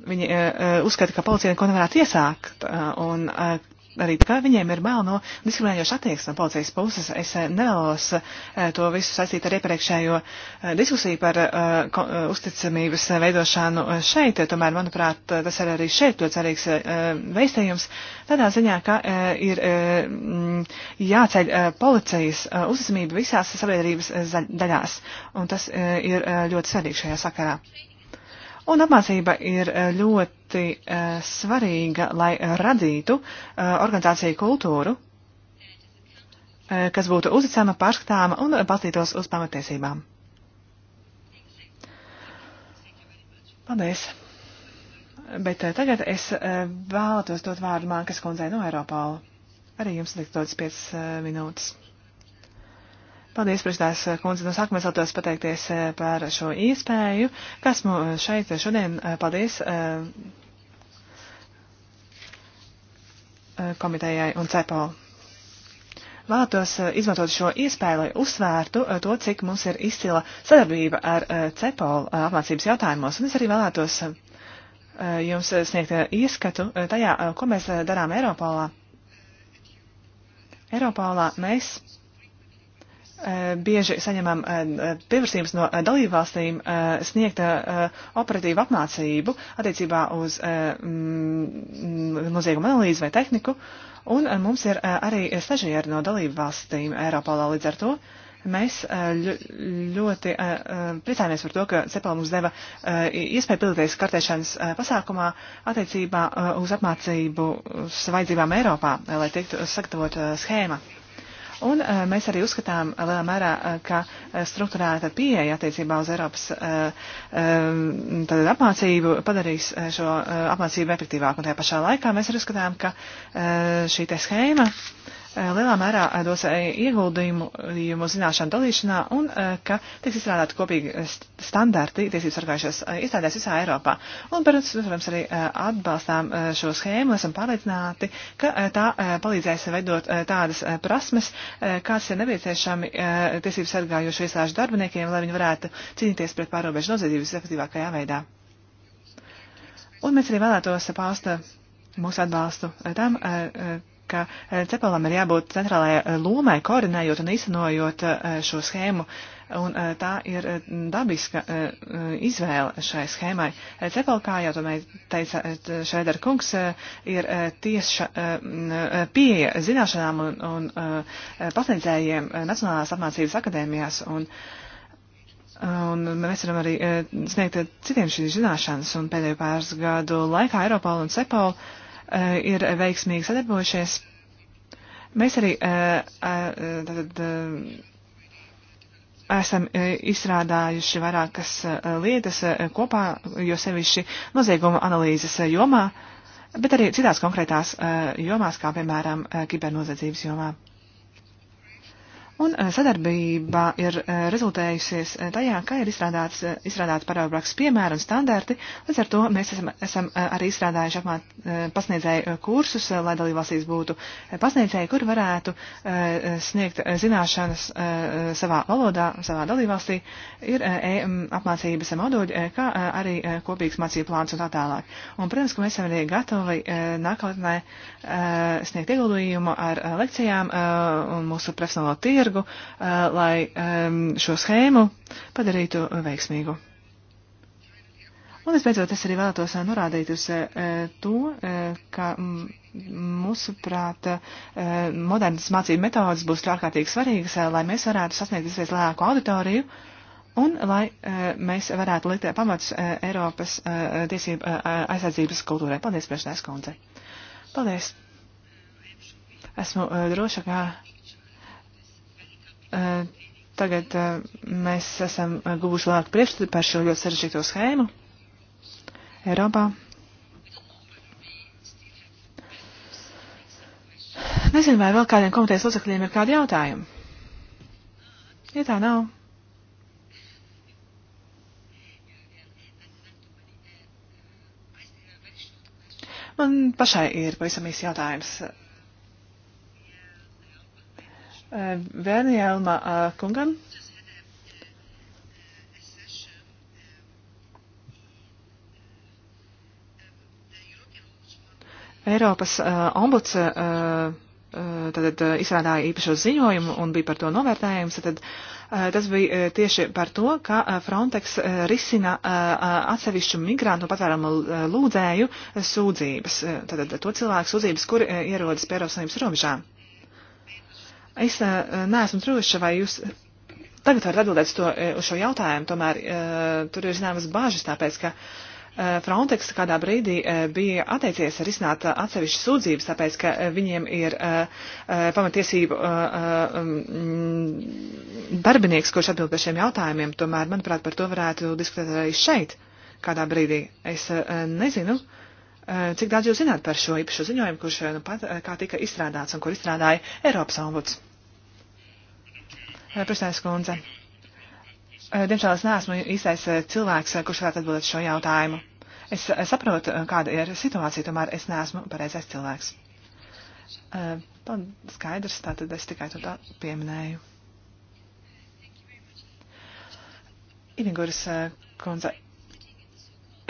Viņi uh, uh, uzskata, ka policija neko nevarētu iesākt, uh, un uh, arī tā kā viņiem ir bail no diskriminējoša attieksme no policijas puses. Es eh, nevēlos eh, to visu saistīt ar iepriekšējo eh, diskusiju par uh, uzticamības veidošanu šeit, tomēr, manuprāt, tas ir arī šeit ļoti svarīgs uh, veistējums, tādā ziņā, ka uh, ir jāceļ policijas uzticamība visās sabiedrības daļās, un tas ir ļoti svarīgi šajā sakarā. Un apmācība ir eh, ļoti eh, svarīga, lai radītu eh, organizāciju kultūru, kas būtu uzticama, pārskatāma un balstītos uz pamatiesībām. Paldies! Bet tagad es vēlētos dot vārdu Mankas kundzei no Eiropāla. Arī jums likt dodas 5 minūtes. Paldies, prezidents kundze. No sākuma es vēlos pateikties eh, par šo iespēju, kas mums eh, šeit šodien. Eh, paldies komitejai un CEPO. Vēlētos izmantot šo iespēju, lai uzsvērtu to, cik mums ir izcila sadarbība ar CEPO apmācības jautājumos. Un es arī vēlētos jums sniegt ieskatu tajā, ko mēs darām Eiropolā. Eiropolā mēs Eh, bieži saņemam eh, eh, pieprasījums no dalībvalstīm sniegt operatīvu apmācību attiecībā uz mm, noziegumu analīzi vai tehniku, un mums ir arī stažieri no dalībvalstīm Eiropolā līdz ar to. Mēs ļoti priecājamies par to, ka Cepela mums deva iespēju piedalīties kartēšanas pasākumā attiecībā uz apmācību vajadzībām Eiropā, lai tiktu sagatavot schēma. Un eh, mēs arī uzskatām eh, lielā mērā, eh, ka struktūrēta pieeja attiecībā uz Eiropas apmācību padarīs šo apmācību efektīvāku. Un tajā pašā laikā mēs arī uzskatām, ka šī te schēma Eh, lielā mērā eh, dos eh, ieguldījumu zināšanu dalīšanā un ka tiks izstrādāti kopīgi standarti tiesības sargājušās iestādēs visā Eiropā. Un, protams, arī atbalstām šo schēmu, esam pārliecināti, ka tā palīdzēs veidot tādas prasmes, kādas ir nepieciešami tiesības sargājušo iestāžu darbiniekiem, lai viņi varētu cīnīties pret pārobežu noziedzību visefektīvākajā veidā. Un mēs arī vēlētos paust mūsu atbalstu tam, ka e, Cepelam ir jābūt centrālajai e, lomai, koordinējot un īstenojot e, šo schēmu, un tā ir dabiska izvēle šai schēmai. Cepel, kā jau tomēr teica Šēder kungs, ir tieša pieeja zināšanām un, un pasniedzējiem Nacionālās apmācības akadēmijās. Un, Un mēs varam arī sniegt citiem šīs zināšanas, un pēdējo pāris gadu laikā Eiropola un Cepola uh, Eh, ir veiksmīgi sadarbojušies. Mēs arī eh, eh, tad, esam izstrādājuši vairākas lietas kopā, jo sevišķi nozieguma analīzes jomā, bet arī citās konkrētās jomās, kā piemēram kibernozadzības jomā. Un eh, sadarbība ir eh, rezultējusies eh, tajā, ka ir izstrādāts, izstrādāts paraugbraks piemēri un standarti, līdz ar to mēs esam, esam arī izstrādājuši apmāt pasniedzēju kursus, lai dalībvalstīs būtu pasniedzēji, kur varētu sniegt zināšanas savā valodā, savā dalībvalstī, ir apmācības moduļi, kā arī kopīgs mācību plāns un tā tālāk. Un, protams, ka mēs esam arī gatavi nākotnē sniegt ieguldījumu ar lekcijām un mūsu profesionālo tirgu tirgu, eh, lai šo schēmu padarītu veiksmīgu. Un visbeidzot, es arī vēlētos eh, norādīt uz eh, to, ka mūsuprāt, modernas mācību metodas būs ārkārtīgi svarīgas, lai mēs varētu sasniegt visvēs lēku auditoriju un lai mēs varētu likt pamats Eiropas tiesību aizsardzības kultūrai. Paldies, priekšnēs kundze. Paldies. Esmu droša, ka Eh, tagad eh, mēs esam eh, guvuši lielāku priekšstatu par šo ļoti sarežģīto schēmu Eiropā. Nezinu, vai vēl kādiem komitejas locekļiem ir kādi jautājumi. Ja tā nav. Man pašai ir pavisam īsts jautājums. Vērnjēlmā kungam. Eiropas uh, ombuds uh, tad izrādāja īpašo ziņojumu un bija par to novērtējums. Tad, tas bija e, tieši par to, ka Frontex risina atsevišķu migrantu patvērumu lūdzēju sūdzības. E, tad to cilvēku sūdzības, kur e, ierodas pie Eiropas Savienības robežām. Es eh, neesmu droša, vai jūs tagad varat atbildēt to, eh, uz šo jautājumu, tomēr eh, tur ir zināmas bāžas, tāpēc, ka Frontex kādā brīdī bija atteicies risināt atsevišķas sūdzības, tāpēc, ka viņiem ir pamatiesību mm, darbinieks, kurš atbild par šiem jautājumiem, tomēr, manuprāt, par to varētu diskutēt arī šeit kādā brīdī. Es nezinu. Uh, Eh, cik daudz jūs zināt par šo īpašo ziņojumu, kurš eh, nu pat eh, kā tika izstrādāts un kur izstrādāja Eiropas ombuds? Prasēs kundze. Diemžēl es neesmu īstais cilvēks, kurš varētu atbildēt šo jautājumu. Es saprotu, kāda ir situācija, tomēr es neesmu pareizais cilvēks. Skaidrs, tātad es tikai to tā pieminēju. Iniguras kundze,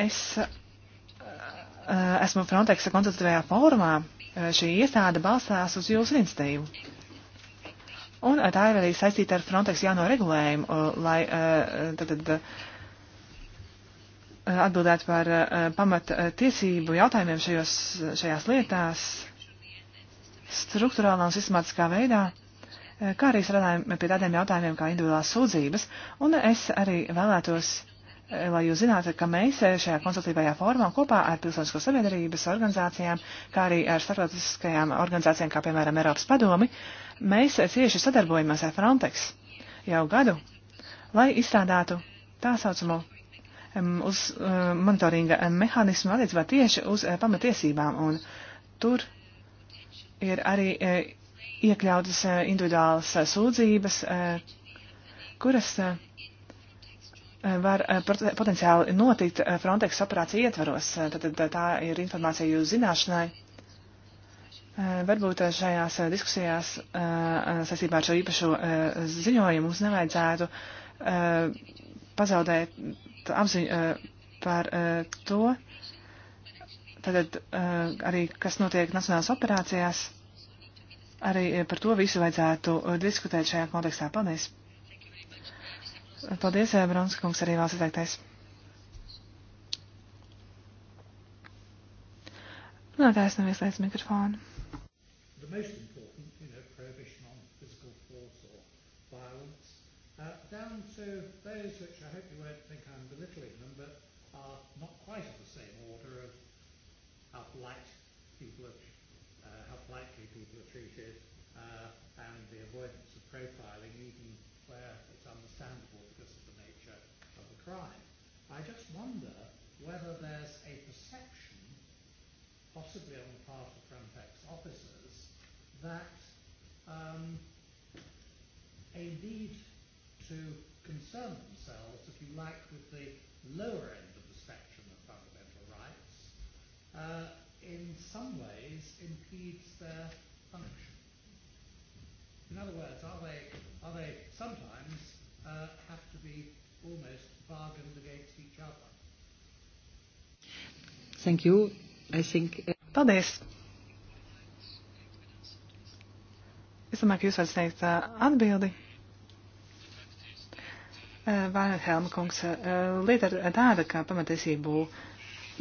es Eh, esmu Frontexa konsultatīvajā fórumā, eh, šī iestāde balstās uz jūsu institīvu. Un eh, tā ir arī saistīta ar Frontex jauno regulējumu, lai tad, tad, atbildētu par pamat tiesību jautājumiem šajos, šajās lietās struktūrālā un sistemātiskā veidā, kā arī strādājam pie tādiem jautājumiem kā individuālās sūdzības, un es arī vēlētos lai jūs zinātu, ka mēs šajā konsultīvajā formā kopā ar pilsonisko sabiedrības organizācijām, kā arī ar starptautiskajām organizācijām, kā piemēram Eiropas padomi, mēs cieši sadarbojamies ar Frontex jau gadu, lai izstrādātu tā saucamo uz eh, monitoringa mehānismu attiecībā tieši uz eh, pamatiesībām. Un tur ir arī eh, iekļautas individuālas sūdzības, kuras Eh, var eh, potenciāli notikt eh, Frontex operācija ietvaros. Tad tā ir informācija jūsu zināšanai. Varbūt šajās diskusijās saistībā ar šo īpašo ziņojumu mums nevajadzētu pazaudēt apziņu par to, tad arī kas notiek nacionālās operācijās, arī par to visu vajadzētu diskutēt šajā kontekstā. Paldies! Paldies, eh, Bronska kungs, arī vēlas izteikties. Nē, tā es nevieslēdzu mikrofonu. Uh, down to those which I hope you won't think I'm belittling them, but are not quite of the same order of how polite people are, uh, how politely people are treated, uh, and the avoidance of profiling, even crime. I just wonder whether there's a perception, possibly on the part of Frontex officers, that um, a need to concern themselves, if you like, with the lower end of the spectrum of fundamental rights, uh, in some ways impedes their function. In other words, are they, are they sometimes uh, have to be almost bargained against each other. Thank you. I think... Uh, Paldies! Es domāju, ka jūs varat sniegt uh, atbildi. Uh, Vainhelma kungs, lieta ir tāda, ka pamatiesību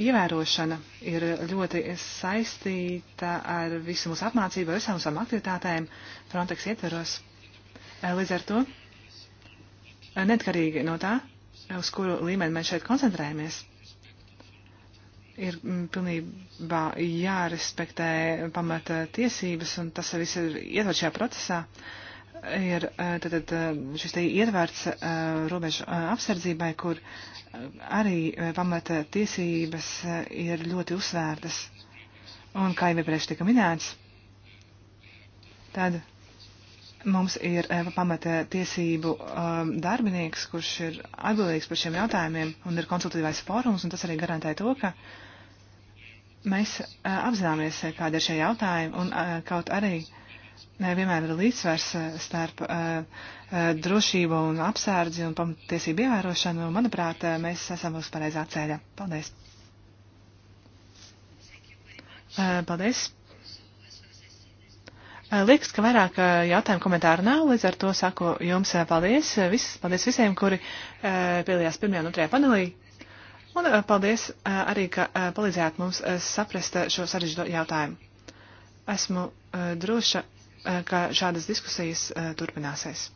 ievērošana ir ļoti saistīta ar visu mūsu apmācību, visām mūsām aktivitātēm Frontex ietveros. Līdz ar to, netkarīgi no tā, uz kuru līmeni mēs šeit koncentrējamies, ir mm, pilnībā jārespektē pamata tiesības, un tas viss ir ietverts šajā procesā. Ir tātad eh, eh, šis te ietverts eh, robežu apsardzībai, kur arī pamata tiesības ir ļoti uzsvērtas. Un kā jau iepriekš tika minēts, tad Mums ir eh, pamata tiesību um, darbinieks, kurš ir atbildīgs par šiem jautājumiem un ir konsultatīvais fórums, un tas arī garantē to, ka mēs uh, apzināmies, eh, kāda ir šie jautājumi, un uh, kaut arī ne, vienmēr ir līdzsvars uh, starp uh, uh, drošību un apsārdzi un pamatiesību ievērošanu. Manuprāt, uh, mēs esam uz pareizā ceļa. Paldies! Uh, paldies! Eh, liekas, ka vairāk eh, jautājumu komentāru nav, līdz ar to saku jums eh, paldies, vis, paldies visiem, kuri piedalījās pirmajā un otrajā panelī. Un paldies arī, ka palīdzējāt mums saprast šo sarežģīto jautājumu. Esmu droša, ka šādas diskusijas turpināsies.